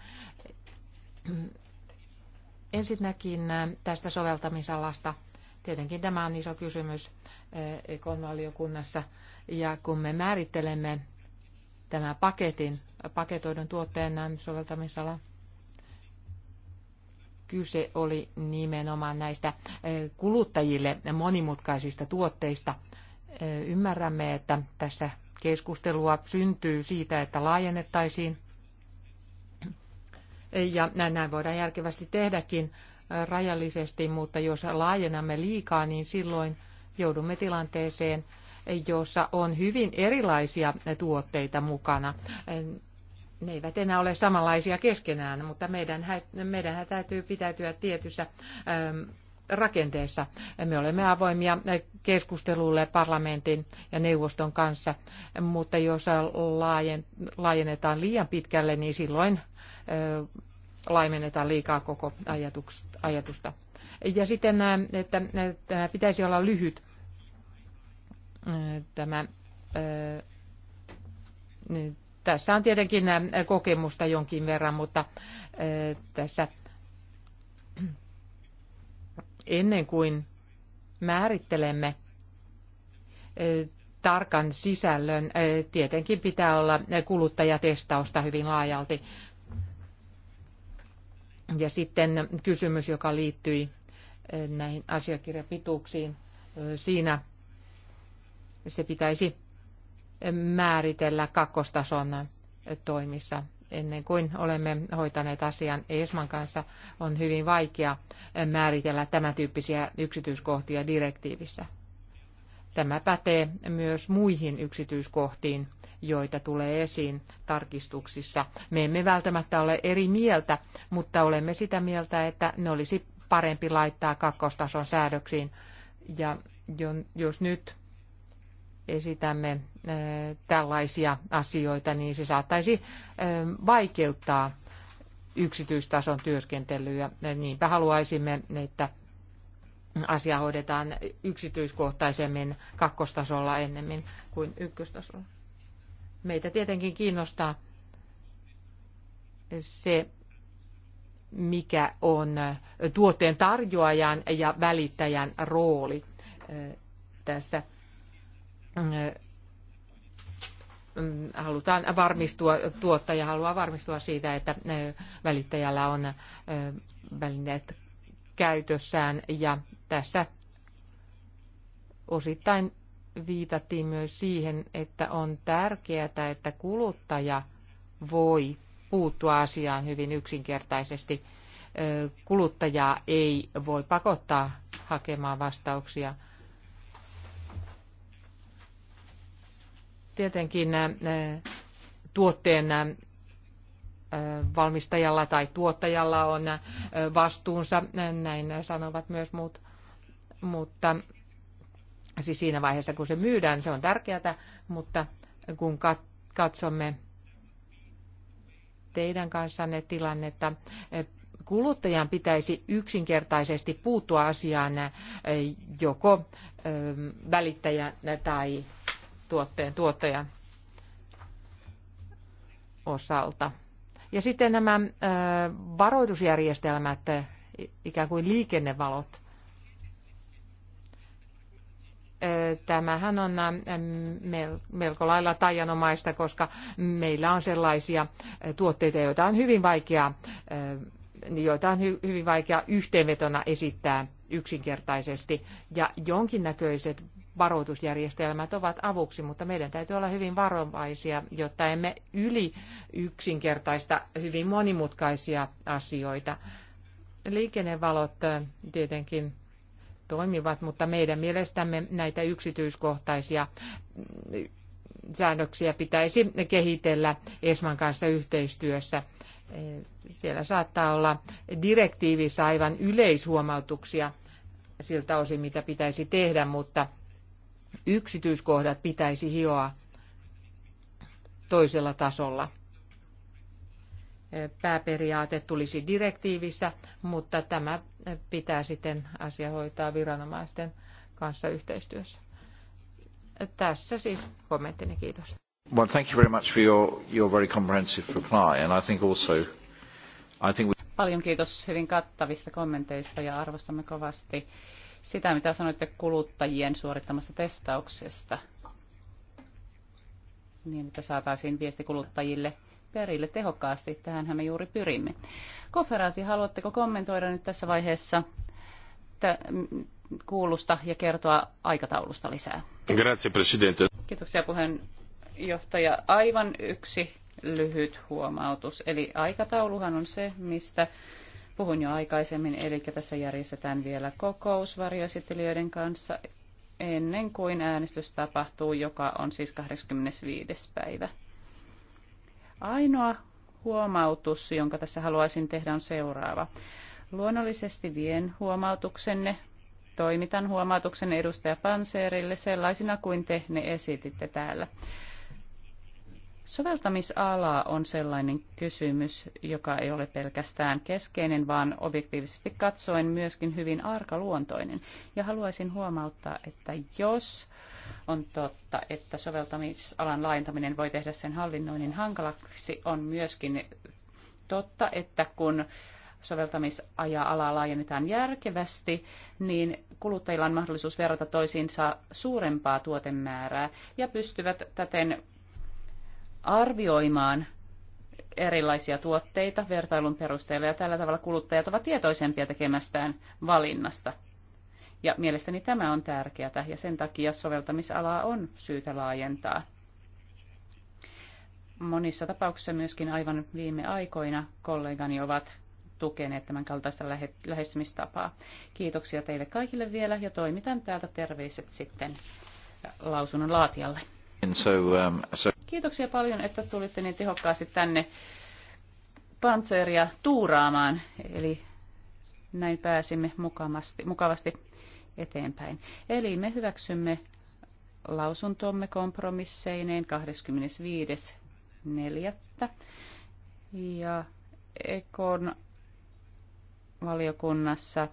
Ensinnäkin tästä soveltamisalasta. Tietenkin tämä on iso kysymys ekonvaliokunnassa. Ja kun me määrittelemme tämän paketin, paketoidun tuotteen soveltamisala, kyse oli nimenomaan näistä kuluttajille monimutkaisista tuotteista – ymmärrämme, että tässä keskustelua syntyy siitä, että laajennettaisiin. Ja näin voidaan järkevästi tehdäkin rajallisesti, mutta jos laajennamme liikaa, niin silloin joudumme tilanteeseen, jossa on hyvin erilaisia tuotteita mukana. Ne eivät enää ole samanlaisia keskenään, mutta meidän, meidän täytyy pitäytyä tietyssä rakenteessa. Me olemme avoimia keskustelulle parlamentin ja neuvoston kanssa, mutta jos laajennetaan liian pitkälle, niin silloin laimennetaan liikaa koko ajatusta. Ja sitten, että tämä pitäisi olla lyhyt tämä niin tässä on tietenkin kokemusta jonkin verran, mutta tässä ennen kuin määrittelemme tarkan sisällön, tietenkin pitää olla kuluttajatestausta hyvin laajalti. Ja sitten kysymys, joka liittyi näihin asiakirjapituuksiin, siinä se pitäisi määritellä kakkostason toimissa ennen kuin olemme hoitaneet asian ESMAn kanssa, on hyvin vaikea määritellä tämän tyyppisiä yksityiskohtia direktiivissä. Tämä pätee myös muihin yksityiskohtiin, joita tulee esiin tarkistuksissa. Me emme välttämättä ole eri mieltä, mutta olemme sitä mieltä, että ne olisi parempi laittaa kakkostason säädöksiin. Ja jos nyt esitämme eh, tällaisia asioita, niin se saattaisi eh, vaikeuttaa yksityistason työskentelyä. Niinpä haluaisimme, että asia hoidetaan yksityiskohtaisemmin kakkostasolla ennemmin kuin ykköstasolla. Meitä tietenkin kiinnostaa se, mikä on tuotteen tarjoajan ja välittäjän rooli eh, tässä Äh, halutaan varmistua, tuottaja haluaa varmistua siitä, että äh, välittäjällä on äh, välineet käytössään ja tässä osittain viitattiin myös siihen, että on tärkeää, että kuluttaja voi puuttua asiaan hyvin yksinkertaisesti. Kuluttajaa ei voi pakottaa hakemaan vastauksia Tietenkin tuotteen valmistajalla tai tuottajalla on vastuunsa, näin sanovat myös muut, mutta siis siinä vaiheessa kun se myydään, se on tärkeää, mutta kun katsomme teidän kanssanne tilannetta, kuluttajan pitäisi yksinkertaisesti puuttua asiaan joko välittäjä tai tuotteen tuottajan osalta. Ja sitten nämä varoitusjärjestelmät, ikään kuin liikennevalot. Tämähän on melko lailla tajanomaista, koska meillä on sellaisia tuotteita, joita on hyvin vaikea, joita on hyvin vaikea yhteenvetona esittää yksinkertaisesti. Ja jonkinnäköiset varoitusjärjestelmät ovat avuksi, mutta meidän täytyy olla hyvin varovaisia, jotta emme yli yksinkertaista hyvin monimutkaisia asioita. Liikennevalot tietenkin toimivat, mutta meidän mielestämme näitä yksityiskohtaisia mm, säännöksiä pitäisi kehitellä ESMAn kanssa yhteistyössä. E, siellä saattaa olla direktiivissä aivan yleishuomautuksia siltä osin, mitä pitäisi tehdä, mutta yksityiskohdat pitäisi hioa toisella tasolla. Pääperiaate tulisi direktiivissä, mutta tämä pitää sitten asia hoitaa viranomaisten kanssa yhteistyössä. Tässä siis kommenttini, kiitos. Well, thank you very much for your, your very comprehensive reply, and I think also, I think we... Paljon kiitos hyvin kattavista kommenteista ja arvostamme kovasti sitä, mitä sanoitte kuluttajien suorittamasta testauksesta, niin että saataisiin viesti kuluttajille perille tehokkaasti. Tähänhän me juuri pyrimme. Koferaati, haluatteko kommentoida nyt tässä vaiheessa kuulusta ja kertoa aikataulusta lisää? Grazie, Presidente. Kiitoksia puheenjohtaja. Aivan yksi lyhyt huomautus. Eli aikatauluhan on se, mistä puhuin jo aikaisemmin, eli tässä järjestetään vielä kokous varjoesittelijöiden kanssa ennen kuin äänestys tapahtuu, joka on siis 25. päivä. Ainoa huomautus, jonka tässä haluaisin tehdä, on seuraava. Luonnollisesti vien huomautuksenne, toimitan huomautuksenne edustaja Panseerille sellaisina kuin te ne esititte täällä. Soveltamisala on sellainen kysymys, joka ei ole pelkästään keskeinen, vaan objektiivisesti katsoen myöskin hyvin arkaluontoinen. Ja haluaisin huomauttaa, että jos on totta, että soveltamisalan laajentaminen voi tehdä sen hallinnoinnin hankalaksi, on myöskin totta, että kun soveltamisaja alaa laajennetaan järkevästi, niin kuluttajilla on mahdollisuus verrata toisiinsa suurempaa tuotemäärää ja pystyvät täten arvioimaan erilaisia tuotteita vertailun perusteella ja tällä tavalla kuluttajat ovat tietoisempia tekemästään valinnasta. Ja mielestäni tämä on tärkeää ja sen takia soveltamisalaa on syytä laajentaa. Monissa tapauksissa myöskin aivan viime aikoina kollegani ovat tukeneet tämän kaltaista lähestymistapaa. Kiitoksia teille kaikille vielä ja toimitan täältä terveiset sitten lausunnon laatijalle. So, um, so... Kiitoksia paljon, että tulitte niin tehokkaasti tänne panseeria tuuraamaan, eli näin pääsimme mukavasti, mukavasti eteenpäin. Eli me hyväksymme lausuntomme kompromisseineen 25.4. Ja Ekon valiokunnassa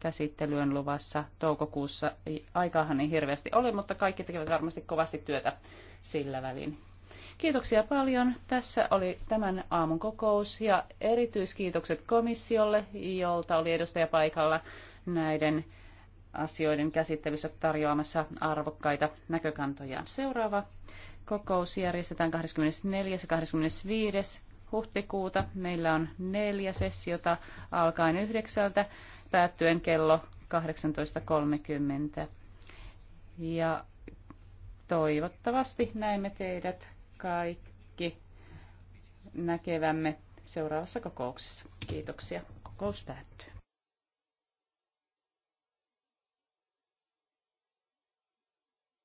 käsittely on luvassa toukokuussa. Aikaahan ei hirveästi ole, mutta kaikki tekevät varmasti kovasti työtä sillä välin. Kiitoksia paljon. Tässä oli tämän aamun kokous ja erityiskiitokset komissiolle, jolta oli edustaja paikalla näiden asioiden käsittelyssä tarjoamassa arvokkaita näkökantojaan. Seuraava kokous järjestetään 24. ja 25. huhtikuuta. Meillä on neljä sessiota alkaen yhdeksältä päättyen kello 18.30. Ja toivottavasti näemme teidät kaikki näkevämme seuraavassa kokouksessa. Kiitoksia. Kokous päättyy.